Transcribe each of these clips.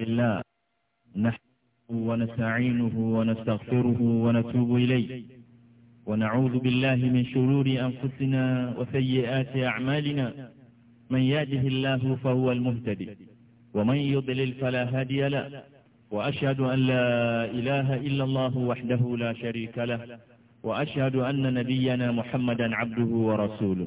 الله نحمده ونستعينه ونستغفره ونتوب إليه ونعوذ بالله من شرور أنفسنا وسيئات أعمالنا من يهده الله فهو المهتدي ومن يضلل فلا هادي له وأشهد أن لا إله إلا الله وحده لا شريك له وأشهد أن نبينا محمدا عبده ورسوله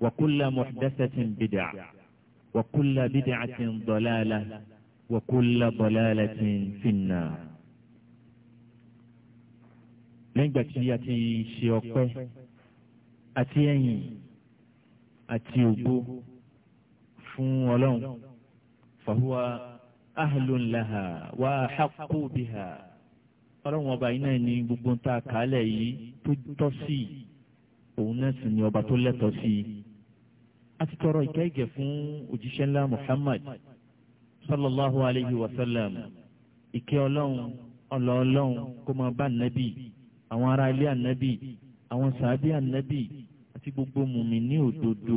وكل محدثة بدعة وكل بدعة ضلالة وكل ضلالة في النار lẹ́gbà tí a ti ṣe ọpẹ́ àti ẹ̀yìn àti ògbó fún ọlọ́run fahuwa ahlun laha wa haqqu biha ọlọ́run ọba yìí náà ni gbogbo ń ta kàálẹ̀ yìí tó tọ́ sí òun náà sì ni ọba tó lẹ́tọ̀ọ́ sí i a ti tọrọ ìkẹ́ ìgẹ̀ fún òjíṣẹ́ ńlá Muhammad sallallahu alayhi wa sallam ìkẹ́ ọlọ́run ọlọ ọlọ́run kó máa bá ànábì àwọn ará ilé ànábì àwọn sàábì ànábì àti gbogbo mùmíní òdodo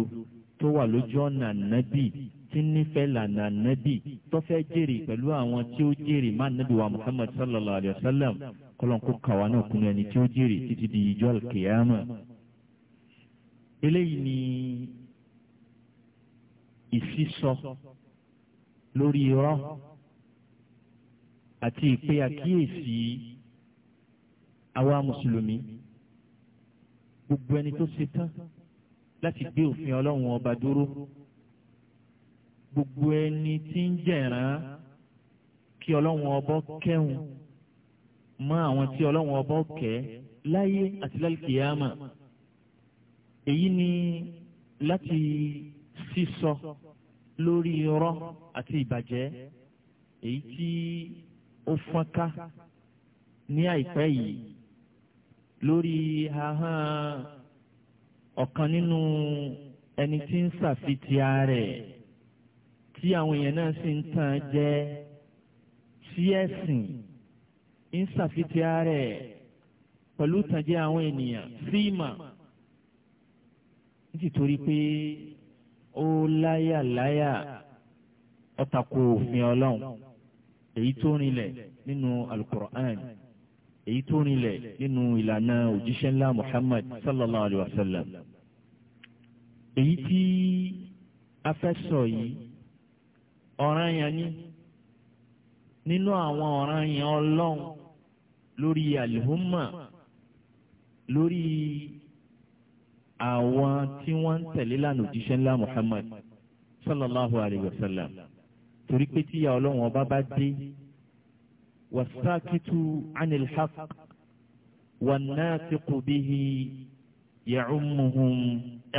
tó wà lójú ọ̀nà ànábì tí nífẹ̀ẹ́ lànà ànábì tó fẹ́ jèrè pẹ̀lú àwọn tí ó jèrè má ànábì wa Muhammad sallallahu alayhi wa sallam kọlọ́nkó kàwá náà kún ẹni tí ó jèrè títí di ìjọ́ ìsísọ lórí irọ́ àti ìpè àkíyèsí àwa mùsùlùmí gbogbo ẹni tó ṣe tán láti gbé òfin ọlọ́run ọba dúró gbogbo ẹni tí ń jẹ̀ràn kí ọlọ́run ọba kẹ́hùn mọ́ àwọn tí ọlọ́run ọba kẹ́ láyé àti lálùkìyàmà èyí ni láti sísọ lórí irọ́ àti ìbàjẹ́ èyí tí ó fọ́nká ní àìpẹ́ yìí lórí ahọ́n ọ̀kan nínú ẹni tí ń ṣàfitìá rẹ̀ tí àwọn èèyàn náà sì ń tàn jẹ tí ẹ̀sìn ń ṣàfitìá rẹ̀ pẹ̀lú tàn jẹ àwọn ènìyàn sí ìmọ̀ nítorí pé ó láyàláyà ó tako òfin ọlọ́run èyí tó rinlẹ̀ nínú alukur'an èyí tó rinlẹ̀ nínú ìlànà òjíṣẹ́ ńlá muhammad sallallahu alayhi wa sallam èyí tí a fẹ́ sọ yìí ọ̀ràn yẹn ni nínú àwọn ọ̀ràn yẹn ọlọ́run lórí alihuma lórí àwọn tí wọ́n ń tẹ̀lé lánàá òjíṣẹ́ ńlá Muhammad sallallahu alayhi wa sallam torí pé tíya ọlọ́run ọba bá dé wasakitu anil haq wannatiqu bihi ya'ummuhum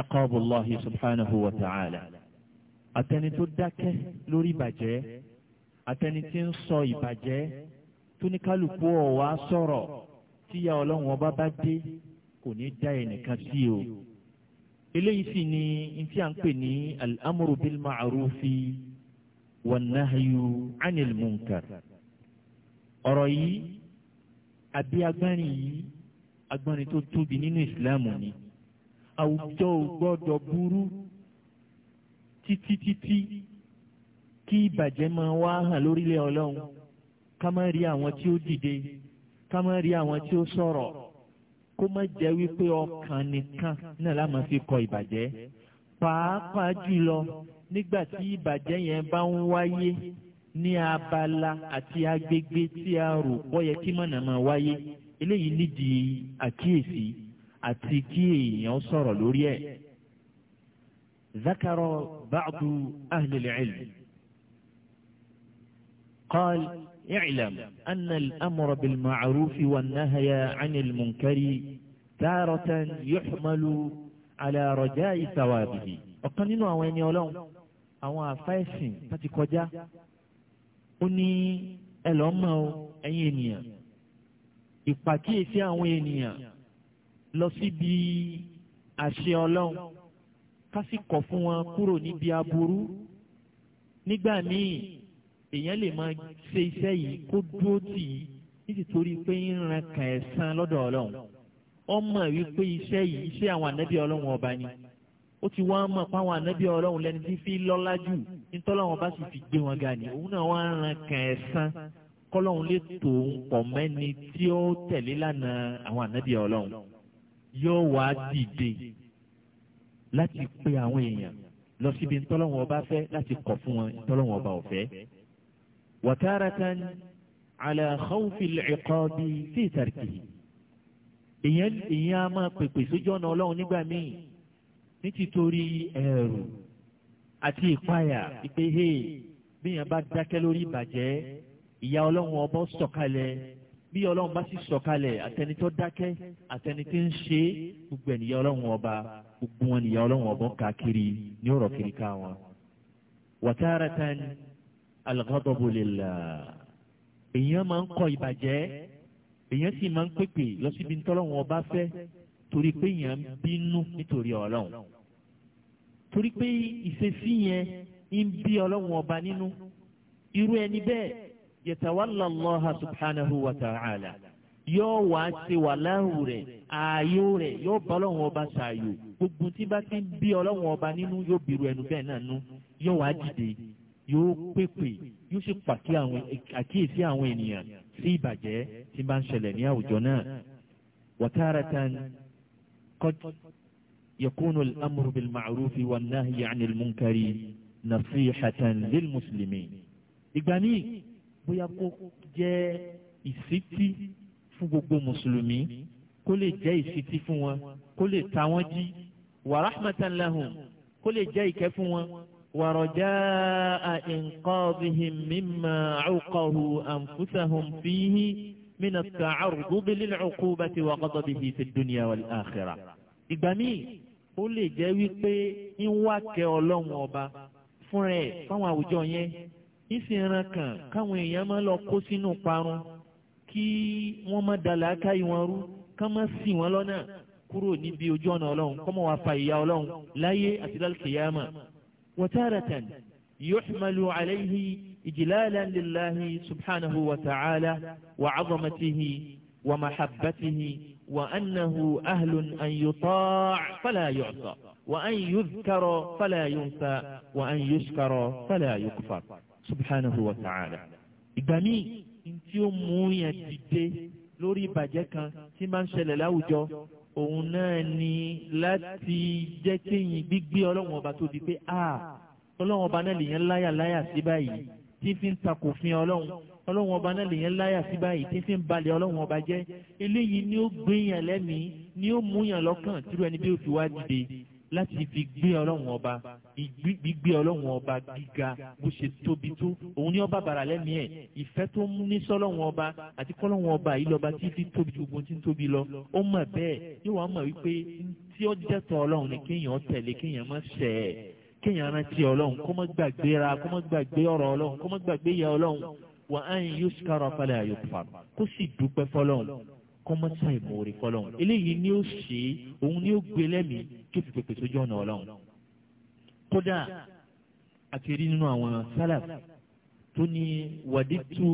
iqabullahi subhanahu wa ta'ala àtẹni tó dákẹ́ lórí ìbàjẹ́ àtẹni tí ń sọ ìbàjẹ́ tó ọ̀wá sọ̀rọ̀ tíya ọlọ́run ọba bá dé kò ní dá ẹnìkan sí o eléyìí sì ni ntí à ń pè ní al-amru bil ma'rufi wan-nahyu 'anil munkar ọ̀rọ̀ yìí àbí agbárin yìí agbárin tó tóbi nínú ìsìláàmù ni àwùjọ ò gbọ́dọ̀ burú títí títí kí ìbàjẹ́ máa wá hàn lórílẹ̀ ọlọ́run ká má rí àwọn tí ó dìde ká má rí àwọn tí ó sọ̀rọ̀ kó má jẹ́ wípé ọkàn nìkan náà la fi kọ ìbàjẹ́ pàápàá jùlọ nígbà tí ìbàjẹ́ yẹn bá ń wáyé ní abala àti agbègbè tí a rò pọ́ kí mọ̀nà máa wáyé eléyìí nídìí àkíyèsí àti kí èèyàn sọ̀rọ̀ lórí ẹ̀. ذكر بعض أهل العلم قال اعلم أن الأمر بالمعروف والنهي عن المنكر تارة يحمل على رجاء ثوابه ọ̀kan nínú àwọn ẹni ọlọ́run àwọn àfáìsìn láti kọjá ó ní ẹlọ́mọ ẹ̀yin ènìyàn ìpàkíyèsí àwọn ènìyàn lọ síbi àṣẹ ọlọ́run ká sì kọ̀ fún wọn kúrò níbi aburú nígbà míì èèyàn lè máa ṣe iṣẹ́ yìí kó dúró tì í nítorí pé ń ran kàn ẹ́ san lọ́dọ̀ ọlọ́run ọmọ wípé iṣẹ́ yìí iṣẹ́ àwọn ànábì ọlọ́run ọba ni ó ti wá mọ̀ pé àwọn ànábì ọlọ́run lẹ́ni tí fi lọ́lá jù nítọ́lọ́run bá sì fi gbé wọn ga ni òun náà wá ń ran kàn ẹ́ san kọ́lọ́run lè tò ń pọ̀ mẹ́ni tí ó tẹ̀lé lánàá àwọn ànábì ọlọ́run yóò wá dìde láti pe àwọn èèyàn lọ síbi ntọ́lọ́wọ́n ọba fẹ́ láti kọ̀ fún wọn ntọ́lọ́wọ́n ọba ọ̀fẹ́ وتارة على خوف العقاب في تركه ìyẹn ìyẹn a máa pèpè sójú ọ̀nà ọlọ́run nígbà míì ní títorí ẹ̀rù àti ìpayà ìpè he bíyàn bá dákẹ́ lórí ìbàjẹ́ ìyà ọlọ́run ọbọ̀ sọ̀kalẹ̀ bí ọlọ́run bá sì sọ̀kalẹ̀ àtẹni tó dákẹ́ àtẹni tí ń ṣe gbogbo ẹ̀nìyà ọlọ́run ọba gbogbo wọn ọlọ́run ọbọ̀ káàkiri ní ọ̀rọ̀ kiri ká wọn. wàtáratan al-ghadabu lillah èèyàn máa ń kọ ìbàjẹ́ èèyàn sì máa ń pèpè lọ síbi tọ́lọ́wọ́n ọba fẹ́ torí pé èèyàn ń bínú nítorí ọlọ́run torí pé ìṣesí yẹn ń bí ọlọ́run ọba nínú irú ẹni bẹ́ẹ̀ yatawalla Allah subhanahu wa ta'ala yóò wá ṣe wàláhù rẹ̀ ààyò rẹ̀ yóò bá ọlọ́run ọba ṣàyò gbogbo tí bá ti ń bí ọlọ́run ọba nínú yóò bírú ẹnu bẹ́ẹ̀ náà nú yóò wá dìde yóò pèpè yóò sì pàkí àwọn àkíyèsí àwọn ènìyàn sí ìbàjẹ́ tí bá ń ṣẹlẹ̀ ní àwùjọ náà. wàtáratan qad yakunu al-amru bil ma'rufi wan nahyi 'anil munkari nasihatan lil muslimin. ìgbà míì bóyá kó jẹ́ ìsítí fún gbogbo mùsùlùmí kó lè jẹ́ ìsítí fún wọn kó lè ta wọ́n jí wa rahmatan kó lè jẹ́ ìkẹ́ fún wọn ورجاء إنقاذهم مما عقروا أنفسهم فيه من التعرض للعقوبة وغضبه في الدنيا والآخرة إبامي قل لي جاوي بي إن واكي أولون وبا فنري فما وجوني ìsìn ẹran kan káwọn èèyàn máa lọ kó sínú parun kí wọ́n má da làákàyè wọn rú ká má ṣì wọ́n lọ́nà kúrò níbi ojú ọ̀nà ọlọ́run kọ́mọ wa fa ìyà ọlọ́run láyé àti lálùkìyàmà وتارة يحمل عليه إجلالا لله سبحانه وتعالى وعظمته ومحبته وأنه أهل أن يطاع فلا يعصى وأن يذكر فلا ينسى وأن يشكر فلا يكفر سبحانه وتعالى إبامي انتي أموية جدي لوري بجكا تيمان شلل أوجو òun náà ni láti jẹ́ kéyìn gbígbé ọlọ́run ọba tó di pé a ọlọ́run ọba náà lèyàn láyà láyà sí báyìí tí fi ń takò fin ọlọ́run ọlọ́run ọba náà lèyàn láyà sí báyìí tí fi ń balẹ̀ ọlọ́run ọba jẹ́ eléyìí ni ó gbéyàn lẹ́mìí ni ó múyàn lọ́kàn tírú ẹni bí ó fi wá dìde láti fi gbé ọlọ́run ọba gbígbé ọlọ́run ọba gíga bó ṣe tóbi tó òun ní ọba bàrà lẹ́mìí ẹ̀ ìfẹ́ tó ń ní sọ́lọ́run ọba àti kọ́lọ́run ọba yìí lọ́ba tí fi tóbi tó gbọ́n tí ń tóbi lọ ó mọ̀ bẹ́ẹ̀ yóò wá mọ̀ wípé tí ó jẹ́tọ̀ ọlọ́run ni kéèyàn tẹ̀lé kéèyàn má ṣẹ̀ ẹ̀ kéèyàn rántí ọlọ́run kó má gbàgbéra kó má gbàgbé ọ̀rọ̀ ọlọ́run kó má kọ́mọ́tà ìmòòrè fọlọ́run eléyìí ni ó ṣe òun ni ó gbé lẹ́mìí tó fi pèpè sójú ọ̀nà ọlọ́run kódà àti rí nínú àwọn sálàf tó ní wàdítù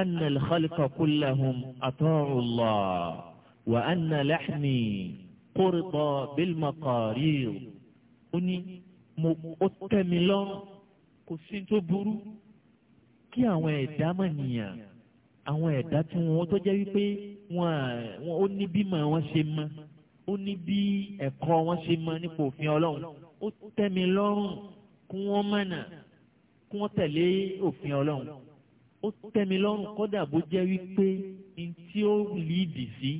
anna al-khalqa kullahum ata'u Allah wa anna lahmi qurda bil ó ní mo ó tẹ́ lọ́rùn kò sí tó burú kí àwọn ẹ̀dá mọ̀ nìyàn àwọn ẹ̀dá tí wọ́n tó jẹ́ wípé wọ́n ó ní bí mọ̀ wọ́n ṣe mọ́ ó ní bí ẹ̀kọ́ wọ́n ṣe mọ́ nípa òfin ọlọ́run ó tẹ́mi lọ́rùn kí wọ́n mọ̀nà kí wọ́n tẹ̀lé òfin ọlọ́run ó tẹ́mi lọ́rùn kódà bó jẹ́ wípé n tí ó líìdì sí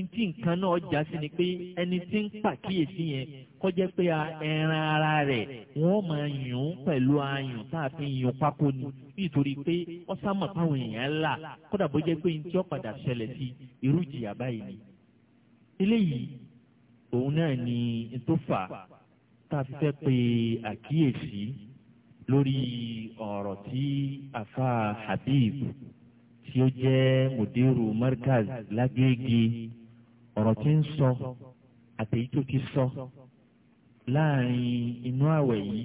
n tí nǹkan náà já sí ni pé ẹni tí ń pàkíyèsí yẹn kọjá pé ẹran ara rẹ̀ wọ́n máa yùn pẹ̀lú ayùn tá a fi yùn pákó ni nítorí pé ọ̀sàmọ̀ táwọn èèyàn là kódà bó jẹ́ pé ntí ó padà sí irú ìjìyà báyìí ni. eléyìí òun náà ni tó fà tá a fi fẹ́ pe àkíyèsí lórí ọ̀rọ̀ tí afa Habib tí ó jẹ́ mùdírù Markaz lágége ọ̀rọ̀ tí ń sọ àtẹ̀yí tó ti sọ láàrin inú àwẹ̀ yìí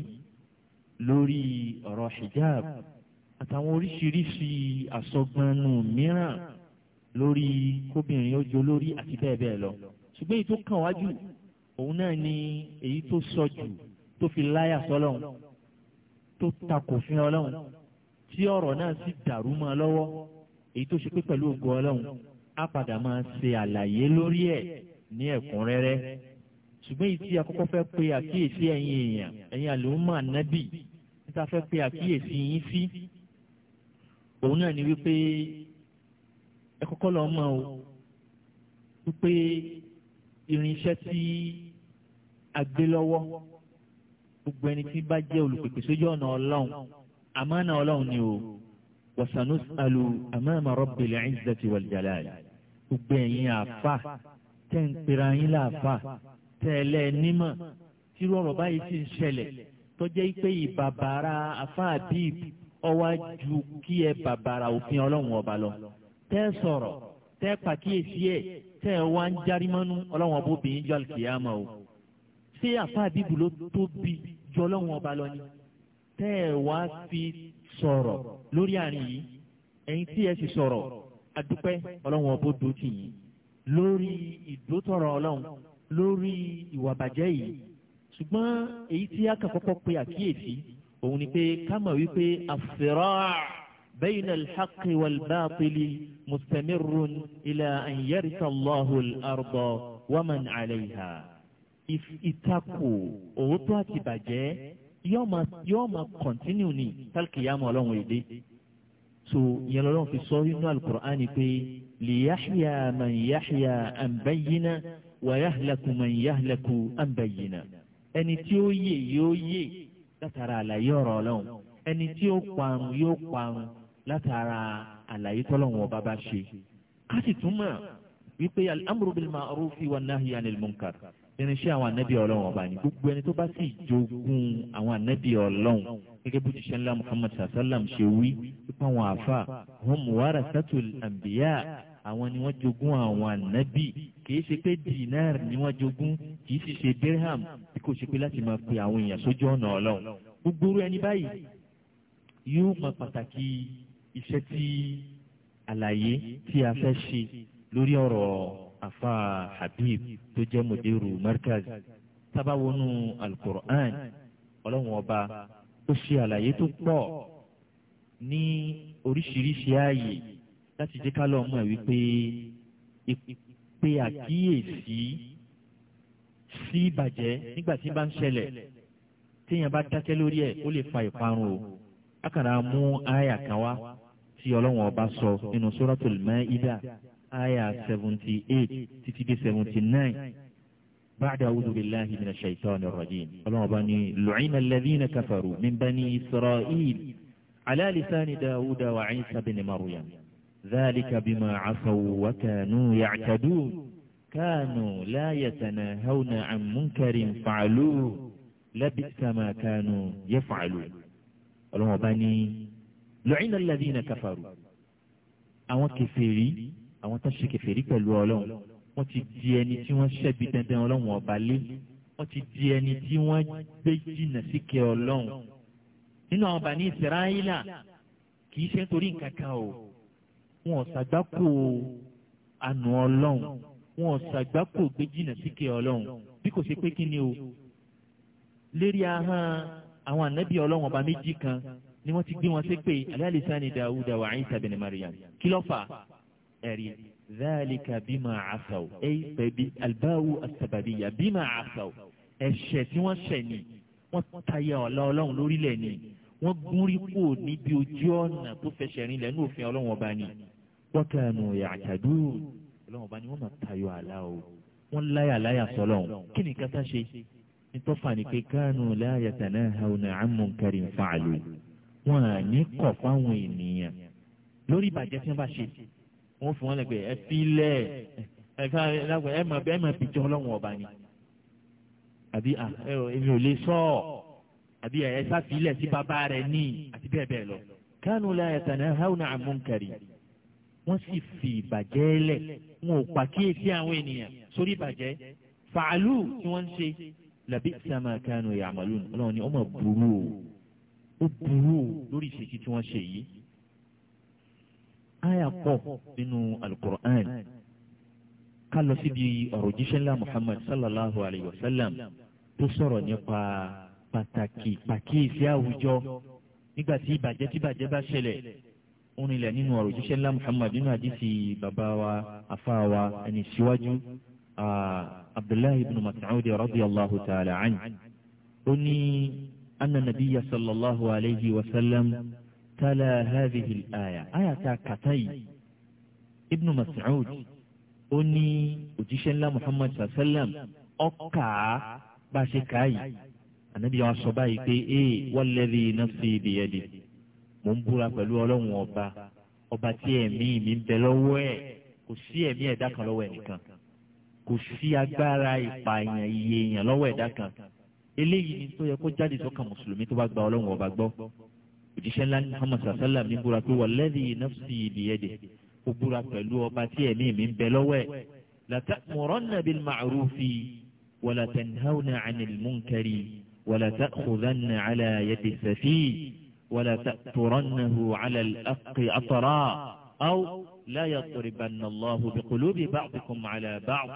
lórí ọ̀rọ̀ hijab àtàwọn oríṣiríṣi àsọgbọnù mìíràn lórí kóbìnrin ọjọ́ lórí àti bẹ́ẹ̀ bẹ́ẹ̀ lọ ṣùgbọ́n èyí tó kàn wájú òun náà ni èyí tó sọ jù tó fi láyà sọ́lọ́hun tó takòfin ọlọ́hun tí ọ̀rọ̀ náà sì dàrú mọ́ ọ lọ́wọ́ èyí tó ṣe pé pẹ̀lú ògo ọlọ́hun á padà máa ṣe àlàyé lórí ẹ̀ ní ẹ̀kúnrẹ́rẹ́ ṣùgbọ́n èyí tí akọ́kọ́ fẹ́ pe àkíyèsí ẹ̀yin èèyàn ẹ̀yin àlùmọ́ ànábì níta fẹ́ pe àkíyèsí yín sí òun náà ni wípé ẹ kọ́kọ́ lọ mọ̀ o wípé irinṣẹ́ tí a gbé lọ́wọ́ gbogbo ẹni tí bá jẹ́ olùpèpè sójú ọ̀nà ọlọ́run àmánà ọlọ́run ni o wàsánú alu amama rabbil izzati wal jalal gbogbo ẹ̀yin àfa tẹ́ ń pera yín láàfa tẹ̀lẹ̀ nímọ̀ tí rọrọ̀ báyìí sì ń ṣẹlẹ̀ tọ́jẹ́ pé ìbàbàrà afáàbíb ọwá ju kí ẹ bàbàrà òfin ọlọ́run ọba lọ. tẹ́ sọ̀rọ̀ tẹ́ pàkíyèsí ẹ̀ tẹ́ wá ń járí mọ́nú ọlọ́run ọba obìnrin jọ àlùkìyàmọ̀ o. ṣé afáàbíb ló tóbi ju ọlọ́run ọba lọ ni? tẹ́ ẹ wá fi sọ̀rọ̀ lórí àárín yìí ẹ̀yin tí ẹ sì sọ̀rọ̀ adúpẹ́ ọlọ́run ọba ó lórí ìwà bàjẹ́ yìí ṣùgbọ́n èyí tí a kà kọ́kọ́ pé àkíyèsí òun ni pé ká mọ̀ wípé àfẹ́rọ́ بين الحق والباطل مستمر إلى أن يرث الله الأرض ومن عليها ìtakò òótọ́ àti bàjẹ́ yóò máa kọ̀ntínú ní tálkìyàmọ̀ ọlọ́run èdè so ìyẹn lọ́lọ́run fi sọ inú alukur'an ni pé lìyáhìá màá yáhìá àǹbáyínà wàyáhìlẹ́kù mọ̀ ìyáhìlẹ́kù àǹbẹ̀yìnà ẹni tí ó yè yóò yè látara àlàyé ọ̀rọ̀ ọlọ́run ẹni tí ó parun yóò parun látara àlàyé tọ́lọ́run ọba bá ṣe. ká sì tún mọ̀ wípé amúrú bil ma'rufi wan nahyi anil munkar irinṣẹ́ àwọn ànábì ọlọ́run ọba ni gbogbo ẹni tó bá sì jogún àwọn ànábì ọlọ́run gẹ́gẹ́ bó ti ṣe ńlá muhammad sallam ṣe wí wípé àwọn àáfà hum warasatul anbiya àwọn ni wọ́n jogún àwọn ànábì kìí ṣe pé dinar ni wọ́n jogún kìí sì ṣe dirham bí kò ṣe pé láti máa pe àwọn èèyàn sójú ọ̀nà ọlọ́run gbogbo irú ẹni báyìí yóò mọ pàtàkì iṣẹ́ tí àlàyé tí a fẹ́ ṣe lórí ọ̀rọ̀ afa habib tó jẹ́ mòdèrú markaz tábàwọnú alukur'an ọlọ́run ọba ó ṣe àlàyé tó pọ̀ ní oríṣiríṣi ààyè láti jẹ́ ká lọ́ọ́ mọ̀ wípé pe àkíyèsí sí ìbàjẹ́ nígbà tí bá ń ṣẹlẹ̀ téèyàn bá dákẹ́ lórí ẹ̀ ó lè fa ìparun o akàrà mú àyà kan wá tí ọlọ́wọ́n ọba sọ nínú suratul Maida àyà seventy eight títí dé seventy nine. بعد أعوذ بالله من الشيطان الرجيم اللهم بني لعن الذين كفروا من بني إسرائيل على لسان داود وعيسى بن مريم ذلك بما عصوا وكانوا يعتدون كانوا لا يتناهون عن منكر فعلوه لبئس ما كانوا يفعلون ọlọ́wọ́n bá ní لعن الذين كفروا àwọn kèfèrí àwọn tó ṣe kèfèrí pẹ̀lú ọlọ́run wọ́n ti di ẹni tí wọ́n ṣẹ́bi dandan ọlọ́run ọba lé wọ́n ti di ẹni tí wọ́n gbé jìnnà síkẹ́ ọlọ́run nínú àwọn bàní ìsirayílà kì í ṣe nítorí nǹkan kan o wọn ṣàgbákò àánú ọlọ́run wọn ṣàgbákò gbé jìnnà síkè ọlọ́run bí kò ṣe pé kí ni o lérí ahọ́n àwọn ànábì ọlọ́run ọba méjì kan ni wọ́n ti gbé wọn sí pé aláìsàn ni dawud wa Isa bin Maryam kí ló fà ẹ̀rí dhalika bima asaw ey bẹ̀bi albawu asababiya bima asaw ẹ̀ṣẹ̀ tí wọ́n ṣẹ̀ ni wọ́n tayọ ọ̀la ọlọ́run lórílẹ̀ ni wọ́n gúnrí kò níbi ojú ọ̀nà tó fẹsẹ̀ rin lẹ́nu òfin ọlọ́run ọba ni wọ́kẹ́nu yàtàdú ọlọ́run ọba ni wọ́n máa tayọ àlá o wọ́n láyà láyà sọ́lọ̀ kí ni kátà ṣe nítọ́fà ni pé kánú láyà tàná hauna amúnkárì ń fàálù wọn à ní kọ̀ fáwọn ènìyàn lórí ìbàjẹ́ tí wọ́n bá ṣe wọ́n fún wọn lẹ́gbẹ̀ẹ́ ẹ fílẹ̀ ẹ máa bẹ́ẹ̀ máa bìjọ́ ọlọ́run ọba ni àbí èmi ò lè sọ ọ àbí ẹ sáfìlẹ̀ sí bàbá rẹ ní àti bẹ́ẹ̀ bẹ́ẹ̀ lọ kánú láyà tàná hauna amúnkárì wọ́n sì fi ìbàjẹ́ lẹ̀ wọn ò pàkíyèsí àwọn ènìyàn sórí ìbàjẹ́ fàálù tí wọ́n ń ṣe làbí sàmà kánú ya'malun ọlọ́run ni ọmọ burú o ó burú o lórí ìṣèjì tí wọ́n ṣe yìí. àyà pọ̀ nínú alukur'an ká lọ síbi ọ̀rọ̀ jíṣẹ́ muhammad sallallahu alayhi wa sallam tó sọ̀rọ̀ nípa pàtàkì pàkíyèsí àwùjọ nígbà tí ìbàjẹ́ tí ìbàjẹ́ bá ṣẹlẹ̀ orinlẹ̀ nínú ọ̀rọ̀ òjíṣẹ́ ńlá Muhammad nínú àdìsí bàbá wa afá wa ẹni síwájú Abdullahi ibn Mas'ud radiyallahu ta'ala anhu ó ní anna nabiyya sallallahu alayhi wa sallam tala hadhihi al-aya aya ta kàtáyì ibn Mas'ud ó ní ńlá Muhammad sallam ọkà bá ṣe káyì ànábìyà wa sọ báyìí pé ee eh, walladhi nafsi biyadihi mò ń búra pẹ̀lú ọlọ́run ọba ọba tí ẹ̀mí mi ń bẹ lọ́wọ́ ẹ̀ kò sí ẹ̀mí ẹ̀dá kan lọ́wọ́ ẹnìkan kò sí agbára ìpààyàn iye èèyàn lọ́wọ́ ẹ̀dá kan eléyìí ni tó yẹ kó jáde sọ́kàn mùsùlùmí tó bá gba ọlọ́run ọba gbọ́ òjíṣẹ́ ńlá ní muhammad sallam ní búra pé wàlẹ́dì nafsi ìdíyẹ́dẹ̀ ó búra pẹ̀lú ọba tí ẹ̀mí mi ń bẹ lọ́wọ́ ẹ̀ ولا تأثرنه على الأق أطراء أو لا يضربن الله بقلوب بعضكم على بعض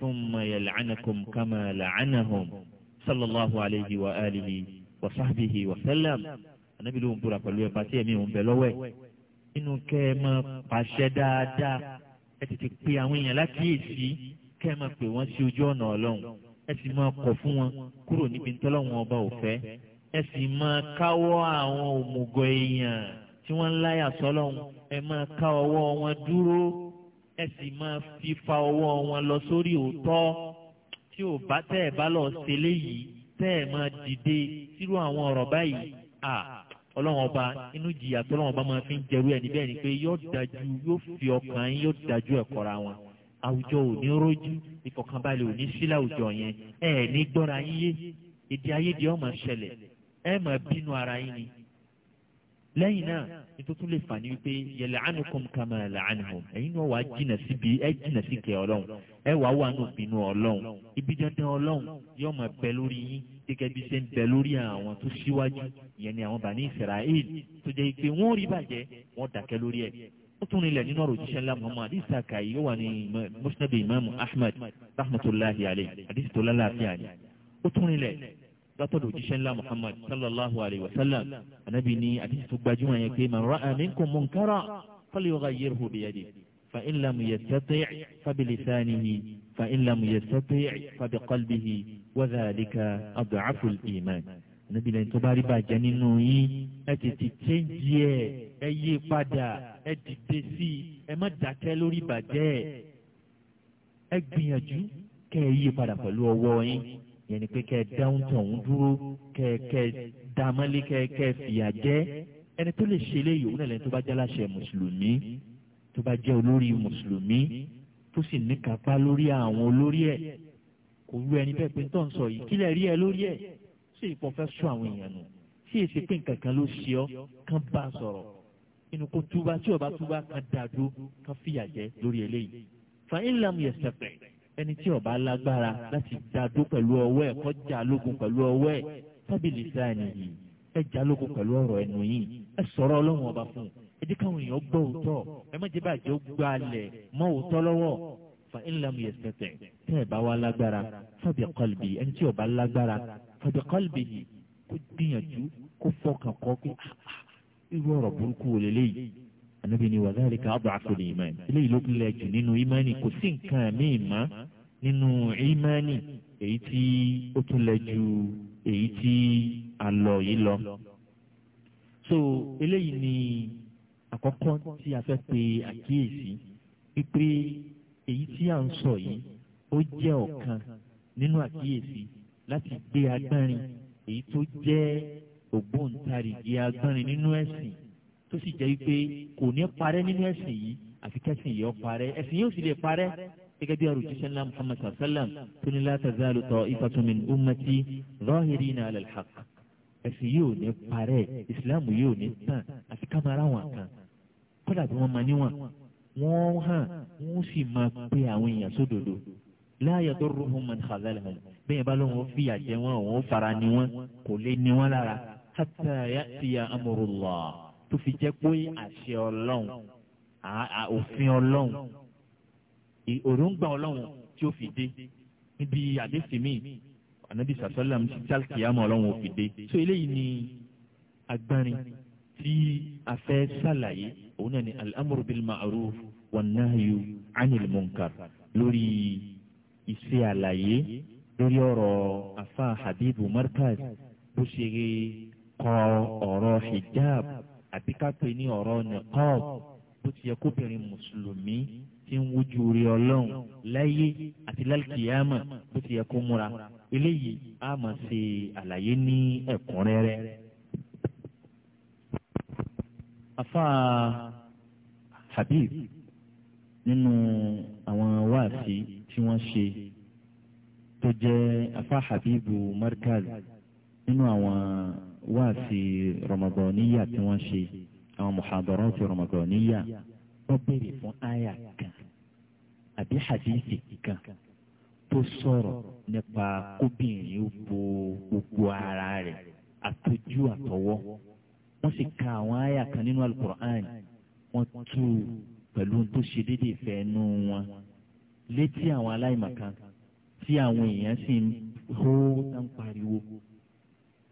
ثم يلعنكم كما لعنهم صلى الله عليه وآله وصحبه وسلم النبي لهم برا قالوا يباتي أميهم بلوه إنه كما قشدا أتتكبي أمين لا كيسي كما قوان سيجون أولون أتما قفوان كرو نبين تلون وباو ẹ sì máa káwọ́ àwọn òmùgọ̀ èèyàn tí wọ́n ń láyà sọ́lọ́hún ẹ máa ká ọwọ́ wọn dúró ẹ sì máa fi fa ọwọ́ wọn lọ sórí òótọ́ tí ò bá tẹ́ ẹ bá lọ ṣe léyìí tẹ́ ẹ máa dìde sírú àwọn ọ̀rọ̀ báyìí à ọlọ́run ọba inú ìjìyà tó ọlọ́run ọba máa fi ń jẹrú ẹni bẹ́ẹ̀ ni pé yóò dájú yóò fi ọkàn yín yóò dájú ẹ̀kọ́ra wọn àwùjọ ò rójú ìfọ̀kànbalẹ̀ ò ní sí yẹn ẹ̀ ní gbọ́ra yín yé èdè ayédè ọmọ ṣẹlẹ̀ ẹ mà bínú ara yín ni lẹ́yìn náà nítorí lè fà ní wípé yẹlẹ anukum kama yẹlẹ anukum ẹ̀yin náà wàá jìnà síbi ẹ jìnà sí kẹ ọlọ́run ẹ wàá wà ní òbínú ọlọ́run ibi dandan ọlọ́run yóò máa bẹ lórí yín gẹ́gẹ́ bí ṣe ń bẹ lórí àwọn tó síwájú ìyẹn ni àwọn bàní israel tó jẹ́ pé wọ́n rí bàjẹ́ wọ́n dàkẹ́ lórí ẹ̀ ó tún rinlẹ̀ nínú ọ̀rọ̀ òjíṣẹ́ ńlá muhammad isa kayi ó wà ní musnad imam ahmed rahmatulahi alayhi adisi tó ni ó tún rinlẹ̀ látọ̀dọ̀ òjíṣẹ́ ńlá muhammad sallallahu alayhi wa sallam anabi ní àdìsí tó gbajúmọ̀ yẹn pé man ra'a minkum munkara falyughayyirhu biyadihi fa in lam yastati' fa bilisanihi fa in lam yastati' fa biqalbihi wa dhalika ad'afu al-iman anabi lẹ́yìn tó bá rí bàjẹ́ nínú yín ẹ tètè tẹ́ǹdì ẹ̀ ẹ yí padà ẹ dìde sí i ẹ má dákẹ́ lórí bàjẹ́ ẹ gbìyànjú kẹ́ ẹ yí padà pẹ̀lú ọwọ́ yín yẹn ni pé kẹ́ ẹ dáhùn tó ń dúró kẹ́ ẹ kẹ́ ẹ dàmọ́lé kẹ́ ẹ kẹ́ ẹ fìyà jẹ́ ẹni tó lè ṣe eléyìí òun ẹ̀lẹ́ni tó bá jẹ́ aláṣẹ mùsùlùmí tó bá jẹ́ olórí mùsùlùmí tó sì ní kápá lórí àwọn olórí ẹ̀ kò rú ẹni bẹ́ẹ̀ pé ń tọ́ ń sọ yìí kílẹ̀ rí ẹ lórí ẹ̀ sí ìpọ̀ fẹ́ sọ àwọn èèyàn nù sí èsì pé nǹkan kan ló ṣe ọ́ kán bá a sọ̀rọ̀ inú kó túbá tí ọba túbá kan dàdó kán fìyà jẹ lórí eléyìí fa in lam yastati ẹni tí ó bá lágbára láti dàdó pẹ̀lú ọwọ́ ẹ̀ kọjá lógun pẹ̀lú ọwọ́ ẹ̀ tábìlì sáà nìyí ẹ jà lógun pẹ̀lú ọ̀rọ̀ ẹnu yìí ẹ sọ̀rọ̀ ọlọ́run ọba fún un ẹ jẹ́ káwọn èèyàn gbọ́ òótọ́ ẹ má jẹ́ bàjẹ́ ó gba alẹ̀ mọ́ òótọ́ lọ́wọ́ fa ìlànà yẹn tẹ̀tẹ̀ tẹ́ ẹ bá wá lágbára fàbí kọ́lbì ẹni tí ó lágbára fàbí kọ́lbì yìí kó gbìyànjú kó fọkàn kọ́ pé ah, ah, irú ọ̀rọ̀ burúkú wò lélẹ́yìí anabi ni wàhálà ká àbọ̀ àfọlẹ̀ ìmáàni eléyìí ló kúnlẹ̀ jù nínú ìmáàni kò sí nǹkan míì má nínú ìmáàni èyí tí ó túnlẹ̀ ju èyí tí a lọ yìí lọ. so eléyìí ni àkọ́kọ́ tí a fẹ́ pe àkíyèsí wípé èyí tí à ń sọ yìí ó jẹ́ ọ̀kan nínú àkíyèsí láti gbé agbárin èyí tó jẹ́ ògbóǹtarìgì agbárin nínú ẹ̀sìn tó sì jẹ́ wípé kò ní parẹ́ nínú ẹ̀sìn yìí àfi kẹ́sìn yìí ó parẹ́ ẹ̀sìn yìí ó sì lè parẹ́ gẹ́gẹ́ bí arúgbóṣẹ́ ńlá muhammad sallam tó ní la tazalu ta'ifatun min ummati zahirina ala al ẹ̀sìn yìí ò ní parẹ́ ìsìláàmù yìí ò ní tàn àfi kámara wọn kan kódà bí wọ́n máa níwọ̀n wọ́n hàn wọ́n sì máa pe àwọn èèyàn sódodo la yadurruhum man khazalahum bẹ́ẹ̀ bá tó fi jẹ́ pé àṣẹ ọlọ́run òfin ọlọ́run òrùngbà ọlọ́run tí ó fi dé níbi àdéhùn mi ànábì sàtọ́lá mi títí àkìyàmọ̀ ọlọ́run ò fi dé. so eléyìí ni agbárin tí a fẹ́ ṣàlàyé òun náà ni al-amru bil ma'ruf wan nahyu anil munkar lórí iṣẹ́ àlàyé lórí ọ̀rọ̀ afa habibu markaz bó ṣe kọ ọ̀rọ̀ hijab àbí ká pè ní ọ̀rọ̀ nìkọ́ọ̀ bó ti yẹ kóbìnrin mùsùlùmí ti ń wojú rí ọlọ́run láyé àti lálùkìyàmà bó ti yẹ kó múra eléyìí a máa ṣe àlàyé ní ẹ̀kúnrẹ́rẹ́. afa habib nínú àwọn wáàsí tí wọ́n ṣe tó jẹ́ afa habib markaz nínú àwọn wáàsí rọmọgọ́níyà tí wọ́n ṣe àwọn mùhàdọ́rọ́ ti rọmọgọ́níyà wọ́n béèrè fún àyà kan àbí hadithi kan tó sọ̀rọ̀ nípa kóbìnrin ó bo gbogbo ara rẹ̀ àtọ́jú àtọwọ́ wọ́n sì ka àwọn àyà kan nínú alukur'an wọ́n tú pẹ̀lú tó ṣe déédéé ìfẹ́ nú wọn létí àwọn aláìmọ̀kan tí àwọn èèyàn sì ń hó ń pariwo.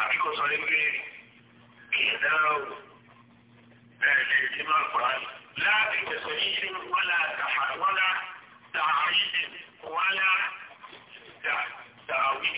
àbí kò sọ pé ìyẹ̀dá o ẹ̀ẹ́dẹ̀ tí máa kọ̀ án láàbí tẹ̀sọ̀ yíyí wọ́lá tàhàwọ́lá tàhàrí wọ́lá tàwí.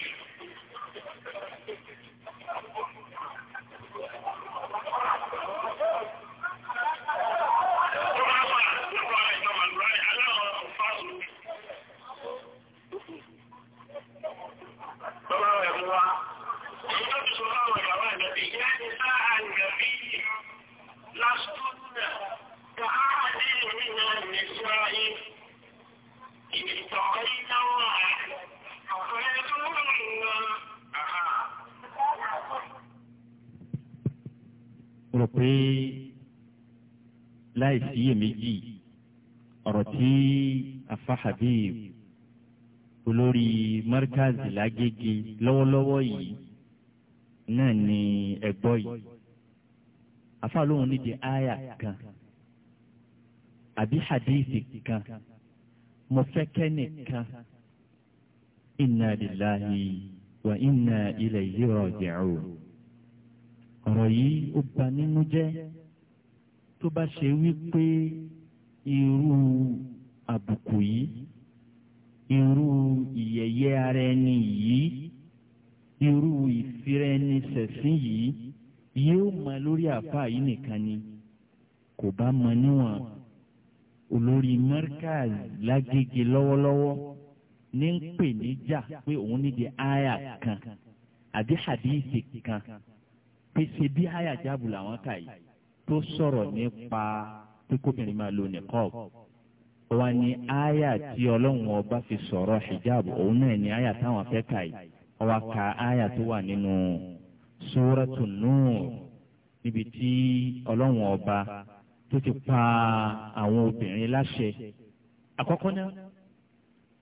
rò pé láì síyèméjì ọ̀rọ̀ tí afa habib olórí markazi lágége lọ́wọ́lọ́wọ́ yìí náà ni ẹ̀gbọ́ yìí afa lóhun nídìí aya kan àbí hadithi kan mo fẹ́ kẹ́nìkan inna lillahi wa inna ilayhi raji'un ọ̀rọ̀ yìí ó bà nínú jẹ́ tó bá ṣe wípé irú àbùkù yìí irú ìyẹyẹ ara ẹni yìí irú ìfira ẹni ṣẹ̀sín yìí yóò mọ lórí àfáà yìí nìkan ni kò bá mọ níwọ̀n olórí Markaz lágége lọ́wọ́lọ́wọ́ ní ń pè níjà pé òun nídìí àyà kan àbí hadithi kan. kan pèsè bí àyà jáàbù làwọn kà yìí tó sọ̀rọ̀ nípa pé kóbìnrin máa lo nìkọ́ọ̀b wọn ni àyà tí ọlọ́run ọba fi sọ̀rọ̀ hijab òun náà ni àyà táwọn fẹ́ kà yìí wọn ka àyà tó wà nínú Suratu Nur níbi tí ọlọ́run ọba tó ti pa àwọn obìnrin láṣẹ àkọ́kọ́ náà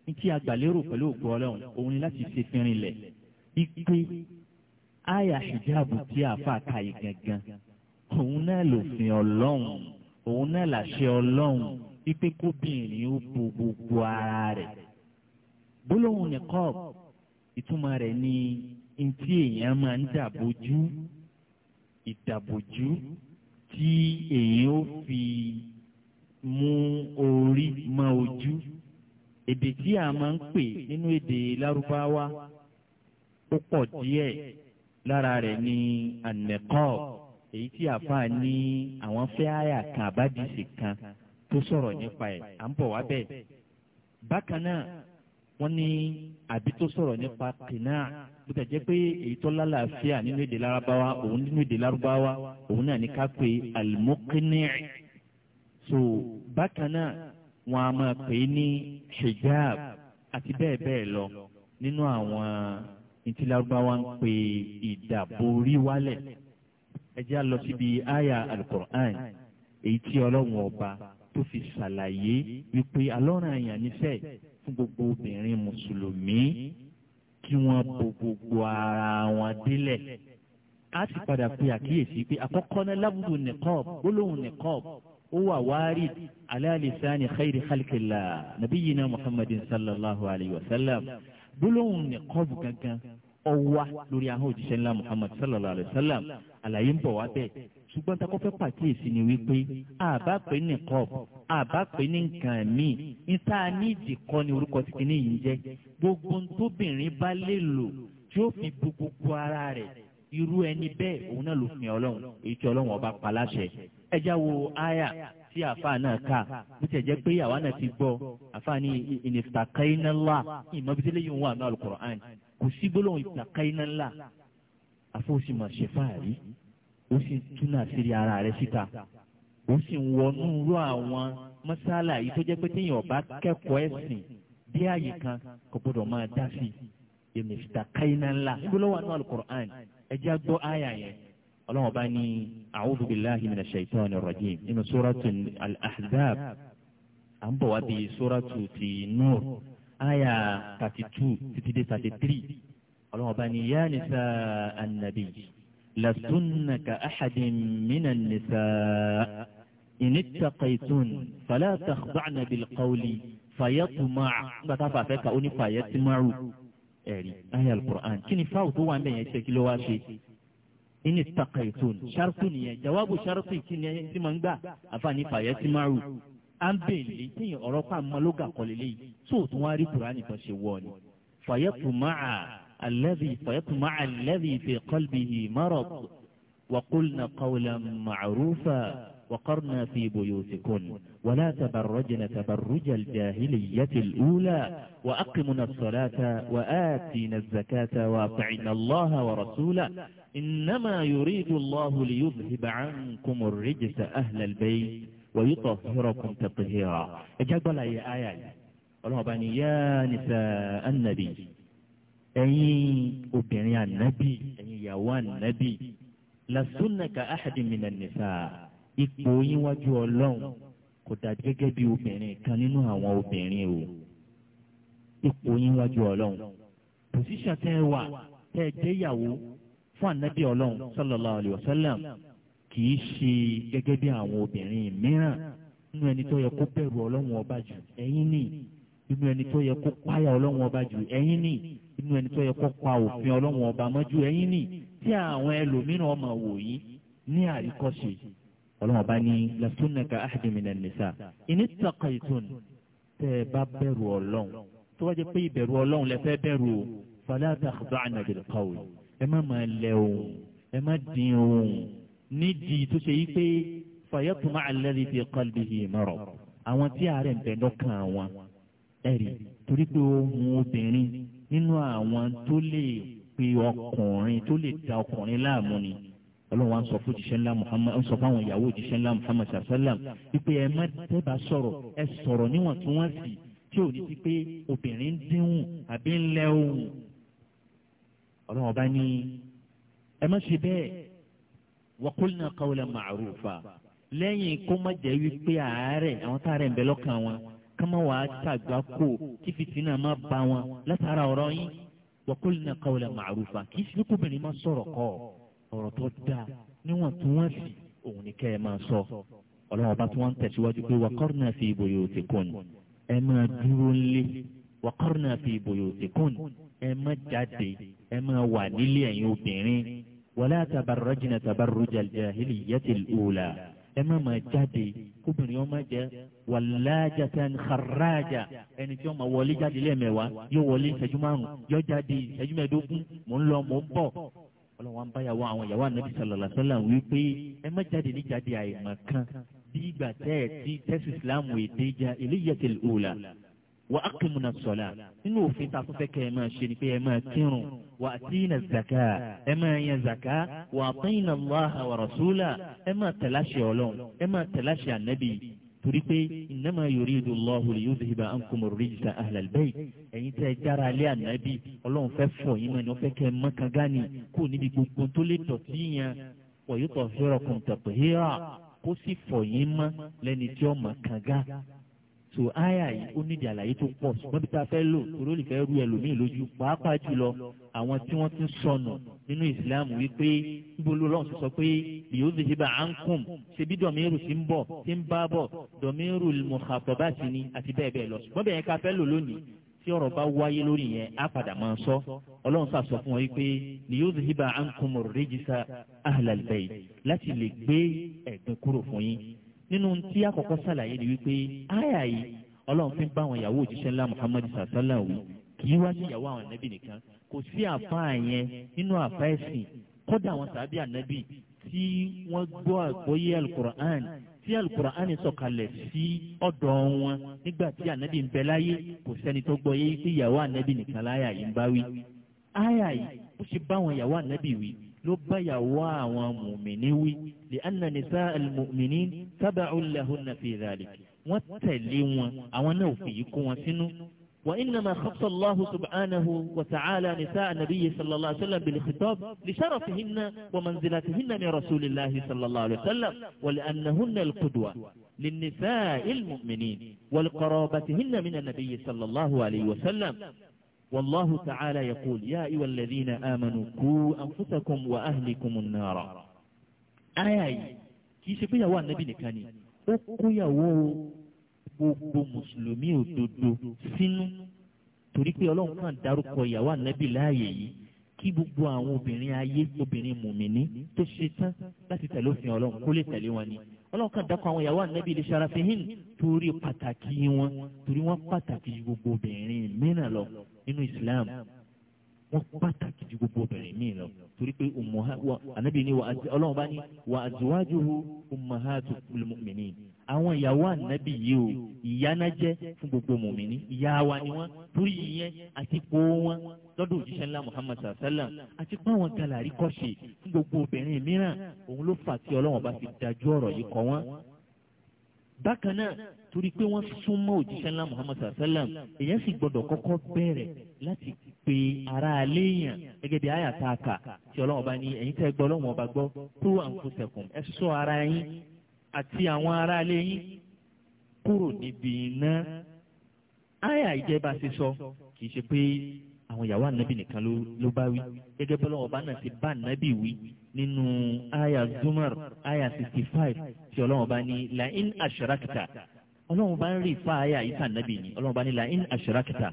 ní kí agbàlérò pẹ̀lú ògbó ọlọ́run òun ni láti ṣe fínrin lẹ̀ ipe Aya hijabu tí àáfàá ka yìí gangan òun náà lòfin ọlọ́run òun náà làṣẹ ọlọ́run wípé kóbìnrin ó bo gbogbo ara rẹ̀ gbólóhùn nìkọ́ ìtumọ̀ rẹ̀ ni ntí èèyàn máa ń dàbójú ìdàbójú tí èèyàn ó fi mú orí mọ́ ojú èdè tí a máa ń pè nínú èdè lárúbáwá ó pọ̀ díẹ̀ lára rẹ̀ ní ànẹ́kọ́ èyí tí àfáà ní àwọn fẹ́ àyà kan àbádìsí kan tó sọ̀rọ̀ nípa ẹ̀ à ń bọ̀ wá bẹ́ẹ̀. bákan náà wọ́n ní àbí tó sọ̀rọ̀ nípa kìnnà bó tẹ̀ jẹ́ pé èyí tó lálàáfíà nínú èdè lárúbáwá òun nínú èdè lárúbáwá òun náà ní ká pé alimokini so bákan náà wọn a máa pè é ní hijab àti bẹ́ẹ̀ bẹ́ẹ̀ lọ nínú àwọn ntí Lárúbáwá ń pè ìdàborí wálẹ̀ ẹ jẹ́ a lọ síbi àyà alukur'an èyí tí ọlọ́run ọba tó fi ṣàlàyé wípé alọ́run àyàn níṣẹ́ fún gbogbo obìnrin mùsùlùmí kí wọ́n bo gbogbo ara wọn délẹ̀ a sì padà pe àkíyèsí pé àkọ́kọ́ náà lábùdó nìkọ́ọ̀bù gbólóhùn nìkọ́ọ̀bù ó wà wárí ala lisani khayri khalqillah nabiyina muhammadin sallallahu alayhi wa sallam gbólóhùn nìkọ́bù gangan ọwá lórí ahọ́n òjíṣẹ́ ńlá muhammad sallallahu alayhi wa sallam àlàyé ń bọ̀ wá bẹ́ẹ̀ ṣùgbọ́n tá a kọ́kọ́ pàkíyèsí ni wípé àbá pé nìkọ́b àbá pé ní nǹkan míì níta ní ìdìkọ́ ni orúkọ tí kìíní yìí ń jẹ́ gbogbo tóbìnrin bá lè lò tí ó fi bu gbogbo ara rẹ̀ irú ẹni bẹ́ẹ̀ òun náà ló fi ọlọ́run èyí tí ọlọ́run ọba pa láṣẹ ẹjá wo aya tí àfáà náà kà bó tiẹ̀ jẹ́ pé àwa náà ti gbọ́ àfáà ní ìnìfàkàínàlá ìmọ̀bídélé yìí ń wà náà alukur'an kò sí gbólóhùn ìfàkàínàlá àfọwọ́sìmọ̀ ṣẹ̀fáàrí ó sì túnà sírí ara rẹ̀ síta ó sì ń wọnú rú àwọn mọ́sálà yìí tó jẹ́ pé téèyàn bá kẹ́kọ̀ọ́ ẹ̀sìn bí àyè kan kò gbọ́dọ̀ máa dá sí ìnìfàkàínàlá gbólóhùn àná alukur'an ẹ jẹ́ gbọ́ àyà ọlọ́run ọba ní a'udhu billahi minash shaitani rrajim nínú sóràtù al-ahzab à ń bọ̀ wá bíi sóràtù ti nur aya thirty two títí dé thirty three ọlọ́run ọba ní ya nisa an-nabi lastunna ka ahadin minan nisa in ittaqaytun fala takhda'na bil qawli fàyẹ́tùmá gbàtàfà fẹ́ ka ó ní ẹ̀rí ayé alukur'an kí ni fáwọn tó wà ń bẹ̀yẹn ṣe kí ló wá ṣe in istaqaytun ṣartu nìyẹn jawabu ṣartu kí ni ẹni tí mo ń gbà àfààní fàyẹ́símárù à ń bèèlè tí ọ̀rọ̀ pa mọ́lógà kọ́lélẹ́ yìí tó tún wá rí kùránì kan ṣe wọ̀ ni. fàyẹ́tùmáà alẹ́bí fàyẹ́tùmáà alẹ́bí fi qalbihi marad wa qulna qawlan ma'rufa wa qarna fi buyutikunna ولا تبرجن تبرج الجاهلية الأولى وأقمنا الصلاة وآتينا الزكاة وأطعنا الله ورسوله إنما يريد الله ليذهب عنكم الرجس أهل البيت ويطهركم تطهيرا اجاب لا يا آية الله بني يا نساء النبي أي أبني النبي أي يوان النبي لستن كأحد من النساء إكبوي وجو اللون كنت أتجد بأبني كانوا هوا أبني إكبوي وجو اللون position تنوى تجيّو fún ànábì ọlọ́run sallallahu alayhi wa sallam kì í ṣe gẹ́gẹ́ bí àwọn obìnrin mìíràn nínú ẹni tó yẹ kó bẹ̀rù ọlọ́run ọba jù ẹ̀yin ni nínú ẹni tó yẹ kó páyà ọlọ́run ọba jù ẹ̀yin ni nínú ẹni tó yẹ kó pa òfin ọlọ́run ọba mọ́jú ẹ̀yin ni tí àwọn ẹlòmíràn ọmọ wò yìí ní àríkọ́ṣe ọlọ́run ọba ní lasunnaka ahdi minan nisa ìní taqaytun tẹ́ ẹ bá bẹ̀rù ọlọ́run tó wájú pé ìbẹ̀rù ọlọ́run lẹ fẹ́ bẹ̀rù o fala takhda'na bil qawl ẹ má máa lẹ òun ẹ má dín òun nídìí tó ṣe yí pé fàyàtúmọ̀ alladhi fi qalbihi marad àwọn tí àárẹ̀ ń bẹ lọ́kàn wọn ẹ̀rí torí pé ohun obìnrin nínú àwọn tó lè pe ọkùnrin tó lè da ọkùnrin láàmú ni ọlọ́run wa sọ fún òjíṣẹ́ ńlá muhammad ń sọ fún àwọn ìyàwó òjíṣẹ́ ńlá muhammad sallam wípé ẹ má tẹ́bà sọ̀rọ̀ ẹ sọ̀rọ̀ níwọ̀ntúnwọ̀nsì tí ò ní sí pé obìnrin ń àbí ń lẹ́ ọlọ́run ọba ní ẹ má ṣe bẹ́ẹ̀ waqulna qawlan ma'rufa lẹ́yìn kó má jẹ́ wípé àárẹ̀ àwọn tá a rẹ̀ ń bẹ lọ́kàn wọn ká má wàá tàgbákò kí fìtínà má bá wọn látara ọ̀rọ̀ yín waqulna qawlan ma'rufa kì í ṣe kóbìnrin má sọ̀rọ̀ kọ́ ọ̀rọ̀ tó dáa níwọ̀n tí wọ́n sì òun ni kẹ́ ẹ máa sọ ọlọ́run bá tí wọ́n ń tẹ̀síwájú pé waqarna fi buyutikunna ẹ máa dúró ńlé waqarna fi buyutikunna ẹ má jáde ẹ má wà nílé ẹ̀yin obìnrin wala tabarrajna tabarrujal jahiliyyatil ula ẹ má má jáde kóbìnrin ọmọ jẹ wàlájà tán xarájà ẹni tí wọn máa wọlé jáde lẹ́ẹ̀mẹ́wàá yóò wọlé ìṣẹ́jú márùn yóò jáde ìṣẹ́jú mẹ́ẹ̀ẹ́dógún mò ń lọ mò ń bọ̀ ọlọ́wọ́n bá yàwó àwọn yàwó ànábì sàlọ́lá sọ́là wí pé ẹ má jáde ní jáde àìmọ̀ kan bí ìgbà tẹ́ ẹ̀ tí tẹ́sí islam èdè já eléyìí tẹ̀lé wà á kì múna sọ̀la nínú òfin tá a tún fẹ́ kẹ́ ẹ máa ṣe ni pé ẹ máa kírun wà á tí ìnà zaka ẹ máa yan zaka wà á tán ìnà Allaha wa rasula ẹ máa tẹ̀láṣẹ ọlọ́run ẹ máa tẹ̀láṣẹ ànábì torí pé innama yuridu Allahu liyudhhiba ankumu rijsa ahlal bayt ẹ̀yin tẹ́ ẹ jára ànábì ọlọ́run fẹ́ fọ̀ yín náà ni wọ́n fẹ́ kẹ́ ẹ mọ́kàn gání kó níbi gbogbo tó lè dọ̀tí so aya yìí ó nídìí àlàyé tó pọ̀ ṣùgbọ́n bí ta fẹ́ lò torí ó lè fẹ́ rú ẹlòmíì lójú pàápàá jùlọ àwọn tí wọ́n ti sọnù nínú islam wípé níbolo lọ́hùn sọ pé yóò fi ṣe bá à ń kùn ṣebí dọ̀míìrù ti ń bọ̀ ti ń bá bọ̀ dọ̀míìrù mọ̀kàbọ̀bá sí ni àti bẹ́ẹ̀ bẹ́ẹ̀ lọ ṣùgbọ́n bẹ́ẹ̀ ká fẹ́ lò lónìí tí ọ̀rọ̀ bá wáyé lórí yẹn á padà máa sọ ọlọ́run sá sọ fún wọn wípé ni yóò fi bá à ń kùn mọ̀ rẹ́jísà ahlal láti lè gbé ẹ̀gbin kúrò fún yín nínú tí àkọ́kọ́ sàlàyé ni wípé àyà yìí ọlọ́run fi ń bá àwọn ìyàwó òjíṣẹ́ ńlá muhammadu sàtọ́là wí kì í wá sí ìyàwó àwọn ànábì nìkan kò sí àfa yẹn nínú àfa ẹ̀sìn kódà àwọn sàbí ànábì tí wọ́n gbọ́ àgbọ́yé alukur'an tí alukur'an sọ̀kalẹ̀ sí ọ̀dọ̀ wọn nígbà tí ànábì ń bẹ láyé kò sẹ́ni tó gbọ́ yé pé ìyàwó ànábì nìkan láyà yìí ń bá wí. àyà yìí ó ṣe bá àwọn ìyàwó ànábì wí ló báyàwó àwọn لأن نساء المؤمنين تبع لهن في ذلك taba'un lahunna fi dhalik وإنما خص الله سبحانه وتعالى نساء النبي صلى الله عليه وسلم بالخطاب لشرفهن ومنزلتهن من رسول الله صلى الله عليه وسلم ولأنهن القدوة للنساء المؤمنين ولقرابتهن من النبي صلى الله عليه وسلم والله تعالى يقول يا أيها الذين آمنوا كوا أنفسكم وأهلكم النار آي كي شبيه هو النبي نكاني أكويا وو gbogbo mùsùlùmí òdodo sínú torí pé ọlọ́run kan dárúkọ ìyàwó ànábì láàyè yìí kí gbogbo àwọn obìnrin ayé obìnrin mùmíní tó ṣe tán láti tẹ̀lé òfin ọlọ́run kó lè tẹ̀lé wọn ni ọlọ́run kan dákọ̀ àwọn ìyàwó ànábì lè ṣarafẹ́ hìn torí pàtàkì wọn torí wọn pàtàkì gbogbo obìnrin mìíràn lọ nínú Islam wọ́n pàtàkì ju gbogbo obìnrin míì lọ torí pé ànábì ni ọlọ́run bá ní wà azwajuhu ummahatul mu'minin àwọn ìyàwó ànábì yìí o ìyánájẹ́ fún gbogbo mùmíní ìyá wa ni wọ́n torí ìyẹn àti po wọn lọ́dọ̀ òjíṣẹ́ ńlá muhammad sallam àti pé àwọn galari kọ́ṣe fún gbogbo obìnrin mìíràn òun ló fà tí ọlọ́run bá fi dájú ọ̀rọ̀ yìí kọ́ wọn bákan náà torí pé wọ́n súnmọ́ òjíṣẹ́ ńlá muhammad sallam èèyàn sì gbọ́dọ̀ kọ́kọ́ bẹ̀rẹ̀ láti pe ara àléèyàn gẹ́gẹ́ bí àyà tá a kà tí ọlọ́run ọba ní ẹ̀yin tẹ́ gbọ́ ọlọ́run ọba gbọ́ tó àǹfọ̀sẹ̀kùn ẹ sọ ara yín àti àwọn ara àléèyìn kúrò níbi iná àyà ìjẹba ṣe sọ kì í ṣe pé àwọn ìyàwó ànábì nìkan ló bá wí gẹ́gẹ́ bọ́lá ọba náà ti bá ànábì wí nínú aya zumar aya sixty five tí ọlọ́run bá ní la in asharakita ọlọ́run bá ń rí ìfá aya ìfá ànábì ni ọlọ́run bá ní la in asharakita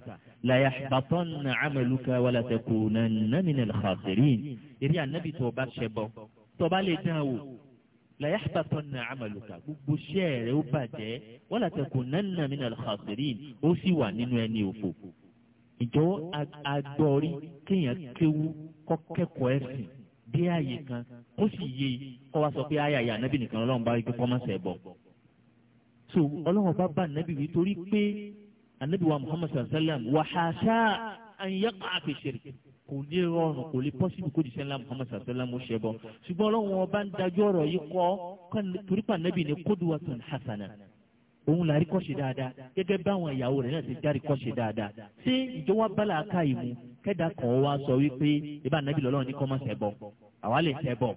la yahbatanna amaluka wala takunanna minal khasirin eré ànábì tó o bá ṣẹbọ tó o lè dán wò la yahbatanna amaluka gbogbo ṣẹ́ẹ̀rẹ́ ó bàjẹ́ wala takunanna minal khasirin ó sì wà nínú ẹni òfò ìjọ agbọ́rí kéèyàn kéwú kọ́ kẹ́kọ̀ọ́ ẹ̀sìn dé àyè kan ó sì yé kọ́ wa sọ pé ayé àyè ànábì nìkan ọlọ́run bá ikú kọ́mọ́sẹ̀ bọ̀. so ọlọ́run bá bá ànábì wí torí pé ànábì wa muhammad sallam wà ṣáṣá àyẹ̀kọ́ àfẹsẹ̀rì kò lè rọrùn kò lè pọ́sibú kó di sẹ́lá muhammad sallam ó ṣẹ bọ̀ ṣùgbọ́n ọlọ́run ọba ń dájọ́ ọ̀rọ̀ yìí kọ́ torí pé ànábì ni kódùwàtún hasana òun la rí kọ́ṣe dáadáa gẹ́gẹ́ báwọn ìyàwó rẹ̀ náà ti járe kọ́ṣe dáadáa ṣé ìjọwọ́ bala ká ìmú kẹ́dà kan wá sọ wípé ibà nàbí lọ́lọ́run ní kọ́ sẹ́bọ̀ àwa lè sẹ́bọ̀.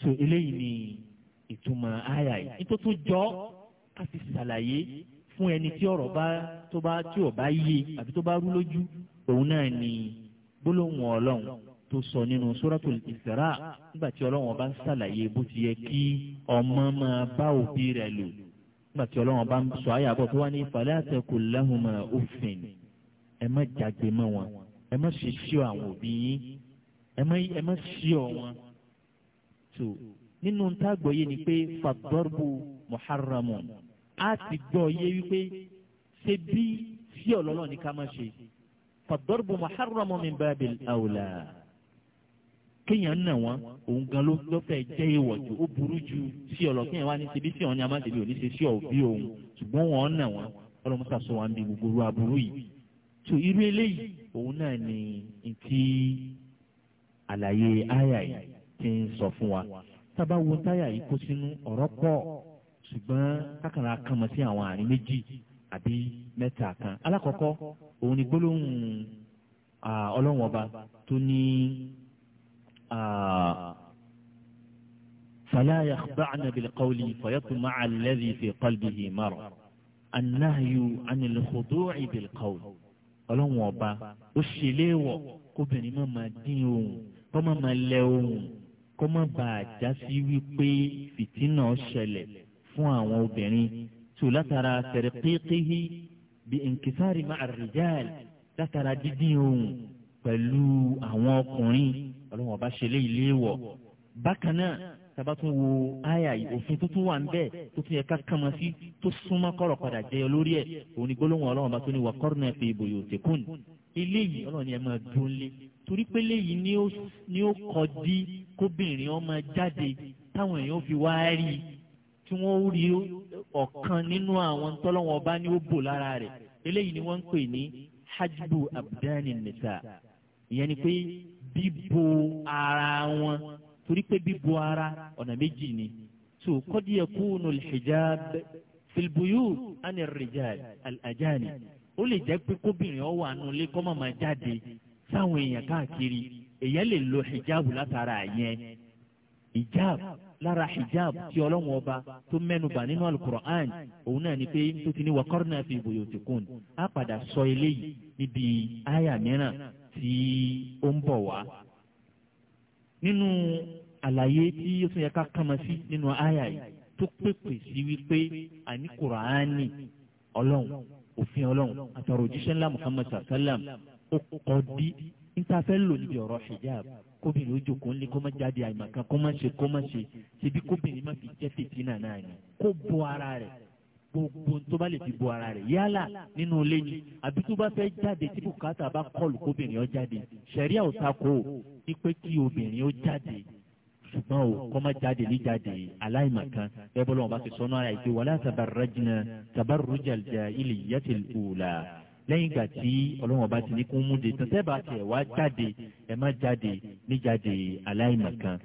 so eléyìí ni ìtumọ̀ àyà yìí nítorí tó jọ ká fi ṣàlàyé fún ẹni tí ọ̀rọ̀ bá tó bá tí ò bá yé àbí tó bá rú lójú òun náà ni gbólóhùn ọlọ́run tó sọ nínú suratul Isra nígbà tí ọlọ́wọ́n bá ń ṣàlàyé bó ti yẹ kí ọmọ máa bá òbí rẹ̀ lò nígbà tí ọlọ́wọ́n bá ń sọ àyàbọ̀ tó wá ní fala taqul lahuma uffin ẹ má jágbe mọ́ wọn ẹ má ṣe ṣíọ àwọn òbí yín ẹ má ẹ má ṣíọ wọn. tó nínú tágbọ̀ yé ni pé fàdọ́rbù muharramun á ti gbọ́ yé wípé ṣe bí sí ọ̀lọ́lọ́ ní ká má ṣe fàdọ́rbù muharramun min babil awla. kéèyàn nà wọn òun gan ló lọ́fẹ̀ẹ́ jẹ́ ìwọ̀ ju sí ọlọ kéèyàn wá ní ṣe sí ọ̀hún ni a máa ń òní ṣe sí òun ṣùgbọ́n wọn nà wọn ọlọ́mọta sọ wọn bí gbogbo aburú yìí tó irú eléyìí òun náà ni ti àlàyé àyà yìí ti ń sọ fún wa tábà wo táyà yìí kó sínú ọ̀rọ̀ pọ̀ ṣùgbọ́n kákàrà sí àwọn àárín méjì àbí mẹ́ta فلا يخضعن بالقول فيطمع الذي في قلبه مر النهي عن الخضوع بالقول قالوا وبا وشيليو كوبني ما مديو كما ما لو كما با جاسي ويبي فتنة شلة فوان وبني سلطرة ترقيقه بانكسار مع الرجال لترى جديو pẹ̀lú àwọn ọkùnrin ọlọ́run ọba ṣe léyìí léèwọ̀ bákan náà sábà tún wo àyà òfin tuntun wà níbẹ̀ tó tún yẹ ká kàmọ́ sí tó súnmọ́ kọ̀rọ̀ padà jẹyọ lórí ẹ̀ òun ni gbólóhùn ọlọ́run ọba tó ní wàkọ́rùnà fi ìbòyò tẹ̀kùn eléyìí ọlọ́run yẹn máa dún lé torí pé léyìí ni ó kọ dí kóbìnrin ọmọ jáde táwọn èèyàn fi wá rí i tí wọ́n rí ọ̀kan nínú àwọn tọ́lọ́wọ́n ọba ní ó bò lára rẹ̀ eléyìí ni wọ́n ń pè ní hajbu abdani nisa ìyẹn ni pé bíbo ara wọn torí pé bíbo ara ọ̀nà méjì ni tó kọ́dí yakunu al-hijab fil buyut ani ar-rijal al-ajani ó lè jẹ́ pé kóbìnrin ọ wà nù lé kọ́mọ̀ máa jáde sáwọn èèyàn káàkiri èèyàn lè lo hijab látara yẹn hijab lára hijab tí ọlọ́run ọba tó mẹ́nubà nínú alukur'an òun náà ni pé tó ti ní waqarna fi buyutikunna á padà sọ eléyìí níbi àyà mìíràn tí ó ń bọ̀ wá nínú àlàyé tí ó tún yẹ ká kàmọ sí nínú àyà yìí tó pèpè sí wípé àní kùránì ọlọ́run òfin ọlọ́run àtàrà òjíṣẹ́ ńlá muhammad sallam ó kọ́ bí níta fẹ́ lò níbi ọ̀rọ̀ hijab kóbìnrin ó jókòó ńlẹ̀ kó má jáde àìmọ̀kan kó má ṣe kó má ṣe ṣebí kóbìnrin má fi jẹ́ fìtínà náà ni kó bo ara rẹ̀ gbogbo tó bá lè fi bo ara rẹ̀ yálà nínú ilé ni àbí tó bá fẹ́ jáde tí bùkátà bá kọlù kóbìnrin ó jáde ṣẹ̀ríà ò takò ní pé kí obìnrin ó jáde ṣùgbọ́n o kọ́ má jáde ní jáde aláìmọ̀kan ẹ bọ́lá wọn bá ti sọnù ara ìgbé wàlá tabarajina tabarujal jahiliyyatil ula lẹ́yìn ìgbà tí ọlọ́wọ́n bá ti ní kó múde tán tẹ́ bá tẹ̀ wá jáde ẹ má jáde ní jáde aláìmọ̀kan.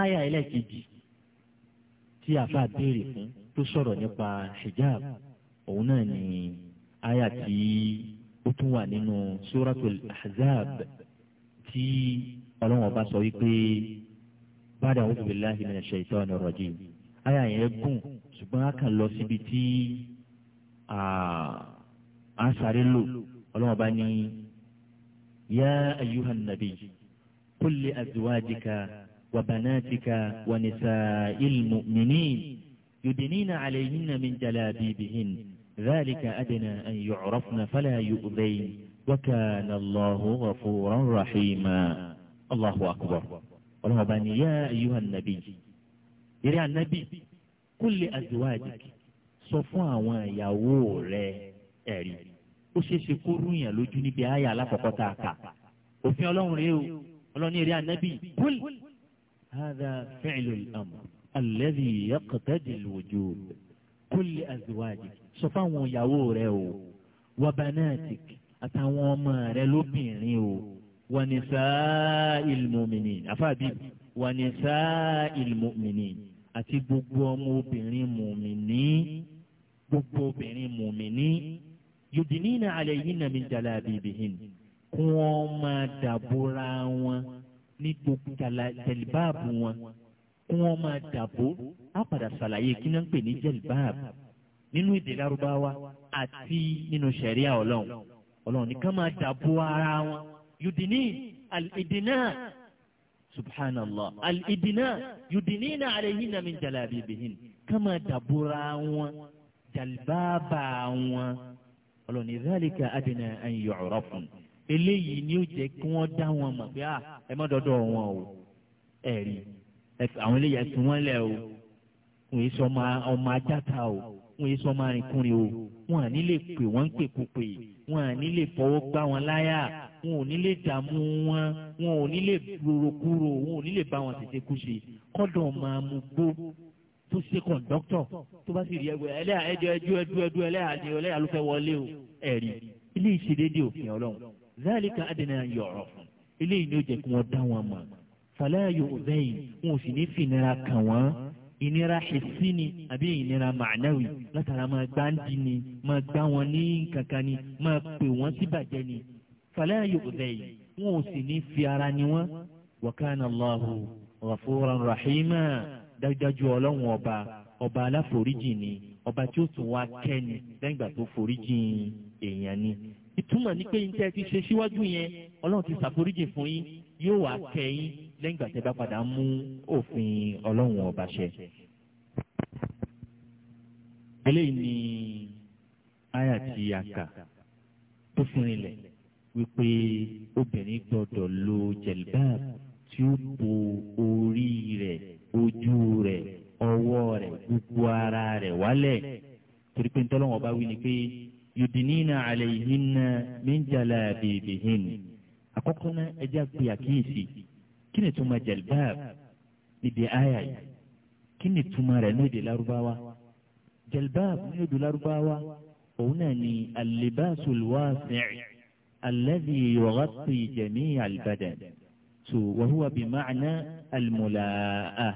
áyà ẹlẹ́kejì tí àfa béèrè fún tó sọ̀rọ̀ nípa hijab òun náà ni aya tí ó tún wà nínú suratul ahzab tí ọlọ́wọ́n bá sọ wípé bàdà a'udhu billahi minash shaitani rrajim aya yẹn gùn ṣùgbọ́n a kàn lọ síbi tí a sáré lò ọlọ́wọ́n bá ní ya ayyuhan nabi kulli azwajika wa banatika wa nisa'il mu'minin. يدنين عليهن من جلابيبهن ذلك أدنى أن يعرفن فلا يؤذين وكان الله غفورا رحيما الله أكبر والهبان يا أيها النبي يرى النبي كل أزواجك صفوا وياوو ẹ̀rí ó ṣeé ṣe kó rú yàn lójú níbi àyà alákọ̀ọ́kọ́ tá a كل هذا فعل الأمر alladhi yaqtadi al-wujub kulli azwajik sọ fáwọn ìyàwó rẹ o wa banatik àtàwọn ọmọ rẹ lóbìnrin o wa nisa'il mu'minin àfàbí wa nisa'il mu'minin àti gbogbo ọmọ obìnrin mùmìnì gbogbo obìnrin mùmìnì yudinina alayhinna min jalabibihin kí wọ́n máa dàbòra wọn ní gbogbo tẹlifáàbù wọn kí wọ́n máa dàbò á padà ṣàlàyé kí náà ń pè ní jẹ̀lbáàb nínú èdè lárúbáwá àti nínú ṣẹ̀ríà ọlọ́run ọlọ́run ní ká máa dàbò ara wọn yudini alidina subhanallah alidina yudinina alayhinna min jalabibihin ká máa dàbò ra wọn jàlbáàbà wọn ọlọ́run ní zalika adina an yu'rafun eléyìí ni ó jẹ́ kí wọ́n dá wọn mọ̀ pé ah, ẹ má dọ́dọ̀ wọn o ẹ̀rí àwọn eléyà tí wọ́n lẹ̀ o wọ́n yìí sọ ọmọ ọmọ ajáta o wọ́n yìí sọ ọmọ arìnkùnrin o wọ́n àní lè pè wọ́n ń pèkúpè wọ́n àní lè fọwọ́ gbá wọn láyà wọn ò ní lè dààmú wọn wọn ò ní lè rorokúro wọn ò ní lè bá wọn tètè kú ṣe kọ́dọ̀ máa mú gbó tó ṣe kọ̀ǹdọ́tọ̀ tó bá sì rí ẹgbẹ́ ẹlẹ́yà ẹjọ́ ẹjọ́ ẹjọ́ ẹjọ́ ẹlẹ́yà ni ẹlẹ́yà ló fẹ́ wọlé o ẹ̀rí ilé ìṣedéédé òfin ọlọ́run zálíkà adìnnà yọ̀rọ̀ fún ilé ìní ó jẹ́ kí wọ́n dá wọn mọ̀ fàlàyò ọ̀dẹ́yìn wọn ò sì ní fìnira kàn wọ́n ìnira hissi ni àbí ìnira màánáwì látara máa gbá ń di ni máa gbá wọn ní kankan ni máa pè wọ́n sí bàjẹ́ ni fàlàyò ọ̀dẹ́yìn wọn ò sì ní fi ara ni wọ́n wàkánà Allahu ghafuran rahima dájúdájú ọlọ́run ọba ọba aláforíjì ni ọba tí ó tún wá kẹ́ni lẹ́yìn ìgbà tó foríjì èèyàn ni ìtumọ̀ ní pé ní tẹ́ ti ṣe síwájú yẹn ọlọ́run ti ṣàforíjì fún yín yóò wá kẹ́ lẹ́yìn ìgbà tẹ́ bá padà mú òfin ọlọ́run ọba ṣẹ. eléyìí ni àyà tí a kà tó fún ilẹ̀ wípé obìnrin gbọ́dọ̀ lo jẹ̀lbáàb tí ó bo orí rẹ̀ ojú rẹ̀ ọwọ́ rẹ̀ gbogbo ara rẹ̀ wálẹ̀ torí pé ntọ́lọ́wọ́n bá wí ni pé yudinina alayhinna min jalabibihin àkọ́kọ́ náà ẹja gbé àkíyèsí kí ni túmọ̀ jẹ̀lbáàb níbi àyà yìí kí ni túmọ̀ rẹ̀ ní èdè lárúbáwá jẹ̀lbáàb ní èdè lárúbáwá òun náà ni al-libasul wasi' alladhi yughatti jami' al so wa bi ma'na al-mulaa'a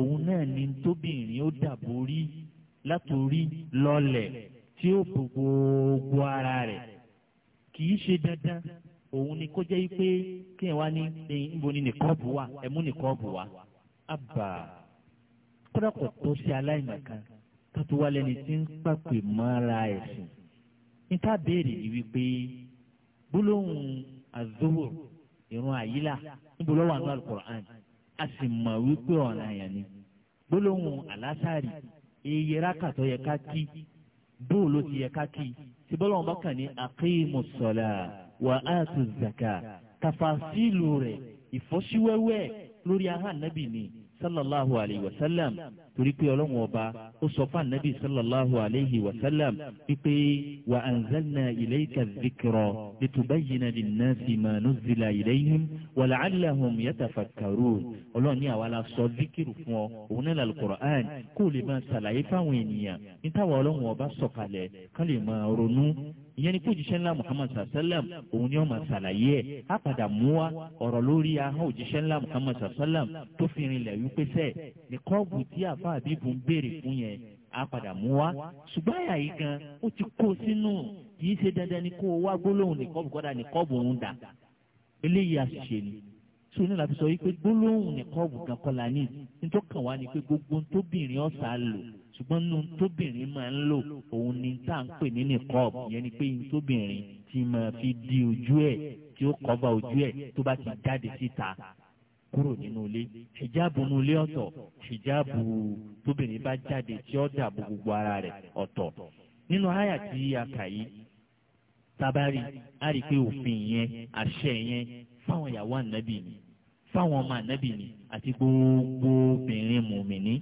òun náà ni tóbìnrin ó dàbórí látòrí lọ́lẹ̀ tí ó bo gbogbo ara rẹ̀ kì í ṣe dandan òun ni kó jẹ́ pé kí ẹ̀ wá ní níbo ni nìkọ́ọ̀bù wa ẹ̀ mú nìkọ́ọ̀bù wa àbà kódà kò tó ṣe aláìmọ̀kan tó tó wá lẹ́ni tí ń pàpè mọ́ra ẹ̀sìn níta béèrè ni wípé gbólóhùn azówò ìrun àyílà níbo lọ́wọ́ àánú alukur'an a sì mọ̀ wípé ọ̀ràn àyàn ni gbólóhùn àlásàrì iye rákàtọ́ yẹ ká kí bóòlù ti yẹ ká kí síbọ́lọ́wọ́n bá kàn ní aqimus salat wà á tu zaka tafasilu rẹ̀ ìfọ́síwẹ́wẹ́ lórí ahá nàbì ni sallallahu alayhi wa sallam torí pé ọlọ́run ọba ó sọ fún anabi sallallahu alayhi wa sallam wípé wa anzalna ilayka dhikra litubayyina linnasi ma nuzila ilayhim wa la'allahum yatafakkarun ọlọ́run ní àwa la sọ díkìrù fún ọ òun náà al-Qur'an kó lè máa ṣàlàyé fáwọn ènìyàn nítawọ̀ ọlọ́run ọba sọ̀kalẹ̀ ká lè máa ronú ìyẹn ni kójíṣẹ́ ńlá muhammad sallam òun ni wọ́n máa ṣàlàyé ẹ̀ á padà mú wa ọ̀rọ̀ lórí ahọ́n òjíṣẹ́ ńlá muhammad sallam tó fi rinlẹ̀ wípé sẹ́ẹ̀ ní kọ́ọ̀bù tí àfa àbíbu ń béèrè fún yẹn á padà mú wa ṣùgbọ́n àyà yìí gan ó ti kó sínú kì í ṣe dandan ni kó o wá gbólóhùn ní kọ́ọ̀bù kọ́dà ní kọ́ọ̀bù òun dà eléyìí àṣìṣe ni sùn ní láti sọ yìí pé gbólóhùn ní kọ́ọ̀bù gan ní nítorí kàn wá ni pé gbogbo tóbìnrin ọ̀sà lò ṣùgbọ́n nínú tóbìnrin máa ń lò òun ni tá à ń pè ní nìkọ́ọ̀b yẹn ni pé tóbìnrin ti máa fi di ojú ẹ̀ tí ó kọ́ba ojú ẹ̀ tó bá ti jáde síta kúrò nínú ilé hijabu nínú ilé ọ̀tọ̀ hijabu tóbìnrin bá jáde tí ó dàbò gbogbo ara rẹ̀ ọ̀tọ̀ nínú àyà tí a kà yìí tabari a rí i pé òfin yẹn àṣẹ yẹn fáwọn ìyàwó ànábì ni fáwọn ọmọ ànábì ni àti gbogbo obìnrin mùmìnì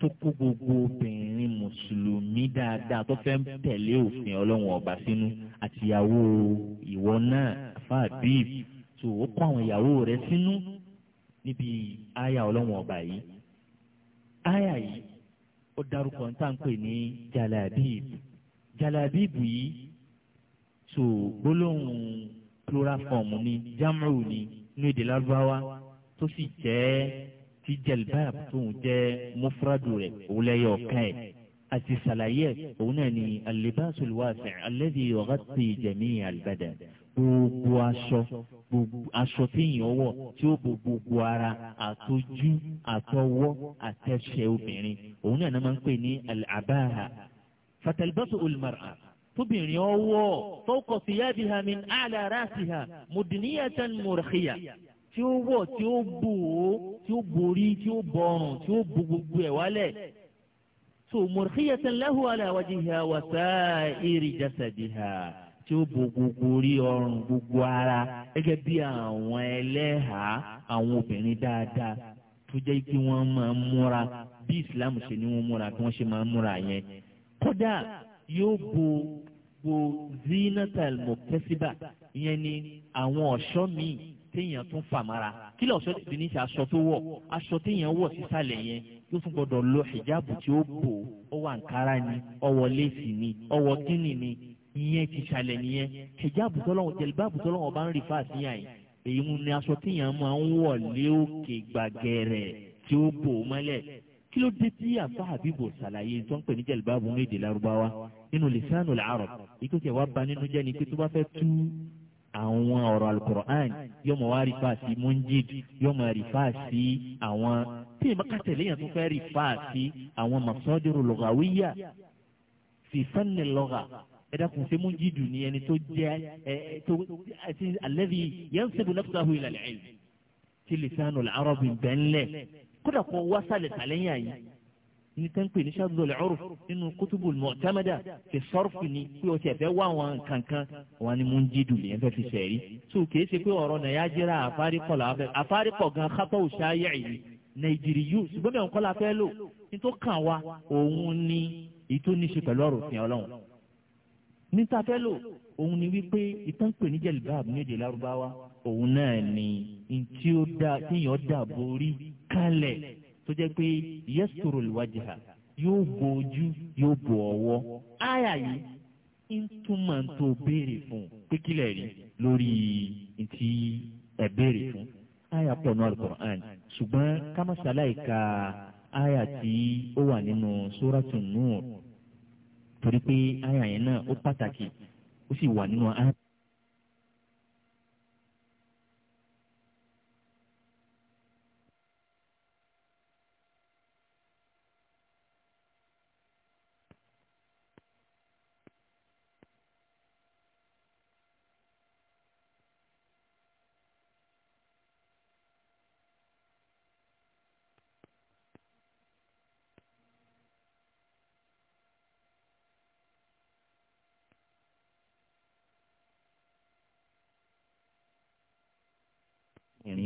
tó kó gbogbo obìnrin mùsùlùmí dáadáa tó fẹ́ tẹ̀lé òfin ọlọ́run ọba sínú àtìyàwó ìwọ náà fàbíb tó o kó àwọn ìyàwó rẹ sínú níbi àyà ọlọ́run ọba yìí àyà yìí ó dárúkọ ní táǹpẹ̀ ní jalabib jalabib yìí tó gbólóhùn plural form ní jamu ní inú èdè lárúbáwá tó sì jẹ́ tí jalbab tó ń jẹ́ mufradu rẹ̀ òun lẹ́yọ̀ ọ̀kan ẹ̀ àti sàlàyé òun náà ni alibasul wasi alladhi yughatti jami'a albadan gbogbo aṣọ gbogbo aṣọ tí èèyàn wọ̀ tí ó bo gbogbo ara àtọjú àtọwọ́ àtẹsẹ̀ obìnrin òun náà ni máa pè ní al-abaha fatalbasu tóbìnrin ọwọ́ fawqa thiyabiha min a'la ra'siha mudniyatan murkhiya tí ó wọ̀ tí ó bò ó tí ó borí tí ó bọrùn tí ó bo gbogbo ẹ̀ wálẹ̀ so murkhiyatan lahu ala wajhiha wa sa'iri jasadiha tí ó bo gbogbo orí ọrùn gbogbo ara gẹ́gẹ́ bí àwọn ẹlẹ́hàá àwọn obìnrin dáadáa tó jẹ́ kí wọ́n máa múra bí islam ṣe ni wọ́n múra kí wọ́n ṣe máa múra yẹn kódà yóò bo bo zinatal muktasiba ìyẹn ni àwọn ọ̀ṣọ́ míì téèyàn tún fàmàrà kí lè ọ̀ṣọ́ ti ní ṣe aṣọ tó wọ̀ aṣọ téèyàn wọ̀ sísàlẹ̀ yẹn yóò tún gbọ́dọ̀ lo hijabu tí ó bò ọwọ́ àǹkárá ni ọwọ́ léèsì ni ọwọ́ kínì ni ìyẹn ti ṣàlẹ̀ nìyẹn hijabu tọ́lọ́wọ́ jẹ̀lbáàbù tọ́lọ́wọ́ bá ń rìn fáàsì yàn èyí mu ni aṣọ téèyàn máa ń wọ̀ lé òkè gbàgẹ̀rẹ̀ tí ó bò mọ́lẹ̀ kí ló dé tí àfa àbíbò ṣàlàyé tó ń pè ní jẹ̀lbáàbù ní èdè lárúbáwá nínú lisanu al-arab ìkókè wa ba nínú jẹ́ ni pé tó bá fẹ́ tú àwọn ọ̀rọ̀ alukur'an yóò mọ̀ wá rìfà sí munjid yóò mọ̀ rìfà sí àwọn tí ìmọ̀kàtẹ̀lẹ́ yẹn tó fẹ́ rìfà sí àwọn masọ́dúró lọ́gàwíyà fìfẹ́ni lọ́gà ẹ̀dá kùn sí munjid ni ẹni tó jẹ́ ẹ tó àti alẹ́bí yẹn sẹ́gun lẹ́kùtà hu ìlàlẹ́ ẹ̀ tí lisanu arabi bẹ́ńlẹ̀ kódà kó wá sálẹ̀ sálẹ̀ yàn yìí ní tẹ́ńpẹ̀ ní ṣáàdùn lọ́lẹ̀ ọ̀rọ̀ nínú kútùbù mọ̀tàmẹ́dà ti sọ́ọ̀fù ni pé ọtí ẹ̀fẹ́ wá àwọn nǹkan kan wọn ni mú ń jí dùn lẹ́yìn fẹ́ fi ṣẹ̀rí. tó kìí ṣe pé ọ̀rọ̀ nàyájẹ́ra àfárikọ̀ làwọn àfárikọ̀ gan kátó ṣááyà yìí nàìjírí yóò ṣùgbọ́n mi ò kọ́ la fẹ́ lò nítorí kàn wá òun ni èyí ní ṣe pẹ̀lú ọ̀rọ̀ òfin ọlọ́run. níta fẹ́ lò òun ni wípé ìtànpẹ̀ ní jẹ̀lìbáàb ní èdè lárúbáwá òun náà ni ntí ó dá téèyàn dà borí kalẹ̀ tó jẹ́ pé yẹ́sùrù lùwájà yóò bo ojú yóò bo ọwọ́ áyà yìí ń túmọ̀ tó béèrè fún pé kílẹ̀ rí lórí ti ẹ̀ béèrè fún áyà pọ̀ nù alukur'an ṣùgbọ́n kámásálàyé ka áyà tí ó wà nínú sóràtún nù torí pé áyà yẹn náà ó pàtàkì ó sì wà nínú áyà.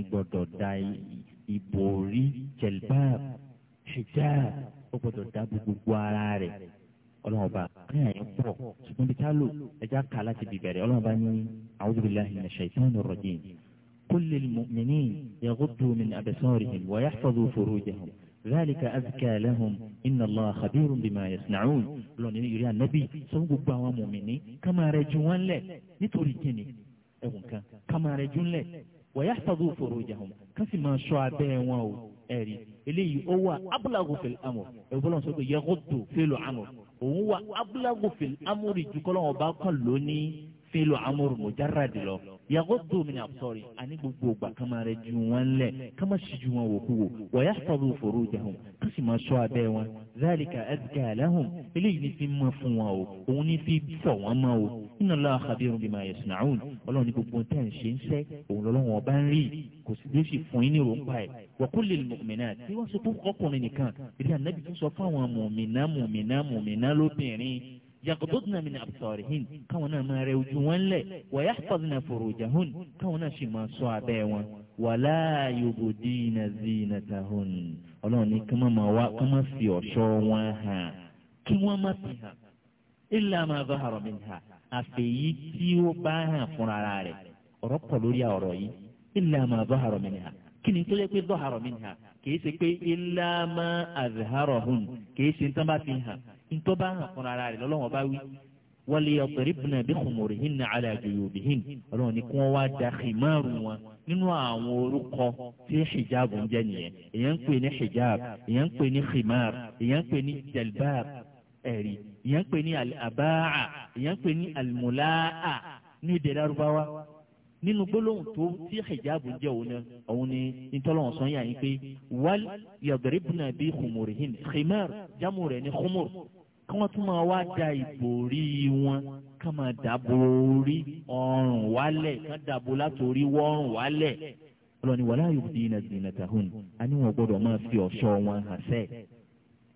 gbọ́dọ̀ da ìbòrí jẹ̀lbáàb hijab ó gbọ́dọ̀ da gbogbo ara rẹ̀ ọlọ́run bá káyà yẹn pọ̀ ṣùgbọ́n bí tálò ẹja kà láti bìbẹ̀rẹ̀ ọlọ́run bá ní a'udhu billahi minash shaitanir rajim qul lil mu'minin yaghuddu min absarihim wa yahfazu furujahum ذلك أزكى لهم إن الله خبير بما يصنعون لون ìrìn النبي sọ́n gbogbo àwọn كما رجوان له rẹ̀ jù wọ́n lẹ̀ nítorí kíni wọ̀yá sàbù furujahum kán sì máa ṣọ́ abẹ́ wọn o ẹ̀rí eléyìí ó wà abúlágò fèlè amọ̀ ẹ̀gbọ́n sọ pé yẹ́kọ̀tò fèlò amọ̀ òun wà abúlágò fèlè amúrì jukọ́lọ́wọ́n bá kàn lónìí fèlò amúrì mọ̀járadì lọ yàgòdò mi nà sọrí àní gbogbo ògbà ká máa rẹ ju wọn lẹ ká máa ṣíjú wọn wò kú wò wọ̀yà sọ̀rọ̀ òfòrò jẹun sì máa ṣọ́ abẹ́ wọn zálìkà ẹ̀dùkà àlẹ́hùn eléyìí ní fi mọ́ fún wọn o òun ní fi fọ̀ wọ́n mọ́ o inna Allaha khabirun bima yasna'un ọlọ́run ní gbogbo tẹ̀ ń ṣe ń sẹ́ òun lọ́lọ́run ọba ń rí kò sì lóṣì fún yín ní òrùnpa ẹ̀ wa kullil mu'minat tí wọ́n sọ fún ọkùnrin nìkan ìdí ànábì tún sọ fún àwọn mùmìnà mùmìnà mùmìnà lóbìnrin yaqdudna min absarihin káwọn náà máa rẹ ojú wọn lẹ̀ wa yahfazna furujahun káwọn náà sì máa ṣọ́ abẹ́ wọn wala yubdina zinatahun ọlọ́run ní kí wọ́n máa wá kí wọ́n fi ọ̀ṣọ́ wọn hàn kí wọ́n má fi hàn illa ma zahara minha àfẹ̀yí tí ó bá hàn fúnra rẹ̀ ọ̀rọ̀ pọ̀ lórí ọ̀rọ̀ yìí ilà máa bọ́ àrọ̀ mi nìyà kí ni tó yẹ pé bọ́ àrọ̀ mi nìyà kìí ṣe pé ilà máa àzàrọ̀ hùn kìí ṣe tán bá fi hàn ntọ́ bá hàn fúnra rẹ̀ lọ́lọ́wọ́n bá wí wọ́n lè ọ̀pẹ̀rẹ̀ bùnà bí kùmùrì hìn ní alàjòyò bì hìn ọlọ́run ni kí wọ́n wá da xìmáàrù wọn nínú àwọn orúkọ tí hijab ń jẹ́ nìyẹn èèyàn ń pè ní ìyẹn pè ní àbáà ìyẹn pè ní àlùmùláà ní èdè lárúbáwá nínú gbólóhùn tó tí hijab ń jẹ́ òun ni òun ni ntọ́lọ́wọ̀n sọ yà yín pé wal yadribna bi khumurihin khimar jámù rẹ̀ ní khumur kí wọ́n tún máa wá da ìbòrí wọn ká máa dàbò orí ọrùn wálẹ̀ ká dàbò látòrí wọ́ọ̀rùn wálẹ̀ ọlọ́ni wala yubdina zinatahun a ní gbọ́dọ̀ máa fi ọ̀ṣọ́ wọn hàn sẹ́ẹ̀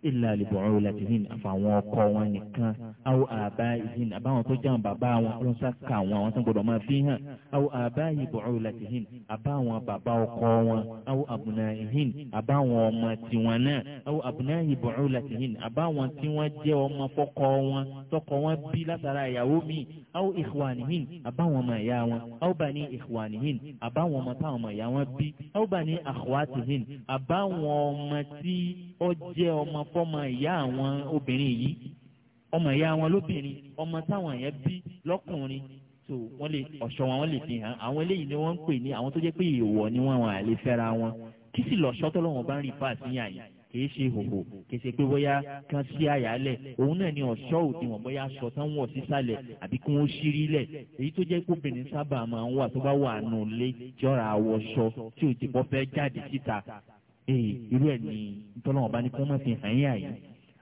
ilà àlìbọ̀rọ̀ làtìhìn àfàwọn ọkọ wọn nìkan awo àbá ìhìn àbáwọn tó jẹun bàbá wọn ọlọ́sà kà wọn àwọn tó gbọdọ̀ máa fi hàn awo àbá ìbọ̀rọ̀ làtìhìn àbáwọn bàbá ọkọ wọn awo àbùnà ìhìn àbáwọn ọmọ tiwọn náà awo àbùnà ìbọ̀rọ̀ làtìhìn àbáwọn tí wọ́n jẹ́ ọmọ fọ́kọ wọn tọkọ wọn bí látara ìyàwó mi awo ìhwanihin àbáwọn ọmọ ìyá wọn awo fọ́mọ ìyá àwọn obìnrin yìí ọmọ ìyá wọn lóbìnrin ọmọ táwọn yẹn bí lọ́kùnrin tó wọ́n lè ọ̀ṣọ́ wọn wọ́n lè fi hàn àwọn eléyìí ni wọ́n ń pè ní àwọn tó jẹ́ pé ìwọ̀ ni wọ́n wọn à lè fẹ́ra wọn kí sì lọ́ṣọ́ tọ́lọ́wọ́n bá ń rí fáàsì yàn yìí kìí ṣe hòhò kìí ṣe pé bóyá kan sí àyálẹ̀ òun náà ni ọ̀ṣọ́ òdiwọ̀n bóyá aṣọ tán wọ̀ sísàlẹ̀ àbí kí wọ́n ṣírí lẹ̀ èyí tó jẹ́ kóbìnrin sábà máa ń wà tó bá wà nù lé jọra àwọ̀ṣọ tí ò ti jáde síta ee irú ẹ̀ ní ntọ́lọ́wọ̀n ní kí má fi hàn yín àyè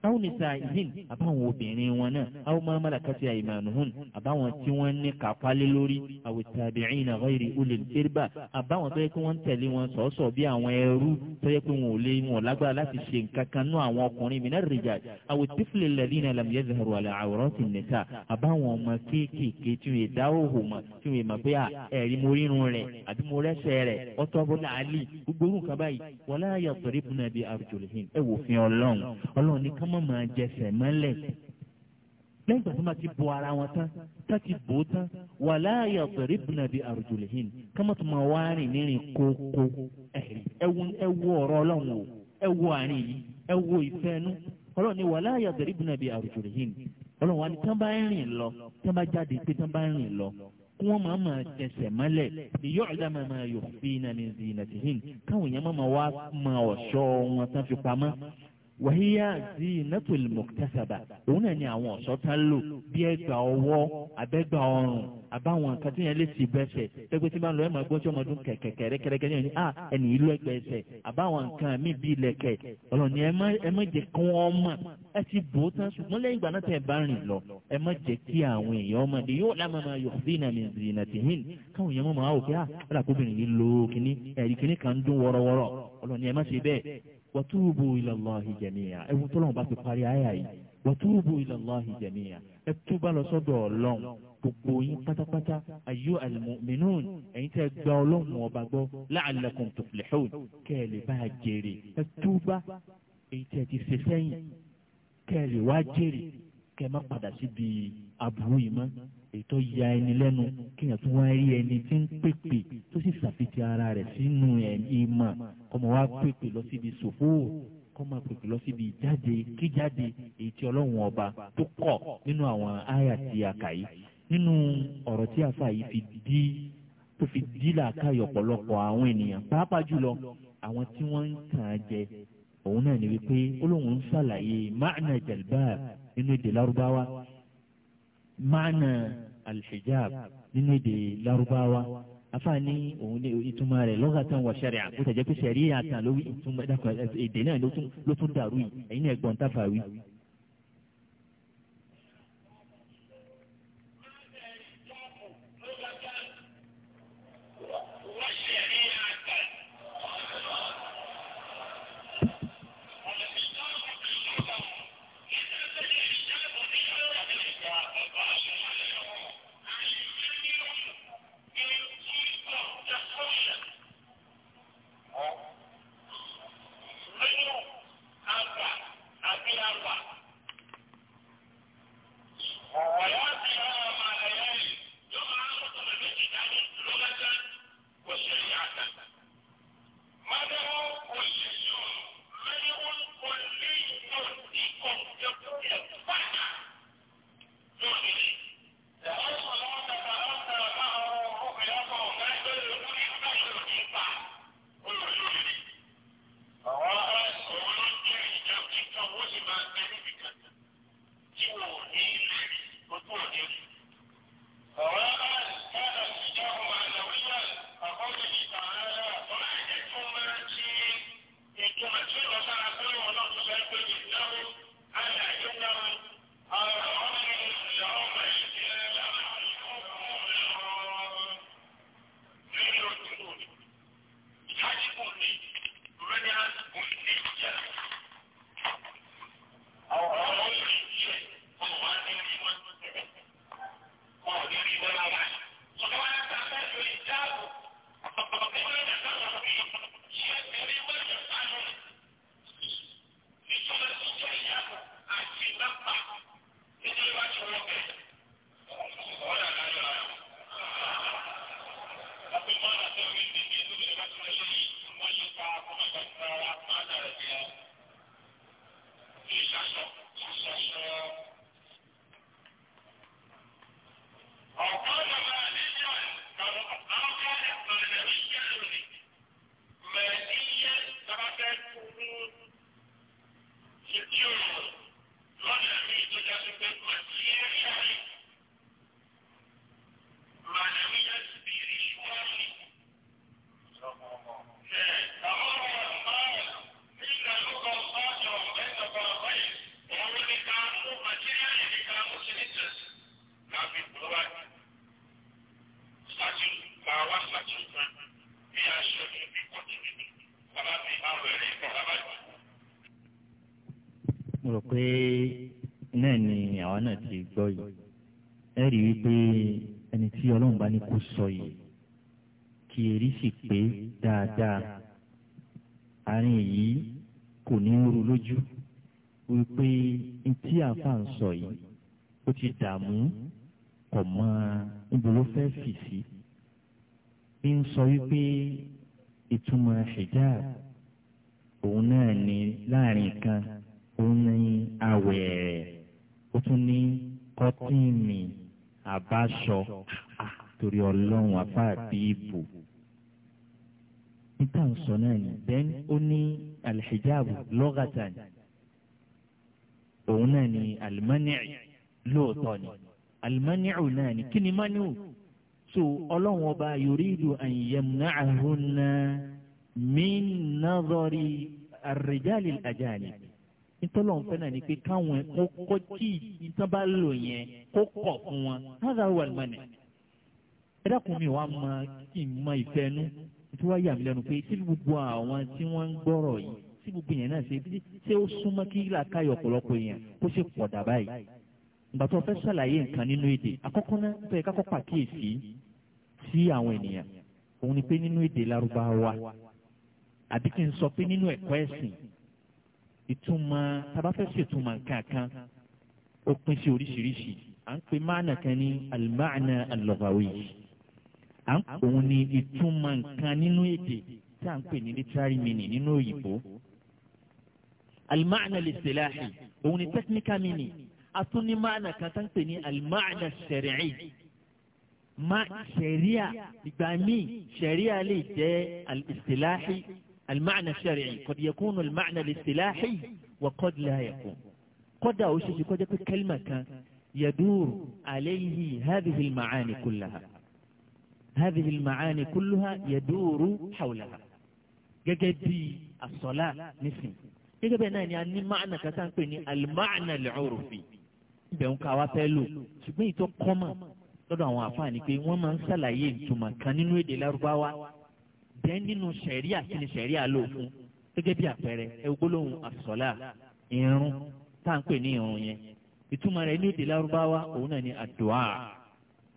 àwọn nìsa ìhìn àbáwọn obìnrin wọn náà àwọn máa mọ́lá kásì àìmánùhùn àbáwọn tí wọ́n ní kápálẹ́ lórí àwọn tàbíìn àwáyèrè olè nígbà àbáwọn tó yẹ kí wọ́n tẹ̀lé wọn sọ̀ọ́sọ̀ bí àwọn ẹrú tó yẹ kí wọn ò lé wọn lágbára láti ṣe nǹkan kan nú àwọn ọkùnrin mìíràn rìjà àwọn tífìlẹ̀ lẹ́dínà làmìyẹ́zẹ̀rù àlẹ́ àwòrán ti nìta àbáwọn ọmọ kéékèèké tí wọ́n dá òhò mọ̀ tí wọ́n mọ̀ pé ẹ̀rí mo rírun rẹ̀ àbí mo rẹ́sẹ̀ rẹ̀ ọtọ́ bọ́lá àlì gbogbo nǹkan báyìí wọlé ayọ̀ pẹ̀lú ìbùnà bíi àrùjọ̀lẹ̀ mọ̀ máa jẹsẹ̀ mọ́lẹ̀ lẹ́yìn tó máa ti bo ara wọn tán tá ti bò ó tán wà láàyè ọ̀pẹ̀rẹ̀ ìbùnà bíi àrùjòlèhìn ká má tún máa wá rìn nírìn kókó ẹ wo ọ̀rọ̀ ọlọ́run o ẹ wo àárín yìí ẹ wo ìfẹ́ ẹnu ọlọ́run ni wà láàyè ọ̀pẹ̀rẹ̀ ìbùnà bíi àrùjòlèhìn ọlọ́run wa ni tán bá ń rìn lọ tán bá jáde pé tán bá ń rìn lọ kí wọ́n máa máa tẹsẹ̀ mọ́lẹ̀ ìyọ́ ìdámà máa yọ̀ fi nàní zinatihin káwọn èèyàn máa wá máa ọ̀ṣọ́ wọn tán fi pamọ́ wàhíyá di nẹ́tòlì mọ̀tẹ́sàbà òun náà ni àwọn ọ̀ṣọ́ tán lò bí ẹgbà ọwọ́ abẹ́gbà ọrùn àbáwọn nǹkan tí yẹn lè ti bẹ́sẹ̀ tẹ́gbẹ́ tí máa ń lọ ẹ̀ máa gbọ́ tí ọmọ ọdún kẹ̀kẹ̀kẹ̀rẹ́ kẹ̀rẹ́kẹ́ ní à ah, ẹnì ìlú ẹgbẹ́ ẹsẹ̀ àbáwọn nǹkan mi bí ilẹ̀kẹ̀ ọ̀rọ̀ ni ẹ má jẹ́ kí wọ́n mọ̀ ẹ ti bò ó tán ṣùgbọ́n lẹ́yìn ìgbà náà tẹ̀ bá rìn lọ ẹ má jẹ́ kí àwọn èèyàn ọmọdé yóò lámà máa yọ zina mi zina tìhín káwọn èèyàn mọ̀ ah, lo kìnní ẹ̀rí kìnní kan dún wọ́rọ́wọ́rọ́ ni ẹ má wàtúrùbù ilallahi jamiya ẹ̀wù tó lọ́wọ́ bá ti parí àyà yìí wàtúrùbù ilallahi jamiya ẹ̀ tó bá lọ sọ́dọ̀ ọlọ́run gbogbo yín pátápátá ayé almu'minun ẹ̀yin tẹ́ gba ọlọ́run ọba gbọ́ la'allakum tuflihun kẹ́ ẹ lè bá a jèrè ẹ̀ tó bá èyí tẹ́ ti ṣe sẹ́yìn kẹ́ wá jèrè kẹ́ má padà síbi àbúrò yìí mọ́ ètò ya ẹni lẹ́nu kíyàn tó wá rí ẹni tí ń pèpè tó sì ṣàfitì ara rẹ̀ sínú ìmọ̀ kọ́mọ wá pèpè lọ síbi ṣòfò kọ́mọ pèpè lọ síbi jáde kíjáde èyí tí ọlọ́run ọba tó kọ̀ nínú àwọn àyà tí a kà yìí nínú ọ̀rọ̀ tí àfa yìí fi dí tó fi dí làákàyè ọ̀pọ̀lọpọ̀ àwọn ènìyàn pàápàá jùlọ àwọn tí wọ́n ń tàn án jẹ òun náà ni wípé olóhùn ń ṣàlàyé máàna jàlbáà nínú èdè lárúbáwá máàna alhijab nínú èdè Lárúbáwá afaani òun ní ìtumọ̀ rẹ̀ lọ́gàtàn wà sẹ́ríà bó tẹ̀jẹ́ pé sẹ́ríà tàn lórí ìtumọ̀ èdè náà ló tún dàrú yìí ẹ̀yin náà gbọ́n táfà wí. ẹ rí i pé ẹni tí ọlọ́run bá ní kó sọ yìí kí erí sì pé dáadáa àárín èyí kò ní rú lójú wípé ntí àfa ń sọ yìí ó ti dààmú kò mọ níbo ló fẹ́ fì sí bí ń sọ wípé ìtumọ̀ hijab òun náà ní láàrin kan òun ní awẹ̀rẹ̀ ó tún ní kọ́tìnì àbáṣọ ah, torí ọlọ́run àfáàbí ìbò níta ń sọ náà ni then ó ní alhijab lọ́gàtà ni òun náà ni alimaniu lóòótọ́ ni alimaniu náà ni kí ni maniu so ọlọ́run ọba yuridu an yamna'ahunna min nadhari ar-rijal al-ajanib ìtọ́lọ̀ ń fẹ́ náà ni pé káwọn kókó kí ìtàn bá lò yẹn kó kọ̀ fún wọn lára wà lùmọ̀nà. ẹ dákun mi wàá mọ kí n mọ ìfẹ́ nú tí wàá yà mí lẹ́nu pé tí gbogbo àwọn tí wọ́n ń gbọ́rọ̀ yìí tí gbogbo yẹn náà ṣe bí ṣé ó súnmọ́ kí làákàyè ọ̀pọ̀lọpọ̀ yẹn kó ṣe pọ̀ dà báyìí. ìgbà tó fẹ́ ṣàlàyé nǹkan nínú èdè àkọ́kọ́ náà tó yẹ ká kọ́kọ́ àkíyèsí sí àwọn ènìyàn òun ni pé nínú èdè Lárúbáwá àbí ìtumọ̀ tabafẹ́ ṣètumọ̀ kankan ó pín sí oríṣiríṣi à ń pè máànà kan ní alimáànà alọ́gàwé à ń pè òun ní ìtumọ̀ nǹkan nínú èdè tí à ń pè ní literary meaning nínú òyìnbó alimáànà lìsìláhì òun ní technical meaning atúní kan tá ń pè ní alimáànà sẹ̀rẹ̀ẹ́ ma sẹ̀ríà ìgbà míì sẹ̀ríà lè jẹ́ alìsìláhì المعنى الشرعي قد يكون المعنى الاصطلاحي وقد لا يكون قد أوشيش قد كلمة يدور عليه هذه المعاني كلها هذه المعاني كلها يدور حولها جدي الصلاة نسي gẹ́gẹ́ bẹ́ẹ̀ náà ni a ní máàna kata ń pè ní alimáàna lẹ́ọ̀rọ̀fì ibẹ̀ ń ka wá fẹ́ lò ṣùgbọ́n ìtọ́ kọ́mà lọ́dọ̀ àwọn àfáà ni pé wọ́n máa ń ṣàlàyé ìtumọ̀ kan nínú èdè lárúbáwá dẹ́ nínú sẹ̀ríà kí ni sẹ̀ríà lò fún gẹ́gẹ́ bí àpẹẹrẹ ẹ gbólóhùn àsọ̀lá irun tá à ń pè ní irun yẹn ìtumọ̀ rẹ̀ ní èdè lárúbáwá òun náà ni àdùá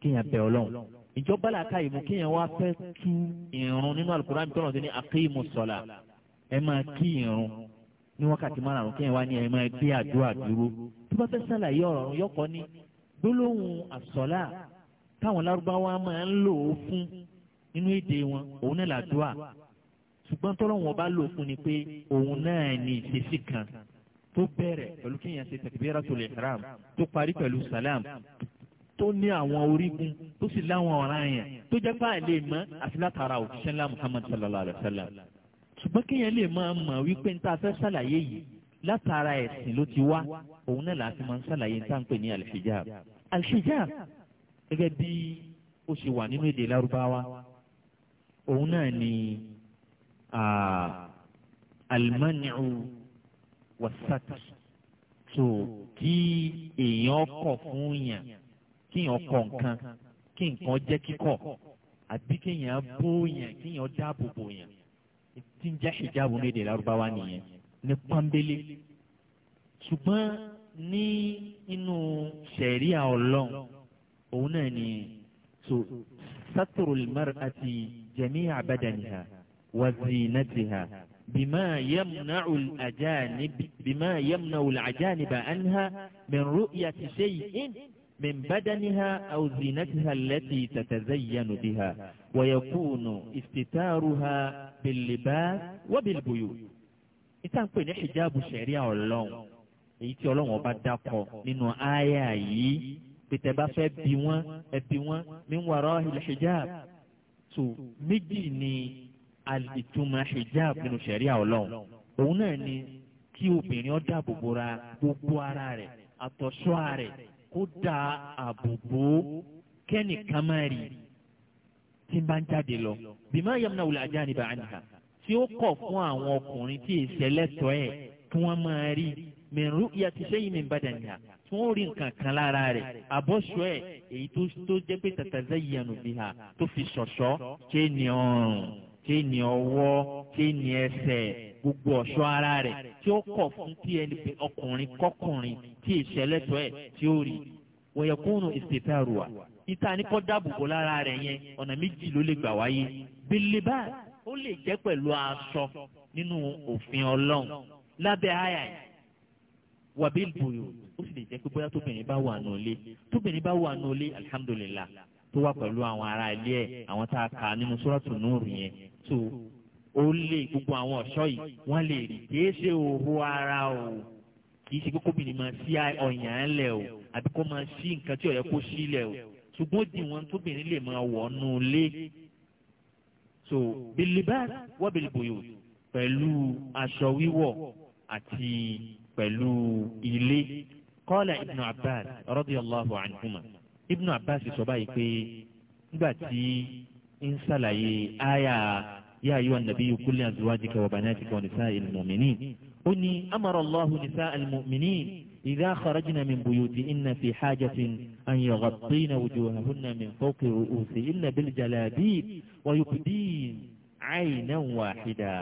kéèyàn bẹ̀ ọlọ́run ìjọba làákà ìmú kéèyàn wá fẹ́ tú irun nínú alukurani tọ́nà tó ní akéèmù sọ̀lá ẹ máa kí irun ní wákàtí márùn-ún kéèyàn wá ní ẹ máa gbé àdúrà dúró tó bá fẹ́ sàlàyé ọ̀rọ̀ yọkọ ní gbólóhùn àsọ̀lá táwọn lárúbáwá máa ń lò ó fún nínú èdè wọn òun náà làdúà ṣùgbọ́n tọ́lọ́wọ́n bá lò fún ni pé òun náà ní ìṣesí kan tó bẹ̀rẹ̀ pẹ̀lú kéèyàn ṣe takbiratul ihram tó parí pẹ̀lú salam tó ní àwọn orígun tó sì láwọn ọ̀ràn yẹn tó jẹ́ pé àìlè mọ́ àti látara òṣìṣẹ́ ńlá Muhammad sallallahu alayhi wa sallam ṣùgbọ́n kéèyàn lè máa mọ̀ wípé ń ta fẹ́ ṣàlàyé yìí látara ẹ̀sìn ló ti wá òun náà láti máa ń ṣàlàyé tá ń pè ní al-hijab gẹ́gẹ́ bí ó ṣe wà nínú èdè lárúbáwá òun náà ni alimaniu wasat so kí èèyàn kọ̀ fún yàn kí èèyàn kọ̀ nǹkan kí nǹkan jẹ́ kíkọ̀ àbí kéèyàn bó yàn kéèyàn dáàbò bò yàn tí ń jẹ́ hijabu ní èdè lárúbáwá nìyẹn ní pọ́nbélé ṣùgbọ́n ní inú sẹ̀ríà ọlọ́run òun náà ni so saturul mar'ati. جميع بدنها وزينتها بما يمنع الأجانب بما يمنع العجانب عنها من رؤية شيء من بدنها أو زينتها التي تتزين بها ويكون استتارها باللباس وبالبيوت إتان كوين حجاب شعرية اللون إيتي اللون وبدقه من آيائي بتبافة بيوان بيوان من وراه الحجاب so méjì ni alìtumọ̀ hijab nínú sẹ̀ríà ọlọ́run òun náà ni kí obìnrin ó dáàbò bora gbogbo ara rẹ̀ àtọ̀ṣọ́ rẹ̀ kó da àbòbò kẹ́nìkan máa rí tí ń bá ń jáde lọ bímọ yamuna wùlẹ̀ ajá ni bàá nìkan tí ó kọ̀ fún àwọn ọkùnrin tí ìṣẹ̀lẹ̀ tọ́ ẹ̀ kí wọ́n máa rí mẹ̀rú ìyàtìṣẹ́yìn mi ń bá dàn ní à tí wọ́n rí nǹkan kan lára rẹ̀ àbọ̀ṣọ ẹ̀ èyí tó jẹ́ pé tàtàzẹ́ yẹnu bí ha tó fi ṣọ̀ṣọ́ ṣé ni ọrùn ṣé ni ọwọ́ ṣé ni ẹsẹ̀ gbogbo ọ̀ṣọ́ ara rẹ̀ tí ó kọ̀ fún tí ẹni pé ọkùnrin kọkùnrin tí ìṣẹ̀lẹ̀tọ̀ ẹ̀ tí ó rí wọ̀nyẹ̀kúnnù ìṣètàrùwà ìta ni kọ́ dáàbòbò lára rẹ̀ yẹn ọ̀nà méjì ló lè gbà wáyé bílíbà ó lè jẹ́ pẹ̀lú aṣọ nínú òfin ọlọ́run lábẹ́ àyà yìí wàbí ìbòyò ó sì lè jẹ́ pé bóyá tóbìnrin bá wà nù ilé tóbìnrin bá wà nù ilé tó wà pẹ̀lú àwọn ará ilé ẹ̀ àwọn tá a kà nínú sọ́ràtù núùrù yẹn tó ó lè gbogbo àwọn ọ̀ṣọ́ yìí wọ́n lè rí kìí ṣe òhó ara o kìí ṣe kókó bìnrin máa ṣí ọ̀yàn ńlẹ̀ o àbí kó máa ṣí nǹkan tí ó kó ṣí lẹ̀ o ṣùgbọ́n di wọn tóbìnrin lè máa wọ̀ nù lé so bilibas wọ́n bilibòyò pẹ̀lú aṣọ wíwọ̀ àti pẹ̀lú ilé kọ́lá ibnu abbas radiyallahu anhuma ibnu abbas sọ báyìí pé nígbà tí ń ṣàlàyé àyà yá ayọ́ nàbí kulli azwajika wa banatika wa nisa'il mu'minin ó ní amara allahu nisa'al mu'minin idha kharajna min buyutihinna fi hajatin an yughattina wujuhahunna min fawqi ru'usihinna bil jalabib wa yubdin aynan wahida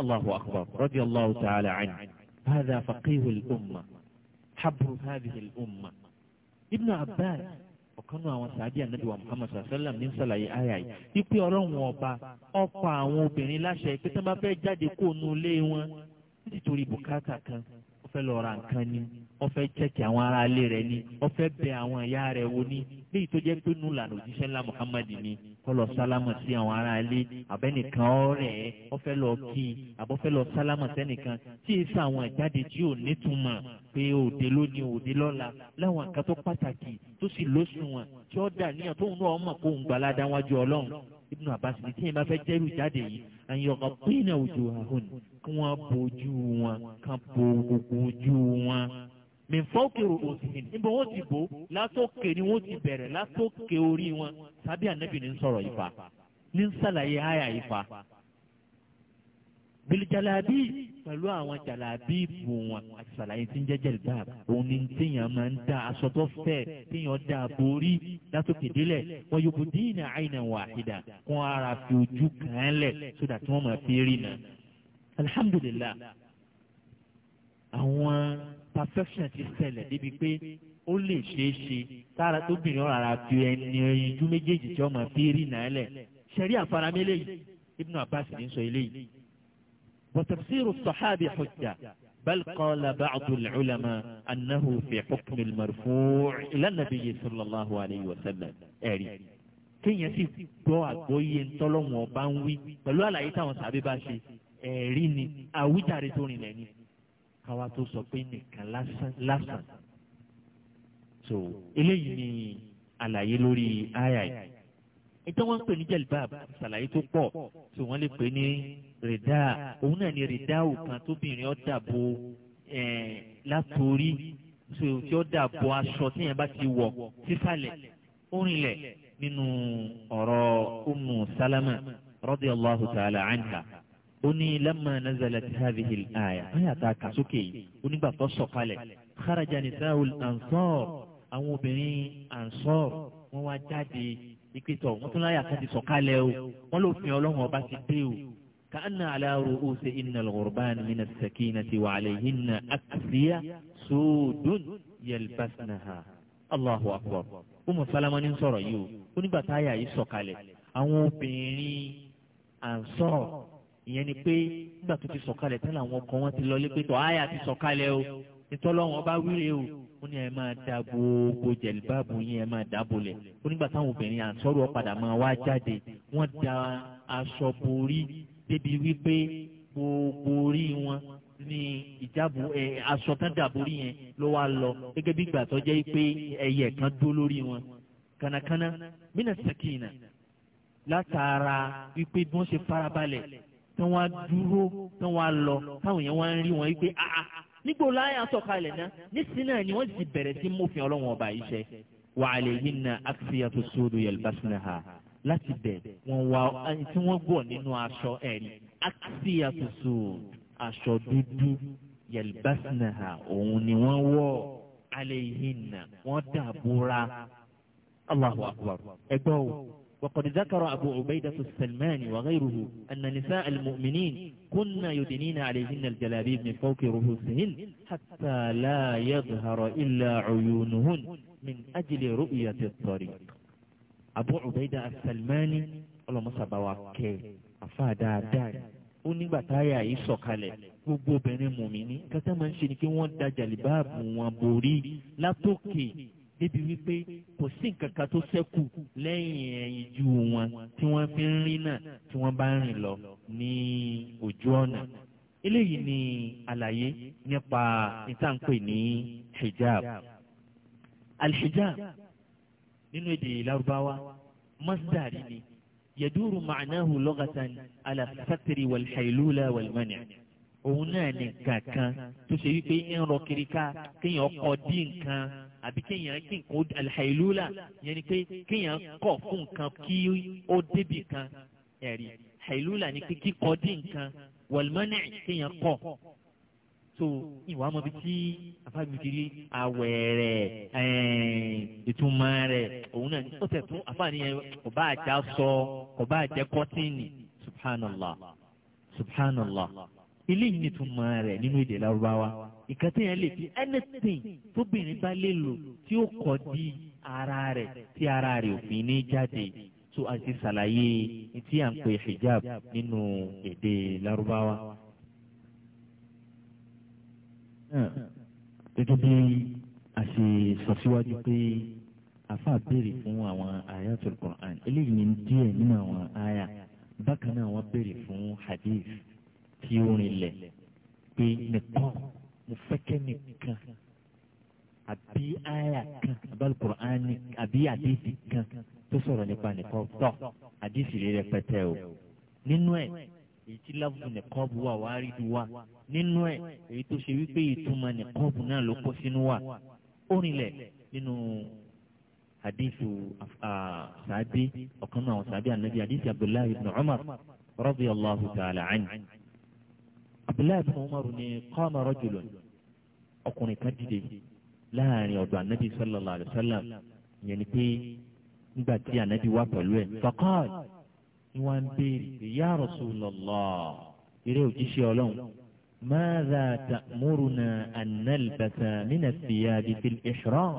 allahu akbar radiyallahu ta'ala anhu. هذا فقيه الأمة حبر هذه الأمة ابن عباس ọ̀kanú àwọn sàájì ànábì wa muhammad sallam ní sàlàyé àyà yìí wípé ọlọ́run ọba ọ̀pọ̀ àwọn obìnrin láṣẹ pé tí wọ́n bá fẹ́ jáde kó nu ilé wọn nítorí bùkátà kan ọfẹ́ lọ ra nǹkan ni ọfẹ́ chẹ́kì àwọn ará ilé rẹ̀ ni ọfẹ́ bẹ àwọn ìyá rẹ̀ wo ni léyìí tó jẹ́ pé nù lànà òjíṣẹ́ ńlá muhammad ni kọ́lọ̀ sálámà sí àwọn ará ilé àbẹ́nìkan ọ̀rẹ́ ọfẹ́ lọ kí i àbọ̀fẹ́ lọ sálámà sẹ́nìkan tí ì sá àwọn ìjáde tí ò nítumọ̀ pé òde lónìí òde lọ́la láwọn nǹkan tó pàtàkì tó sì lóṣùwọ̀n tí ó dà níyàn tóun náà mọ̀ kó ń gbàlá dáwájú ọlọ́run ibùdó àbáṣe tí yẹn bá fẹ́ jẹ́rù jáde yìí àyìn ọ̀gá òjò àhónì kí wọ́n bojú wọn kán bo gbogbo ojú wọn. mìfọ́kèrò òsìn níbo wọ́n ti bò látòkè ni wọ́n ti bẹ̀rẹ̀ látòkè orí wọn sábẹ́ ànábì ní sọ̀rọ̀ ìfà ní sàlàyé àyà ìfà. bìlìjàlábì pẹ̀lú àwọn jàlábì bù wọn àti sàlàyé tí ń jẹ́ jẹ̀lìbà òun ni téèyàn máa ń da aṣọ tó fẹ́ téèyàn da borí látòkè délẹ̀ wọn yóò bù dín ní àìnà wàhídà kún ara fi ojú kàn án lẹ̀ sódà alhamdulillah àwọn perfection ti ṣẹlẹ̀ débi pé ó lè ṣeé ṣe tára tó bìnrin ọ̀rọ̀ ara fi ẹni ẹyinjú méjèèjì tí ọmọ fi rí náà lẹ̀ ṣẹ̀rí àfaramẹ́ eléyìí ibnu abbas ní sọ eléyìí. wa tafsiru sahabi hujja bal qala ba'du al-ulama annahu fi hukm al-marfu' ila nabiyyi sallallahu alayhi wa sallam ẹ̀rí. kéèyàn sì gbọ́ àgbọ́yé ntọ́lọ́wọ̀n ọba ń wí ẹ̀rí ni àwíjàre tó rìn lẹ́ni káwa tó sọ pé nìkan lásán so eléyìí ni àlàyé lórí àyà yìí ìtọ́ wọn ń pè ní jẹ̀lbáàb ṣàlàyé tó pọ̀ tí wọ́n lè pè ní rìdá òun náà ni rìdá òkan tóbìnrin ó bo látòrí tí ó dàbò aṣọ tí yẹn bá ti wọ̀ sísàlẹ̀ orinlẹ̀ nínú ọ̀rọ̀ umu salama radiyallahu ta'ala anha ó ní lamma nazalat hadhihi al-aya báyà tá a kà sókè yìí ó nígbà tó sọ̀kalẹ̀ kharaja nisa'ul ansar àwọn obìnrin ansar wọ́n wá jáde ìpètọ̀ wọ́n tún láyà ká ti sọ̀kalẹ̀ o wọ́n ló fi ọlọ́run ọba ti dé o ka'anna ala ru'usihinna al-ghurban min as-sakinati wa alayhinna aksiyah sudun yalbasnaha allahu akbar umu salama ni sọ̀rọ̀ yìí o ó nígbà táyà yìí sọ̀kalẹ̀ àwọn obìnrin ansar ìyẹn ni pé nígbà tó ti sọ̀kalẹ̀ tẹ́lẹ̀ àwọn ọkọ̀ wọn ti lọlé pé tọ́ àyà ti sọ̀kalẹ̀ o ìtọ́lọ́wọ́n bá wíre o ó ní ẹ máa da gbogbo jẹ̀lìbáàbù yín ẹ máa dáàbò lẹ̀ ó nígbà táwọn obìnrin àǹsọ́rọ̀ padà máa wá jáde wọ́n da aṣọ borí débi wípé gbogbo orí wọn ní ìjábù ẹ aṣọ tán dàborí yẹn ló wá lọ gẹ́gẹ́ bí ìgbà tó jẹ́ pé ẹyẹ kan dó lórí wọn kànákànná mínà sàkínà látara wípé bí wọ́n ṣe farabalẹ̀ tán wá dúró tán wá lọ táwọn èèyàn wá ń rí wọn wípé ah ah nígbò láyà sọ̀kalẹ̀ náà nísìnyí náà ni wọ́n ti bẹ̀rẹ̀ sí mọ́fin ọlọ́wọ́n ọba yìí ṣe wà á lè yín na akíyàtò sódò yẹlbásínà ha láti bẹ̀ wọ́n wá tí wọ́n gbọ̀ nínú aṣọ ẹ̀rí akíyàtò sódò aṣọ dúdú yẹlbásínà ha òun ni wọ́n wọ̀ á lè na wọ́n dàbúra Allahu akbar ẹgbẹ́ o. وقد ذكر أبو عبيدة السلمان وغيره أن نساء المؤمنين كنا يدنين عليهن الجلابيب من فوق رؤوسهن حتى لا يظهر إلا عيونهن من أجل رؤية الطريق أبو عبيدة السلماني اللهم سبواك أفادا داري ó nígbà táyà yìí sọ̀kalẹ̀ gbogbo obìnrin mùmí ní kátà máa ń ṣe ni kí wọ́n da jàlíbáàbù wọn borí látòkè débi wípé kò sí nǹkan kan tó ṣẹ́kù lẹ́yìn ẹ̀yìn ju wọn tí wọ́n fi ń rìn náà tí wọ́n bá ń rìn lọ ní ojú ọ̀nà. eléyìí ni àlàyé nípa ìtànpè ní hijab. alhijab nínú èdè lárúbáwá masdari ni yaduru ma'anahu lọ́gàtàn alafatiri walhailula walmani òun náà ni nǹkan tó ṣe wípé ń rọ kiri ká kéèyàn kọ dín nǹkan àbí kéèyàn kí nǹkan alhailula yẹn ni pé kéèyàn kọ̀ fún nǹkan kí ó débì kan ẹ̀rí hailula ni pé kíkọ́ dé nǹkan wọ̀lmọ́nì kéèyàn kọ̀ so ìwà ọmọ bíi tí afábìkiri awẹ̀ rẹ̀ ìtumọ̀ rẹ̀ òun náà ó tẹ̀ tún afáàní yẹn kò bá àjà sọ kò bá àjẹ kọ́tìnì subhanallah. subhanallah eléyìí ni ìtumọ̀ rẹ̀ nínú èdè lárúbáwá ìkan tí yẹn lè fi anything tóbìnrin bá lè lò tí ó kọ́ di ara rẹ̀ tí ara rẹ̀ ò fi ní jáde tó a ti ṣàlàyé tí à ń pè hijab nínú èdè lárúbáwá. gẹ́gẹ́ bí a ṣe sọ síwájú pé afa béèrè fún àwọn ayatul Qur'an eléyìí ni díẹ̀ nínú àwọn aya bákan náà wọ́n béèrè fún hadith tí ó rinlẹ̀ pé nìkan mo fẹ́ kẹ́ nìkan àbí àyà kan àbí Kùránì àbí àdìsí kan tó sọ̀rọ̀ nípa nìkan tọ̀ àdìsí rẹ̀ rẹpẹtẹ o nínú ẹ̀ èyí tí lábùkù nìkan bu wa wà á rí du wa nínú ẹ̀ èyí tó ṣe wípé ìtumọ̀ nìkan bu náà ló kó sínú wa ó rinlẹ̀ nínú àdìsí sàbí ọ̀kan náà sàbí ànábi àdìsí Abdullahi ibn Umar radiyallahu ta'ala anhu abdullahi bin umar ni qama rajulun ọkùnrin kan dìde láàrin ọ̀dọ̀ anabi sallallahu alayhi wa sallam yẹn ni pé nígbà tí anabi wà pẹ̀lú ẹ̀ faqal ni wọ́n ń béèrè pé ya rasulallah eré òjíṣẹ́ ọlọ́run madha ta'muruna an nalbasa mina thiyabi fil ihram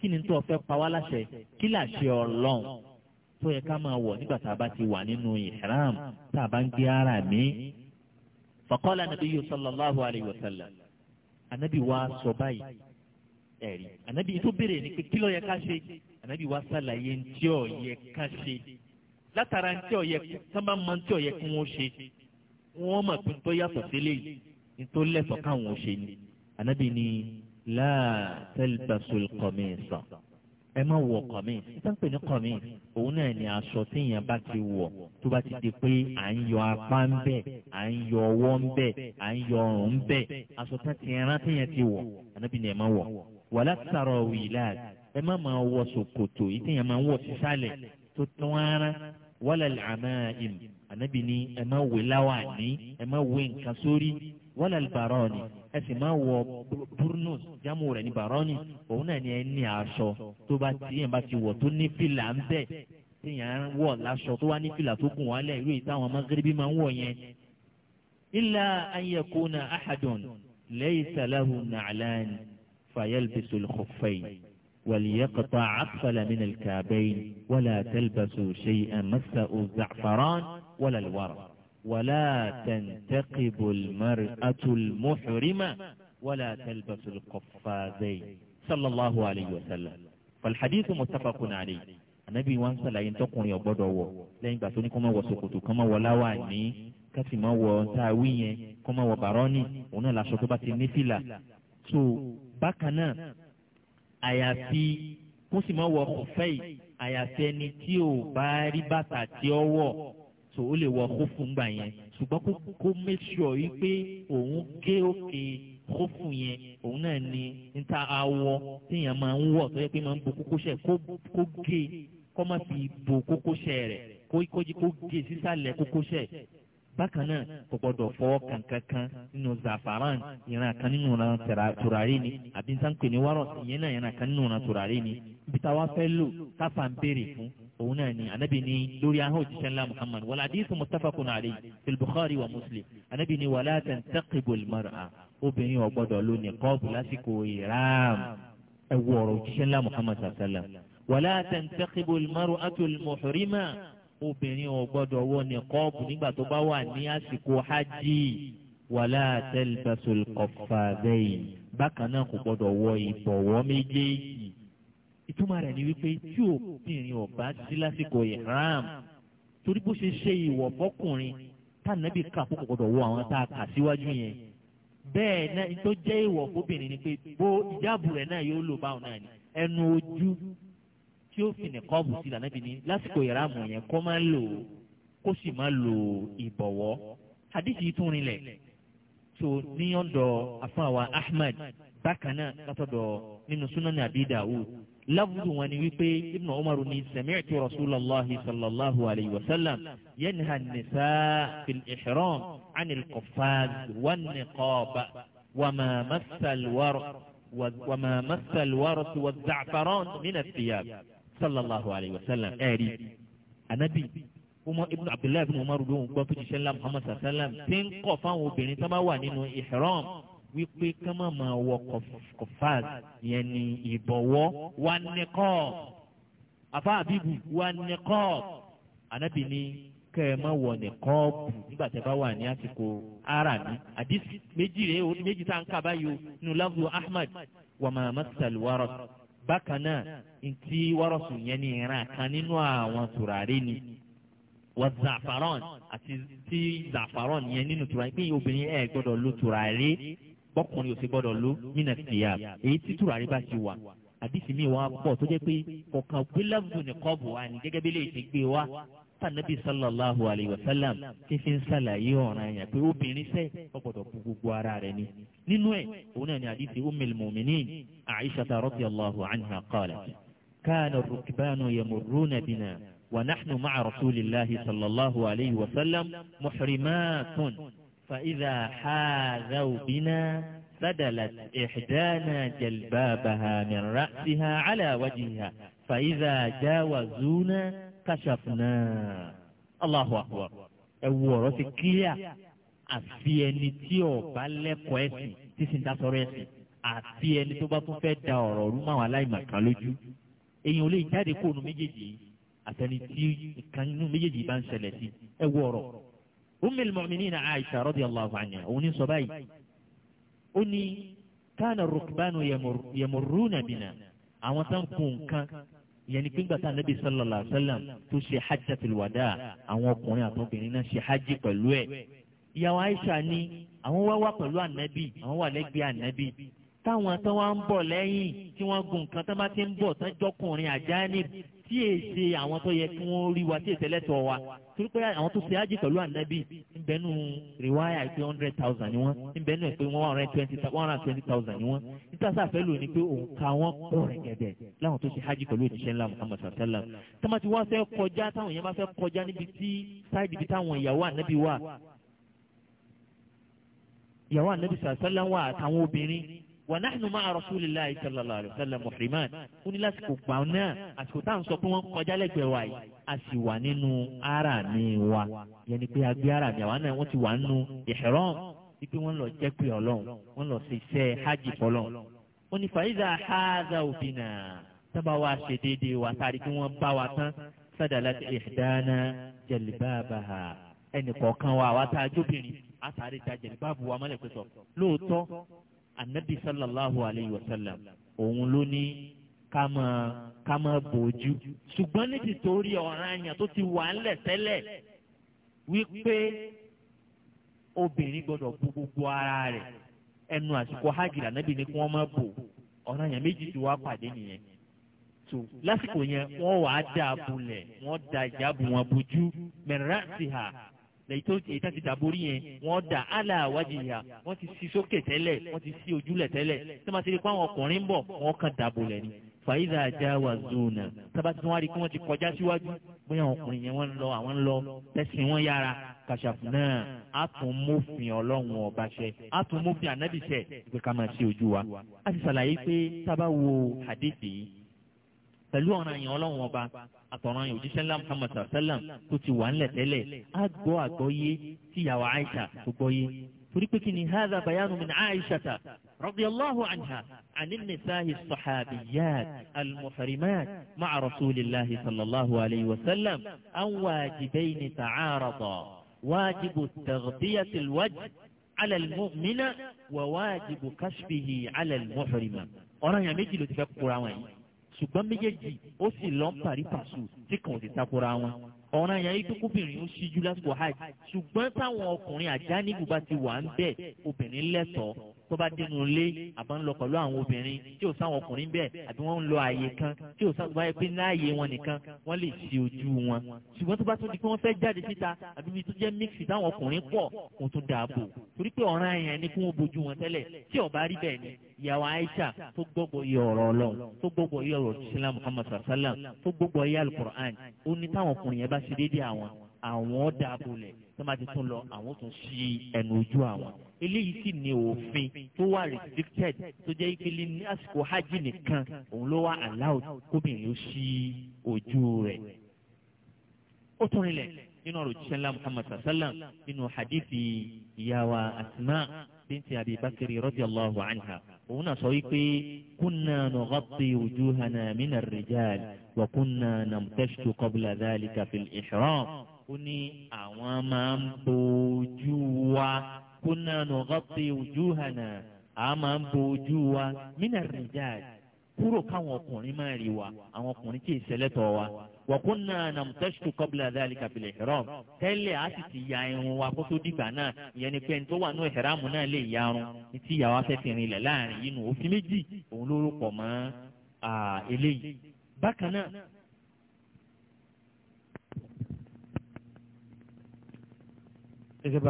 kí ni tó o fẹ́ pa wá láṣẹ kí láṣẹ ọlọ́run tó yẹ ká máa wọ̀ nígbà tá a bá ti wà nínú ihram tá a bá ń gbé ara mi faqala nabiyyu sallallahu alayhi wa sallam anabi wa sọ báyìí ẹ̀rí anabi tó béèrè ní pé kí ló yẹ ká ṣe anabi wa sàlàyé ntí ọ̀ yẹ ká ṣe látara ntí ọ̀ yẹ sábà máa ntí ọ̀ yẹ kí wọ́n ṣe wọ́n mọ̀ pé tó yàtọ̀ sílé yìí ní tó lẹ́tọ̀ọ́ káwọn ṣe ni anabi ni la talbasul qamisa ẹ má wọ kọ̀mí nípa pé ní kọ̀mí òun náà ni aṣọ téèyàn bá ti wọ̀ tó bá ti di pé à ń yọ apá ń bẹ̀ à ń yọ ọwọ́ ń bẹ̀ à ń yọ ọrùn ń bẹ̀ aṣọ tán téèyàn ti wọ̀ ànábì ni ẹ má wọ̀ wàlá sàrọ̀ wìlá ẹ má máa wọ ṣòkòtò yìí máa ń sísàlẹ̀ tó tán ara wọ́lẹ̀ àmàìm ànábì ní ẹ má wé láwàní ẹ má wé nǹkan sórí wọ́lẹ̀ bàrọ́ọ̀nì ẹ sì má wọ burnus jámù rẹ̀ ní bàrọ́ọ̀nì òun náà ni ẹ ní aṣọ tó bá ti yẹn bá ti wọ̀ tó ní fìlà ń bẹ̀ téèyàn wọ̀ láṣọ tó wá ní fìlà tó kùn wálẹ̀ irú èyí táwọn magrebi máa ń wọ̀ yẹn. ilà ayẹkùnà ahadùn lẹ́yìn sàlẹ́hùn nàlẹ́ fàyẹ́lì bẹ́sọ̀lù kọ̀fẹ́yìn. وليقطع عقفل من الكعبين ولا تلبسوا شيئا مسه الزعفران ولا الورق ولا تنتقب المرأة المحرمة ولا تلبس القفازين صلى الله عليه وسلم فالحديث متفق عليه anabi wa ń sàlàyé ntọkùnrin ọgbọdọ wọ lẹ́yìn gbàtọ ní kó má wọ ṣòkòtò kó má wọ láwà ní káfí má wọ ntaawi yẹn kó má wọ bàrọ́nì òun náà làṣọ tó bá ti ní fìlà. so bákan náà àyàfi kó sì máa wọ kọfẹ́ yìí àyàfi ẹni tí ò bá rí bàtà tí ó wọ̀ tó ó lè wọ kó fún gbà yẹn ṣùgbọ́n kó kó make sure yìí pé òun gé òkè kó fún yẹn òun náà ni níta awọ téèyàn máa ń wọ̀ tó yẹ pé máa ń bo kókósẹ̀ kó gé kó má fi bo kókósẹ̀ rẹ̀ kó kó gé sísàlẹ̀ kókósẹ̀ bákan náà kò gbọdọ̀ fọ́ kankankan nínú zafaran ìran kan nínú ìran tùràrí ni àbí sáńpè ní wárọ̀ ìyẹn náà ìran kan nínú ìran tùràrí ni ibi táwa fẹ́ lò táfà ń béèrè fún òun náà ni anabi ni lórí ahọ́n òjíṣẹ́ ńlá muhammad wàlá àdìsí muttafaqun alayhi fil wa muslim anabi ni wàlá tantaqibul mar'a obìnrin ò gbọdọ̀ lò niqab lásìkò ìram ẹ̀wọ̀ òjíṣẹ́ ńlá muhammad sallam wàlá tantaqibul mar'atul muhrima obìnrin ò gbọ́dọ̀ wọ nìkọ́ọ̀bù nígbà tó bá wà ní àsìkò hajj wàlá tẹlifasol kọfà bẹ́ẹ̀ bákan náà kò gbọ́dọ̀ wọ ìbọ̀wọ́ méjèèjì ìtumọ̀ rẹ̀ ni wípé tí obìnrin ò bá sí lásìkò ìhram torí bó ṣe ṣe ìwọ̀ fọkùnrin tànàbí kà kó gbọ́dọ̀ wọ àwọn tá a kà síwájú yẹn bẹ́ẹ̀ náà tó jẹ́ ìwọ̀ fóbìnrin ni pé bó ìjáàbù rẹ̀ náà yóò lò báwọn náà ni ẹnu ojú tí ó fi nìkan bù sí lànà bìíní lásìkò yàrá àmọ̀ yẹn kó máa lò kó sì máa lò ìbọ̀wọ́ hadith yìí tún rinlẹ̀ tó ní ọ̀dọ̀ afáwa Ahmad bákan náà látọ̀dọ̀ nínú súnáni Abi Dawud lábùdù wọn ni wípé Ibn Umar ní sami'tu Rasulullahi sallallahu alayhi wa sallam yanha an-nisaa fil ihram 'anil qaffaz wan niqab wa ma massa al-warq وما مس الورث والزعفران من الثياب sallallahu alayhi wa sallam ẹ̀rí anabi umar ibn abdullahi ibn umar ló ń gbọ́ tó jíṣẹ́ ńlá muhammad sallam tí ń kọ̀ fáwọn obìnrin tó bá wà nínú ihram wípé ká má máa wọ kọfaz yẹn ni ìbọ̀wọ́ wà nìkọ́ afa abibu wà nìkọ́ anabi ni kẹ́ ẹ má wọ nìkọ́ bù nígbà tẹ́ bá wà ní àsìkò ara mi àdìsí méjì rèé méjì tá à ń kà báyìí o nínú lábúrò ahmad wàmàmásàlùwárọ̀ bákan náà ntí wárọ̀sù yẹn ní ìran kan nínú àwọn tùràrí ni wọ́n zafaron àti tí zafaron yẹn nínú tùràrí pé obìnrin ẹ̀ gbọ́dọ̀ lo tùràrí bọ́kùnrin ò sì gbọ́dọ̀ lo nínú tìyà èyí tí tùràrí bá ti wà àdìsí mi wà pọ̀ tó jẹ́ pé kọ̀ọ̀kan gbé ní kọ́ọ̀bù wa ní gẹ́gẹ́ bí lè ti gbé wa ta nabi sallallahu alayhi wa sallam ti fi sala yi ona yẹn pé obìnrin sẹ́ ọ gbọ́dọ̀ gugu ara rẹ̀ ni. nínú ẹ̀ òun náà ni àdìsí ummul mu'minin aisha ta radiyallahu anha qalat kana rukbanu yamurruna bina wa nahnu ma'a rasulillahi sallallahu alayhi wa sallam muhrimatun فإذا حاذوا بنا سدلت إحدانا جلبابها من رأسها على وجهها فإذا جاوزونا kashafna Allahu akbar ẹ wo ọ̀rọ̀ ti clear àfi ẹni tí ò bá lẹ́kọ̀ọ́ ẹ̀sìn tí sì ń ta sọ̀rọ̀ ẹ̀sìn àfi ẹni tó bá tún fẹ́ da ọ̀rọ̀ ọ̀rú máa wà láìmọ̀ kan lójú èyàn ò lè jáde kó nu méjèèjì àtẹni tí ìkan nínú méjèèjì bá ń ṣẹlẹ̀ sí ẹ ọ̀rọ̀ Ummul Mu'minina Aisha radiyallahu ìyẹn ni pínpà tá ànábì sallallahu alaihi wasallam tó ṣe hajjatul wada àwọn ọkùnrin àtọkùnrin náà ṣe hajj pẹ̀lú ẹ̀ ìyàwó Aisha ni àwọn wá wá pẹ̀lú ànábì àwọn wà lẹ́gbẹ̀ẹ́ ànábì táwọn tó wá ń bọ̀ lẹ́yìn tí wọ́n gun nǹkan tó bá ti ń bọ̀ tán jọkùnrin àjánib tí èsè àwọn tó yẹ kí wọ́n rí wa tí èsè lẹ́tọ̀ọ́ wa torí pé àwọn tó ṣe ájì pẹ̀lú ànábì nbẹ́nu rìwáyà pé hundred thousand ni wọ́n nbẹ́nu ẹ̀ pé one hundred twenty one twenty thousand ni wọ́n níta sáfẹ́ lò ní pé òǹkà wọn pọ̀ rẹ̀ gẹ̀dẹ̀ láwọn tó ṣe ájì pẹ̀lú òjíṣẹ́ ńlá muhammad sallam tamati wọn fẹ́ kọjá táwọn yẹn bá fẹ́ kọjá níbi tí sáìdì bí táwọn ìyàwó ànábì wà ìyàwó ànábì sallam wà àtàwọn obìnrin wa nahnu ma'a rasulillahi sallallahu alaihi wasallam muhriman ó ní lásìkò gbà náà àsìkò táwọn sọ pé wọ́n kọjá lẹ́gbẹ̀ẹ́ wa yìí a sì wà nínú ara mi wa yẹn ni pé a gbé ara mi àwa náà wọ́n ti wà nínú ihram wípé wọ́n lọ jẹ́ pé ọlọ́run wọ́n lọ ṣe iṣẹ́ hajj fọlọ́run ó ní fàyíṣà haza òbínà sábà wa ṣe déédéé wa tàbí kí wọ́n bá wa tán sádàlá ìdáná anabi sallallahu alayhi wa sallam òun ló ní ká máa ká máa bòójú ṣùgbọ́n ní ti torí ọ̀ranyàn tó ti wà ńlẹ̀ tẹ́lẹ̀ wípé obìnrin gbọ́dọ̀ bu gbogbo ara rẹ̀ ẹnu àsìkò hajj anabi ni kí wọ́n máa bò ọ̀ranyàn méjì ti wá pàdé nìyẹn tó lásìkò yẹn wọ́n wàá dáa bulẹ̀ wọ́n da ìjáàbù wọn bojú mẹ̀rẹ́rẹ́ sí ha lẹ́yìn tó èyí tá ti dàborí yẹn wọ́n dà álà àwájì yà wọ́n ti sí sókè tẹ́lẹ̀ wọ́n ti sí ojúlẹ̀ tẹ́lẹ̀ tó máa ti rí i pé àwọn ọkùnrin ń bọ̀ wọ́n kàn dàbò lẹ̀ ni. fàyíṣà ajá wà zona sábà tí wọ́n rí i pé wọ́n ti kọjá síwájú bóyá àwọn ọkùnrin yẹn wọ́n ń lọ àwọn ń lọ tẹ̀sìn wọn yára kàṣàfù náà á tún mófin ọlọ́run ọba ṣẹ á tún mófin ànábìṣẹ ìpè ká máa ojú wa. a ti ṣàlàyé pé tábà àdéhìí pẹ̀lú ọ̀ràn yẹn ọlọ́run ọba àtọ̀ràn yẹn òjíṣẹ́ ńlá muhammad sallam tó ti wà ńlẹ̀ tẹ́lẹ̀ á gbọ́ àgbọ́yé tí ìyàwó aisha tó gbọ́yé torí pé kí ni hadha bayanu min aisha ta radiyallahu anha anin nisahi sahabiyat almuharimat ma'a sallallahu alayhi wa sallam an wajibayni ta'arada wajibu taghdiyati alwajh ala almu'mina wa wajibu kashfihi ala almuhrima ọ̀ràn yẹn méjì ló ti fẹ́ kúra wọn yìí ṣùgbọ́n méjèèjì ó sì lọ́n pàrí pàṣù tí kàn ó sì takora wọn. ọ̀ràn yẹn ikú kóbìnrin ó ṣíjú lásìkò hajj ṣùgbọ́n táwọn ọkùnrin àjánibù bá ti wà ń bẹ̀ obìnrin lẹ́tọ̀ọ́ tó bá dénú ilé àbá ń lọ pẹ̀lú àwọn obìnrin tí ò sáwọn ọkùnrin bẹ́ẹ̀ àbí wọ́n ń lọ ààyè kan tí ò sáwọn báyìí pé láàyè wọn nìkan wọ́n lè ṣe ojú wọn ṣùgbọ́n tó bá tún di pé wọ́n fẹ́ jáde síta àbí mi tó jẹ́ mixi táwọn ọkùnrin pọ̀ kò tún dààbò torí pé ọ̀ràn àyàn ni kí wọ́n bojú wọn tẹ́lẹ̀ tí ọ̀bá rí bẹ́ẹ̀ ni ìyàwó Aisha tó gbọ́gbọ́ iye ọ̀rọ̀ ọlọ́run tó gbọ́gbọ́ iye ọ̀rọ̀ Islam Muhammad sallam tó gbọ́gbọ́ iye alukur'an ó ní táwọn ọkùnrin yẹn bá ṣe déédéé àwọn àwọn dàbòlẹ̀ tó máa ti tún lọ àwọn tún sí ẹnu ojú àwọn. eléyìí sì ni òfin tó wà restricted tó jẹ́ ìpele ní àsìkò hajj nìkan òun ló wà allowed kóbìnrin ó sí ojú rẹ̀. ó tún rinlẹ̀ nínú ọ̀rọ̀ jíṣẹ́ ńlá muhammad sallam nínú hadithi ìyàwó asma binti abi bakiri radiyallahu anha òun náà sọ wípé kúnnà nùgọ́tì ojú hànà rìjáàlì wà kúnnà nàmtẹ́sítù kọ́bùlà dálíkà fìl ìṣòro ó ní àwọn máa ń bojú wa kúnà nùgọ́pì ojú hànà àwọn máa ń bojú wa mínà rìjáàj kúrò káwọn ọkùnrin máa rí wa àwọn ọkùnrin tí ì sẹlẹ̀tọ̀ wa wọ̀kúnnà nàmtẹ́sítù kọ́bílà dáàlì kàbílẹ̀ ìhẹ́rọ́m tẹ́lẹ̀ á sì ti ya irun wa kó tó dìgbà náà ìyẹn ni pé ní tó wà ní ìhẹ́rámù náà lè yarun ní tí ìyàwó afẹ́fẹ́ rinlẹ̀ láàrin yìí nù òfin méjì òun lórúkọ mọ́ eléyìí. bákan náà gẹ́gẹ́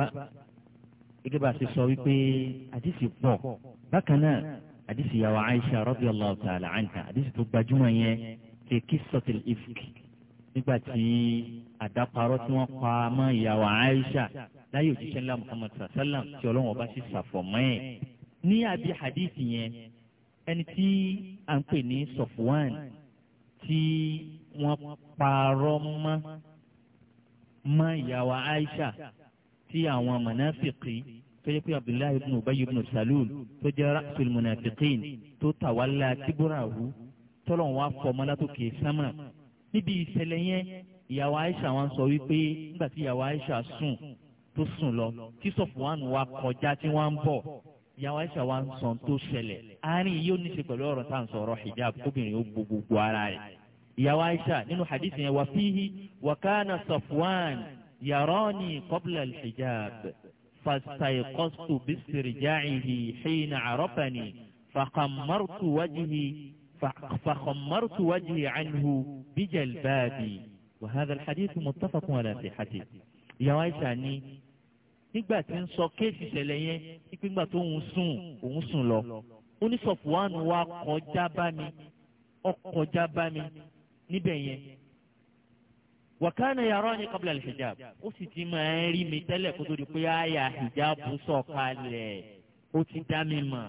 bá a ti sọ wípé àdìsí pọ̀ bákan náà àdìsí yàwó Aisha radiyallahu ta'ala anha àdìsí tó gbajúmọ̀ yẹn ṣe kí sọ́tìlì ifk nígbà tí àdáparọ́ tí wọ́n pa mọ́ ìyàwó Aisha láyé òjíṣẹ́ ńlá Muhammad sallam tí ọlọ́run ọba sì ṣàfọ̀mọ́ ẹ̀ ní àbí àdìsí yẹn ẹni tí a ń pè ní Safwan tí wọ́n parọ́ mọ́ mọ́ ìyàwó Aisha tí àwọn mọ̀nàfìkì tó jẹ́ pé abdullahi ibn ubayi ibn salul tó jẹ́ rasul munafiqin tó tàwálà tiburahu tọ́lọ̀ wọn afọmọlátòkè sámà níbi ìṣẹ̀lẹ̀ yẹn ìyàwó aisha wọn sọ wípé nígbà tí ìyàwó aisha sùn tó sùn lọ tí sọfùwánù wa kọjá tí wọ́n ń bọ̀ ìyàwó aisha wa sọ tó ṣẹlẹ̀ àárín yìí ó ní ṣe pẹ̀lú ọ̀rọ̀ tá à ń sọ̀rọ̀ hijab obìnrin ó gbogbo ara rẹ̀ ìyàwó aisha nínú hadith yẹn wà fíhi wà kánà sọfùwánù يراني قبل الحجاب فاستيقظت باسترجاعه حين عرفني فخمرت وجهي فخمرت وجهي عنه بجلبابي وهذا الحديث متفق على صحته يا عائشة ni nígbà tí ń sọ kéèsì ìṣẹ̀lẹ̀ yẹn nígbà tó ń sùn òun sùn lọ wàkánà yàrá ni kọ́bílà hijab ó sì ti máa ń rí mi tẹ́lẹ̀ kó tó di pé àyà hijab sọ̀kalẹ̀ ó ti dá mi mọ̀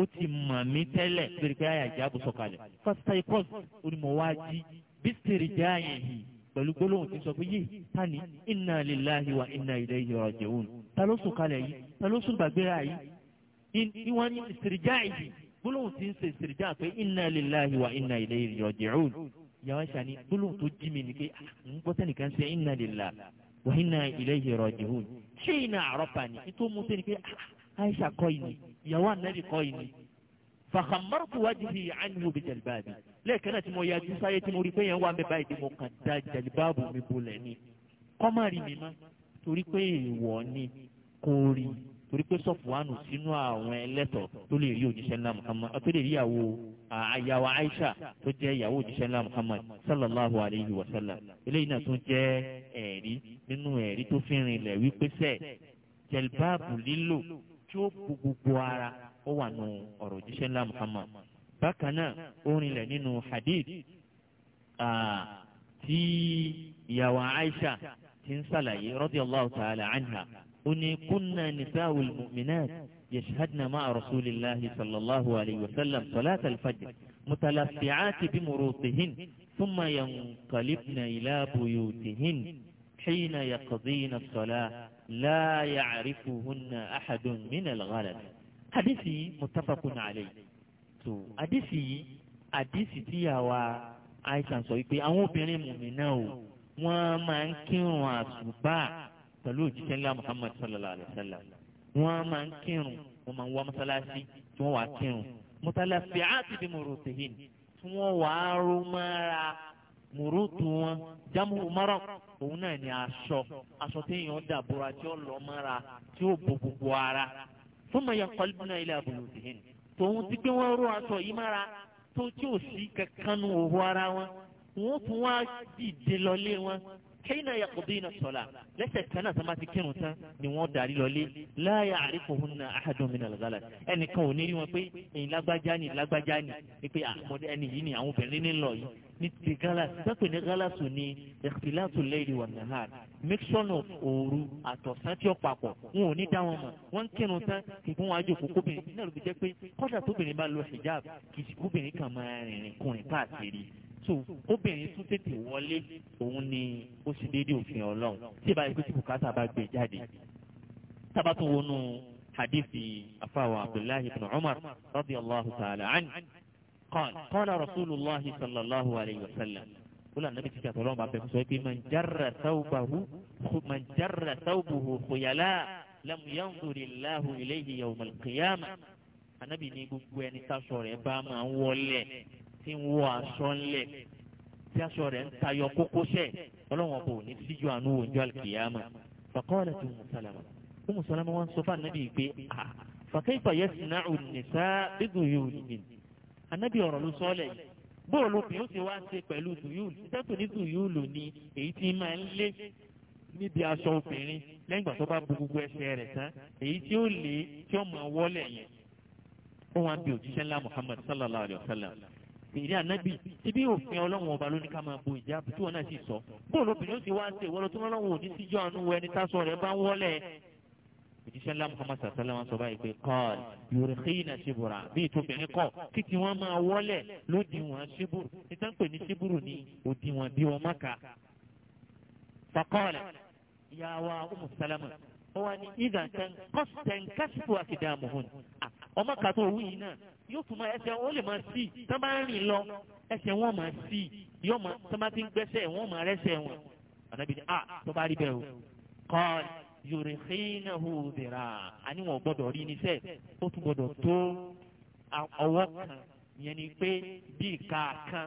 ó ti mọ̀ mí tẹ́lẹ̀ kó tó di pé àyà hijab sọ̀kalẹ̀ fásitì ipos onímọ̀wájí bísírì jáàyè yìí pẹ̀lú gbólóhùn tí sọ pé yé tani inna lillahi wa inna ilayhi raji'un ta ló sùn yìí ta ló sùn gbàgbéra ni wọ́n yìí gbólóhùn tí ń ṣe pé inna lillahi wa inna ilayhi raji'un yàrá ṣàní gbólóhùn tó jí mi ni pé n gbọ́ sẹ́nìkan ṣe inna lillahi wa inna ilayhi raji'un ṣé iná àrọ́pà ni ètò mú sẹ́ni pé aisha kọ́ ìní ìyàwó anabi kọ́ ìní fàkàmọ́rùkù wájú fi ànú bi jàlibáàbì lẹ́ẹ̀kan náà tí mo yájú sáyé tí mo rí pé yẹn wà mí báyìí tí mo kàn da jàlibáàbù mi bolẹ̀ ni kọ́márì mi má torí pé èèwọ̀ ni kò torí pé sọfùwánù sínú àwọn ẹlẹ́tọ̀ tó lè rí òjíṣẹ́ ńlá muhammad tó lè rí àwo àyàwó aisha tó jẹ́ ìyàwó òjíṣẹ́ ńlá muhammad sallallahu alayhi wa sallam eléyìí náà tún jẹ́ ẹ̀rí nínú ẹ̀rí tó fi rinlẹ̀ wípé sẹ́ jẹ̀lbáàbù lílò tí ó bu gbogbo ara ó wà nù ọ̀rọ̀ òjíṣẹ́ ńlá muhammad bákan náà ó rinlẹ̀ nínú hadith tí ìyàwó aisha ti ń sàlàyé rọ́díọ̀lá ta'ala anha أني كنا نساء المؤمنات يشهدن مع رسول الله صلى الله عليه وسلم صلاة الفجر متلفعات بمروطهن ثم ينقلبن إلى بيوتهن حين يقضين الصلاة لا يعرفهن أحد من الغلب حديثي متفق عليه حديثي حديثي تيهوى عايشان سويقي أمو بني مؤمنه وما انكروا أصباح pẹ̀lú òjíṣẹ́ ńlá muhammad sallallahu alayhi wa sallam wọ́n máa ń kírun wọ́n máa ń wá mọ́sálásí tí wọ́n wá kírun mọ́sálásí àti bí mùrùtìhìn tí wọ́n wá ró mọ́ra mùrùtù wọn jámù mọ́rọ̀ òun náà ni aṣọ aṣọ tí èèyàn dàbúra tí ó lọ mọ́ra tí ó bo gbogbo ara fún mọ̀ yẹn kọ́lùbùnà ilé àbùrùtìhìn tòun ti pé wọ́n ró aṣọ yìí mọ́ra tó tí ò sí kankan òhu ara wọn wọ́n tún wá dìde lọlé wọn kéyìnà yàkùbí iná sọ̀la lẹ́sẹ̀ kan náà sábà ti kírun tán ni wọ́n darí lọlé láàyè àríkòhún náà àádọ́mìnà lọ́gàlà ẹnìkan ò ní rí wọn pé èyí lágbájá ni lágbájá ni wípé àmọ́dé ah, ẹni yìí ni àwọn obìnrin ní lọ yìí ní ti gálàsì sẹ́pẹ̀ ní gálàsì ni ìfìlàtò lẹ́yìn wà ní hàn mixọ́nù òru àtọ̀sán tí ó papọ̀ wọn ò ní dá wọn mọ̀ wọ́n kírun tán kì í fún wájú òkú kóbìnrin náà ló fi jẹ́ pé kọ́dà tóbìnrin bá lọ hijab kì so obìnrin tún tètè wọlé òun ni ó ṣe déédéé òfin ọlọ́run tí ìbá yẹ kó tí bùkátà bá gbé jáde tábà tó wọnú hadithi afáwọn abdullahi ibn umar radiyallahu ta'ala an kan kọ́lá rasulillah sallallahu alayhi wa sallam wọ́n lànà bí títà tọ́lọ́mù abẹ́ sọ pé man jarra sáwùbàhù man jarra sáwùbùhù kòyàlá lam yanzuri allahu ilayhi yawmal qiyamah anabi ni gbogbo ẹni tá ẹ bá máa ń wọlé tí ń wọ aṣọ ńlẹ̀ tí aṣọ rẹ̀ ń tayọ kókósẹ̀ ọlọ́wọ́n bò ní síjú àánú òǹjọ́ àlùkìyàmà fàkọ́ọ̀lẹ̀ tó mùsàlámà tó mùsàlámà wọn sọ fún ànábì pé fàkẹ́yìpà yẹ sinà ònìṣà dídùn yóò nìyẹn ànábì ọ̀rọ̀ ló sọ́ọ̀lẹ̀ yìí bóòlù bí ó ti wá ṣe pẹ̀lú dùyúùlù tẹ́tù ní dùyúùlù ni èyí tí máa ń lé níbi aṣọ obìnrin lẹ́yìn ìgbà tó bá bu gbogbo ẹsẹ̀ rẹ̀ tán èyí tí ó lé tí ó máa wọ́lẹ̀ yẹn ó wá bí òjíṣẹ́ ńlá muhammad sallallahu alayhi wa sallam èrè ànábì síbí òfin ọlọ́run ọba lóní ká máa bo ìjáàbù tí wọn náà sì sọ bóòlù obìnrin ó sì wá ń ṣe ìwọ́lọ́ tí wọ́n lọ́wọ́ òní síjọ́ àánú ẹni tásọ rẹ̀ bá ń wọ́lẹ̀ òjíṣẹ́ ńlá muhammad sàtàlá sọ báyìí pé kọ́ọ̀l yorùkìyìnà ṣibùrà bí ìtòbìnrin kọ̀ kí tí wọ́n máa wọ́lẹ̀ lódiwọ̀n ṣibùrù ìtànpè ní ṣibùrù ní òdiwọ̀n ní ọmọ kàtó òwú yìí náà yóò tún máa ẹsẹ̀ wọn lè máa sí tán bá ń rìn lọ ẹsẹ̀ wọn máa sí yóò máa tán bá ti ń gbẹ́sẹ̀ wọn máa rẹ́sẹ̀ wọn. ànábi ni a tó bá rí bẹ́ẹ̀ o kọ́ọ̀l yorì xinna hù dìrà àní wọn gbọdọ̀ rí níṣẹ́ ó tún gbọdọ̀ tó ọwọ́ kan yẹn ni pé bí ìka kan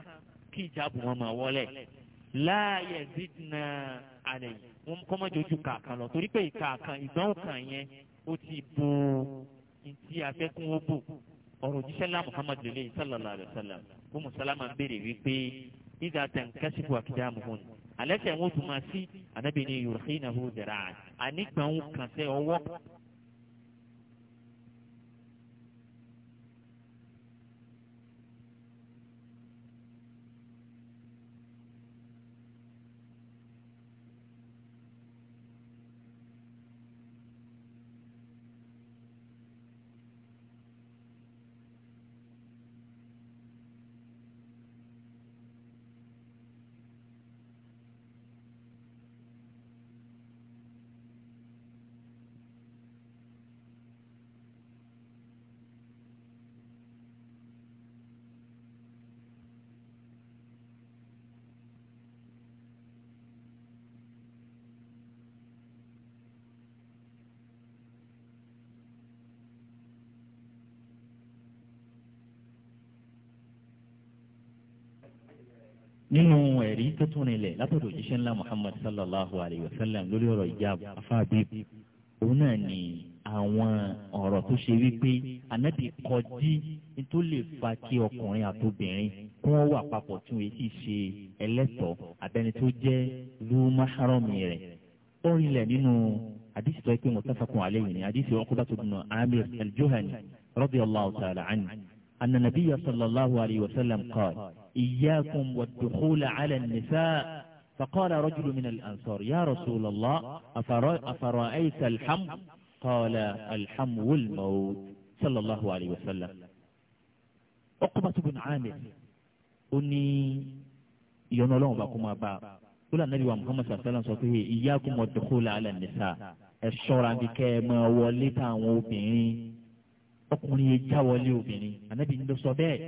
kí ìjábù wọn máa wọlé láàyè zidna àlẹ́ yìí wọn kọ́ mọ́jọ́jú kàkan lọ torí pé ìka ìdánwò kan yẹn ó ti bu ntí afẹ́kún ó bò ọ̀rọ̀ òjíṣẹ́ lá muhammad lele sallallahu alayhi wa sallam kó musalama béèrè wípé ìdá tẹ̀ ń kásìkò àkìdá muhun alẹ́ tẹ̀ ń wọ́n tún máa sí anábìnrin yorùbá náà ó dẹ̀ra ànígbà ń kàn sẹ́ ọwọ́ nínú ẹ̀rí tó tún rinlẹ̀ látọ̀dọ̀ òjíṣẹ́ ńlá muhammad sallallahu alayhi wa sallam lórí ọ̀rọ̀ ìjáàb afábíb òun náà ni àwọn ọ̀rọ̀ tó ṣe wípé anábì kọjí tó lè fa kí ọkùnrin àtobìnrin kí wọ́n wà papọ̀ tí wọ́n ti ṣe ẹlẹ́tọ̀ọ́ abẹ́ni tó jẹ́ lú máhárọ̀mì rẹ̀ ó rinlẹ̀ nínú àdìsí tó yẹ pé mutafakun alayhi ni àdìsí Uqbatu bin Amir al-Juhani radiyallahu ta'ala anhu anna nabiyya sallallahu alayhi wa sallam qala. إياكم والدخول على النساء فقال رجل من الأنصار يا رسول الله أفرأيت الحم قال الحم والموت صلى الله عليه وسلم عقبة بن عامر أني ينولون بكم أبا kúlà nàbí wa muhammad sallam sọ pé iyyakum wad-dukhul ala nisa ẹ ṣọ́ra bí kẹ́ ẹ máa wọlé táwọn obìnrin ọkùnrin yẹn já wọlé obìnrin ànábì ń lọ sọ bẹ́ẹ̀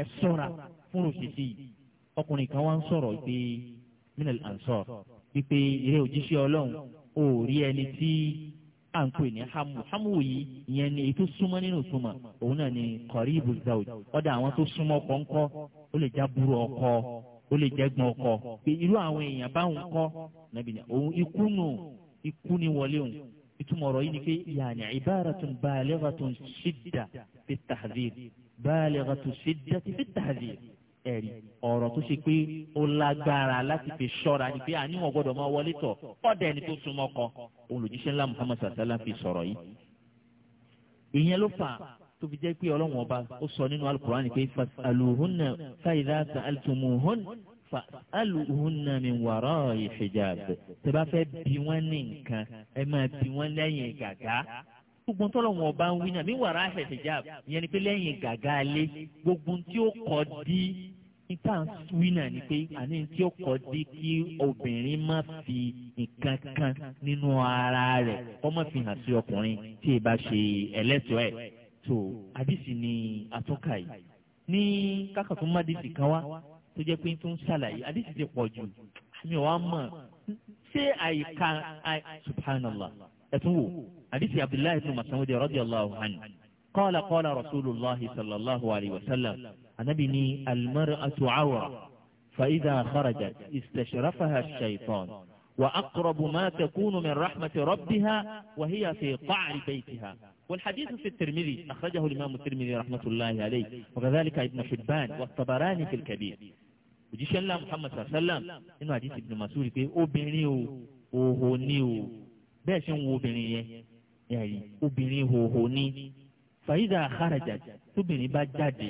ẹ ṣọ́ra fúnrù ṣèṣì ọkùnrin kan wá ń sọ̀rọ̀ pé minal ansor wípé eré òjíṣẹ́ ọlọ́run ò rí ẹni tí à ń pè ní hamu hamu yìí ìyẹn ni èyí súnmọ́ nínú ìtumọ̀ òun náà ni kọ̀ríbù zawj ọ̀dà àwọn tó súnmọ́ ọkọ ó lè já burú ọkọ ó lè jẹ́ gbọ́n ọkọ irú àwọn èèyàn báwọn kọ́ nàbí ni òun ikú nù ikú ni wọlé òun ìtumọ̀ ọ̀rọ̀ yìí ni pé yàní ibaratun balighatun shidda fi tahdhir balighatun shidda fi tahdhir ẹ̀rí ọ̀rọ̀ tó ṣe pé ó lágbára láti fi ṣọ́ra ni pé àníwọ̀n gbọ́dọ̀ máa wọlé tọ̀ ọ̀dà ẹni tó súnmọ́ kan olùjíṣẹ́ ńlá muhammad sàlá fi sọ̀rọ̀ yìí. ìyẹn ló fà tó fi jẹ́ pé ọlọ́run ọba ó sọ nínú alukur'an pé fasaluhunna aluhun sàltumuhun fasaluhunna min wara'i hijab tẹ́ bá fẹ́ bí wọ́n ní nǹkan ẹ máa bí wọ́n lẹ́yìn gàgá gbogbo tọ́lọ̀wọ̀n ọba ń wí náà mi wàrà hijab ìyẹn ni pé lẹ́yìn gàgà lé gbogbo tí ó kọ́ di níta wí náà ni pé àní tí ó kọ́ di kí obìnrin má fi nǹkan kan nínú ara rẹ̀ kó má fi hàn sí ọkùnrin tí ì bá ṣe ẹlẹ́tọ̀ọ́ ẹ̀ tó àdìsí ni atọ́ka yìí ní kákàtún mádìsí kan wá tó jẹ́ pé tó ń ṣàlàyé àdìsí ti pọ̀ jù àmì ọ̀ mọ̀ ṣé àyíká subhanallah ẹ̀ tún wò. حديث عبد الله بن مسعود رضي الله عنه قال قال رسول الله صلى الله عليه وسلم بني المرأة عورة فإذا خرجت استشرفها الشيطان وأقرب ما تكون من رحمة ربها وهي في قعر بيتها والحديث في الترمذي أخرجه الإمام الترمذي رحمة الله عليه وكذلك ابن حبان والطبراني في الكبير وجيش ńlá محمد صلى الله عليه وسلم إنه حديث ابن مسعود òhò ni o bẹ́ẹ̀ ṣe ẹ̀rí obìnrin hòhò ní fàyídà àkàràjà tóbìnrin bá jáde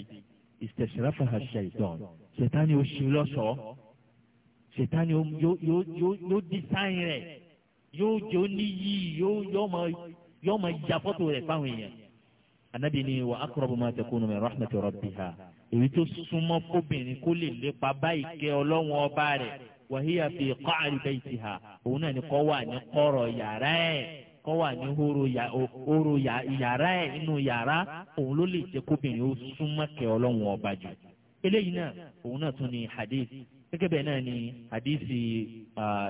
ìṣẹ̀ṣẹ̀ráfà ṣẹ̀tàn ṣẹ̀tàn ni ó ṣe lọ́sọ̀ọ́ ṣẹ̀tàn ni yóò dísáìn rẹ̀ yóò jẹ́ oníyì yóò mọ ìjà fọ́tò rẹ̀ fáwọn èèyàn. anabi ni wa akọrọbù máa tẹkùnú mi rahmatu rabbi ha èyí tó súnmọ́ fóbìnrin kó lè lépa báyìí kẹ́ ọlọ́wọ́n ọba rẹ̀ wàhíyà kọ́ àríbẹ̀ ìtì ha òun náà ni kọ́ wà ní kọ́rọ̀ yàrá ẹ̀ kọ́ wà ní horo yàrá ẹ̀ nínú yàrá òun ló lè jẹ́ kóbìnrin ó súnmọ́ kẹ́ ọlọ́run ọba jù eléyìí náà òun náà tún ni hadith gẹ́gẹ́ bẹ́ẹ̀ náà ni hadithi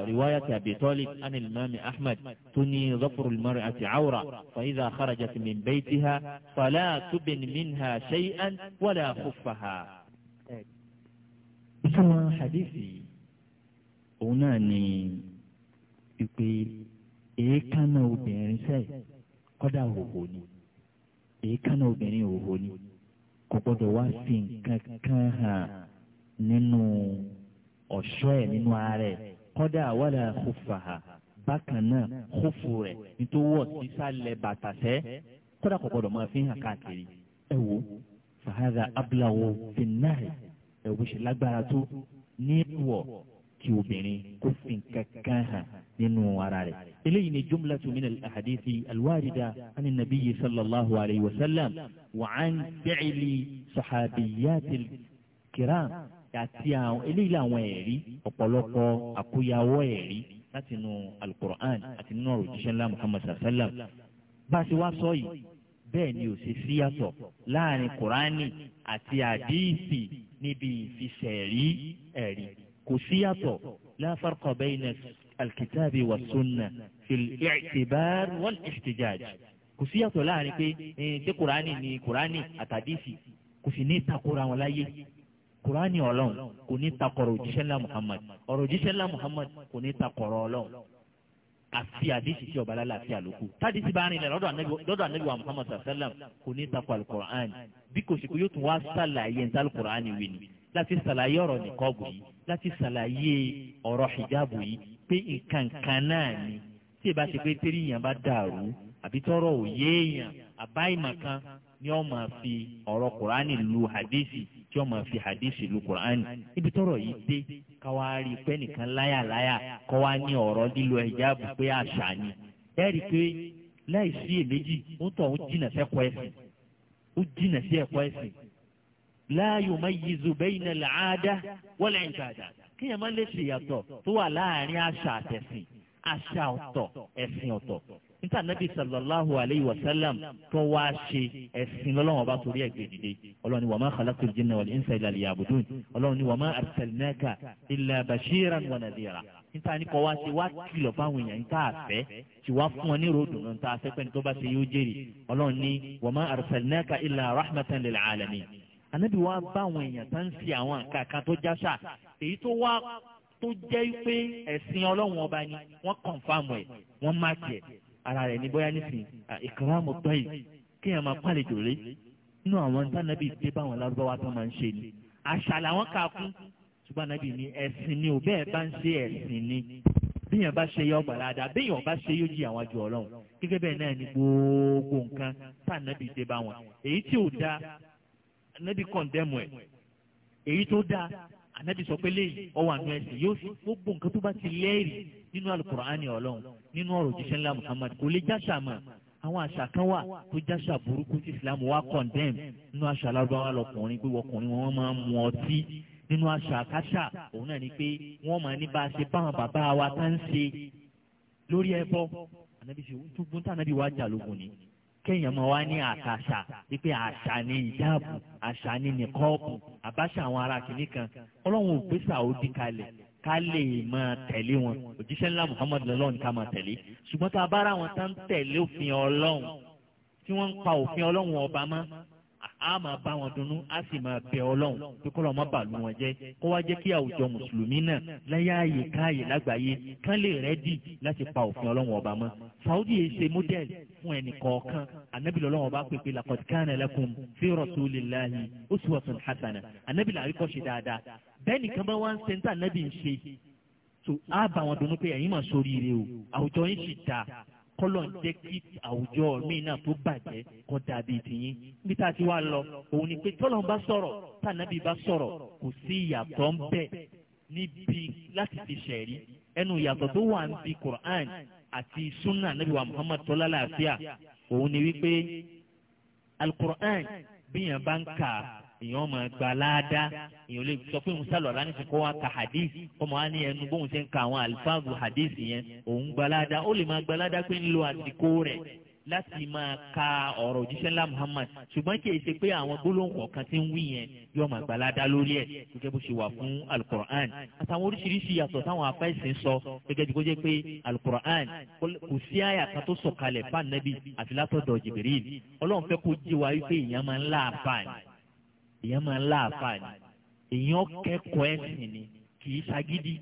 riwaya ti abi talib an ilmami ahmed tó ní zọ́pùrù lmọ́rin àti awra fàyíza kharaja ti min baytiha fàlà tubin minha shay'an wàlà khuffaha. ìtumọ̀ hadithi òun náà ni wípé èékánná obìnrin sẹ́ẹ̀ kọ́dà òhò ni èékánná obìnrin òhò ni kò gbọ́dọ̀ wá fi nǹkan kan hàn nínú ọ̀ṣọ́ ẹ̀ nínú ara ẹ̀ kọ́dà wàlà kófà hà bákan náà kófò rẹ̀ nítorí wọ̀ sísàlẹ̀ bàtà sẹ́ kọ́dà kò gbọ́dọ̀ máa fi hàn káàkiri ẹ wo fàhádà abúláwo fi náà ẹ̀ wò ṣe lágbára tó ní wọ̀ kí obìnrin kó fi nǹkan kan hàn nínú ara rẹ̀. eléyìí ni jumlatu min al-ahadithi al-warida ani nabiyyi sallallahu alayhi wa sallam wa an fi'li sahabiyyati al-kiram àti àwọn eléyìí làwọn ẹ̀rí ọ̀pọ̀lọpọ̀ àkóyawọ́ ẹ̀rí láti nu al-Qur'an àti nínú ọ̀rọ̀ òjíṣẹ́ ńlá Muhammad sallam bá a ti wá sọ yìí bẹ́ẹ̀ ni ò ṣe síyàtọ̀ láàrin kùránì àti àdíìsì níbi ìfisẹ̀rí ẹ̀rí kò síyàtọ̀ la farqa bayna alkitabi wa sunna fil i'tibar wal ihtijaj kò síyàtọ̀ láàrin pé eh, ṣé kùránì ni kùránì àtàdísì kò sì ní ìtakora wọn láyé kùránì ọlọ́run kò ní ìtakọ̀rọ̀ òjíṣẹ́ ńlá muhammad ọ̀rọ̀ òjíṣẹ́ ńlá muhammad kò ní ìtakọ̀rọ̀ ọlọ́run àfi àdísì tí ọba lálẹ́ àlòkù tádìsí bá rìn lẹ̀ lọ́dọ̀ ànábì wa muhammad sallam kò ní ìtakọ̀ alukur'an bí kò sì kú yóò tún wá sàlàyé ní wí ni láti ṣàlàyé ọ̀rọ̀ nìkọ́bù yìí láti ṣàlàyé ọ̀rọ̀ hijabu yìí pé nǹkan náà ni tí ìbá ṣe pé tẹ́lẹ̀ èèyàn bá dàrú àbí tọ́rọ̀ òye èèyàn àbá ni ó máa fi ọ̀rọ̀ kùránì lu hadisi tí ó máa fi hadisi lu kùránì níbi tọ́rọ̀ yìí dé káwa rí i pé nìkan láyàláyà kọ́ wa ní ọ̀rọ̀ lílo hijabu pé àṣà ni ẹ̀rí pé láì sí èméjì ó tọ̀ ó jìnà sẹ́kọ̀ọ́ ẹ̀sìn ó jìnà sí ẹ̀kọ́ ẹ̀sìn la yumayyizu bayna al-'ada wal-'ibada kéèyàn má lè ṣèyàtọ̀ tó wà láàrin àṣà àtẹ̀sìn àṣà ọ̀tọ̀ ẹ̀sìn ọ̀tọ̀ níta nàbì sallallahu alayhi wa sallam tó wá ṣe ẹ̀sìn lọ́lọ́wọ́n bá torí ẹ̀gbẹ́ dìde ọlọ́run ni wa ma khalaqtul jinna wal insa illa liya'budun ọlọ́run ni wa ma arsalnaka illa bashiran wa nadhira níta ni kọ́ wá ṣe wá kìlọ̀ fáwọn èèyàn níta àfẹ́ tí wá fún wọn ní ròdùn níta àfẹ́ pẹ́ni tó bá ṣe yóò jèrè ọlọ́run ni wa ma arsalnaka illa rahmatan lil ànábì wa bá àwọn èèyàn tó ń fi àwọn nǹkan kan tó jáṣà èyí tó wá tó jẹ́ pé ẹ̀sìn ọlọ́run ọba ni wọ́n kọ̀ǹfàmù ẹ̀ wọ́n má tiẹ̀ ara rẹ̀ ní bóyá nísìn ìkàràmù tọ́yì kí èèyàn máa pàlejò rẹ̀ nínú àwọn tánàbì dé báwọn lárúbáwá tó máa ń ṣe ni àṣà làwọn kà kún ṣùgbọ́n ànábì ni ẹ̀sìn ni ò bẹ́ẹ̀ bá ń ṣe ẹ̀sìn ni bíyàn bá ṣe yọ gbàládà bíyàn bá ṣe yóò jí àwọn àjọ ọlọ́run gẹ́gẹ́ bẹ́ẹ̀ náà ni gbogbo nǹkan tánàbì dé báwọn èyí tí ò dáa anabi kọ̀ndẹ́mù ẹ̀ èyí tó dáa anabi sọ pé léyìí ọwọ́ àánú ẹ̀sìn yóò sì gbogbo nǹkan tó bá ti lẹ́rìí nínú alukur'ani ọlọ́run nínú ọ̀rọ̀ òjíṣẹ́ ńlá muhammad kò lè jáṣà mọ́ àwọn àṣà kan wà tó jáṣà burúkú tí islam wá kọ̀ndẹ́mù nínú àṣà alábáwá lọkùnrin pé ọkùnrin wọn máa ń mu ọtí nínú àṣà àkáṣà òun náà ni pé wọ́n máa ní bá a ṣe báwọn bàbá wa tá ń ṣe lórí ẹbọ anabi ṣe tó gbóntàn anabi wá jà lógun ni kéèyàn máa wá ní àtàṣà wípé àṣà ni ìjáàbù àṣà ni nìkọ́ọ̀bù àbáṣà àwọn ará kìíní kan ọlọ́run òpè sàódì kalẹ̀ ká lè máa tẹ̀lé wọn òjíṣẹ́ ńlá Muhammad lọ́lọ́run ká máa tẹ̀lé ṣùgbọ́n tá a bá wọn tán tẹ̀lé òfin ọlọ́run tí wọ́n ń pa òfin ọlọ́run ọba mọ́ a máa bá wọn dunnú a sì máa bẹ ọlọ́run pé kọ́ lọ́ọ́ má bà lù wọn jẹ́ kó wá jẹ́ kí àwùjọ mùsùlùmí náà láyé ààyè káàyè lágbàáyé kán lè rẹ́dì láti pa òfin ọlọ́run ọba mọ́ saudi yìí ṣe model fún ẹnì kọ̀ọ̀kan anabi lọ́lọ́run ọba pèpè laqad kana lakum fi rasulillahi uswatun hasana anabi làríkọ́ṣe dáadáa bẹ́ẹ̀ nìkan bá wá ń sẹ́ńtà anabi ń ṣe so a bá wọn dunnú pé ẹ̀yin mà sóríire kọ́lọ̀ ń jẹ́ kí àwùjọ mi náà tó bàjẹ́ kọ́ dàbí tìyín níbi tá a ti wá lọ òun ni pé tọ́lọ̀ ń bá sọ̀rọ̀ tànàbí bá sọ̀rọ̀ kò sí ìyàtọ̀ ń bẹ níbi láti fi ṣẹ̀rí ẹnu ìyàtọ̀ tó wà níbi Qur'an àti sunna nabi wa Muhammad tọ́lá làáfíà òun ni wípé al-Qur'an bíyàn bá ń kà á èèyàn máa gba láàdá èèyàn lè sọ pé òun sálọ láti fi kọ́ wa ka hadith ọmọ wa ní ẹnu bóun ṣe ń ka àwọn àlùfáàgù hadith yẹn òun gba láàdá ó lè máa gba láàdá pé ń lo àsìkò rẹ̀ láti máa ka ọ̀rọ̀ òjíṣẹ́ ńlá Muhammad ṣùgbọ́n kì í ṣe pé àwọn gbólóhùn kọ̀ọ̀kan tí ń wí yẹn yóò máa gbà ládá lórí ẹ̀ gẹ́gẹ́ bó ṣe wà fún alukur'an àtàwọn oríṣiríṣi yàtọ̀ táwọn afẹ́sìn sọ gẹ́gẹ́ bí kò jẹ́ pé alukur'an kò sí àyà kan tó sọ̀kalẹ̀ fún anabi àfi látọ̀dọ̀ Jibril ọlọ́run fẹ́ kó jí wa wípé ìyẹn máa ń láàbà ni èèyàn máa ń láàfààní èèyàn kẹ́kọ̀ọ́ ẹ̀sìn ni kì í ṣagídí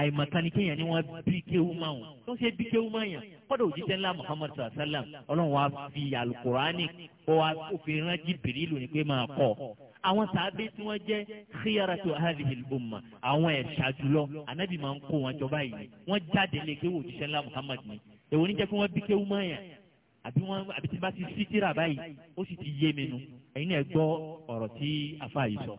àìmọ̀kan ni kéèyàn ni wọ́n bí kéwú máa wọn tó ṣe bí kéwú máa yàn kọ́dọ̀ òjíṣẹ́ ńlá muhammad sallam ọlọ́run wa fi alukurani kó wa kó fi rán jìbìrìlù ni pé máa kọ́ àwọn sàábé tí wọ́n jẹ́ khiyaratu hadhihi al-umma àwọn ẹ̀ṣà jùlọ anabi máa ń kó wọn jọba yìí wọ́n jáde lé kéwú òjíṣẹ́ ńlá muhammad ni èwo ní jẹ́ kí wọ́n bí kéwú máa yàn àbí wọ́n àbí tí bá ti sítírà báyìí ó sì ti yé mi nu ẹ̀yin náà gbọ́ ọ̀rọ̀ tí afa yìí sọ.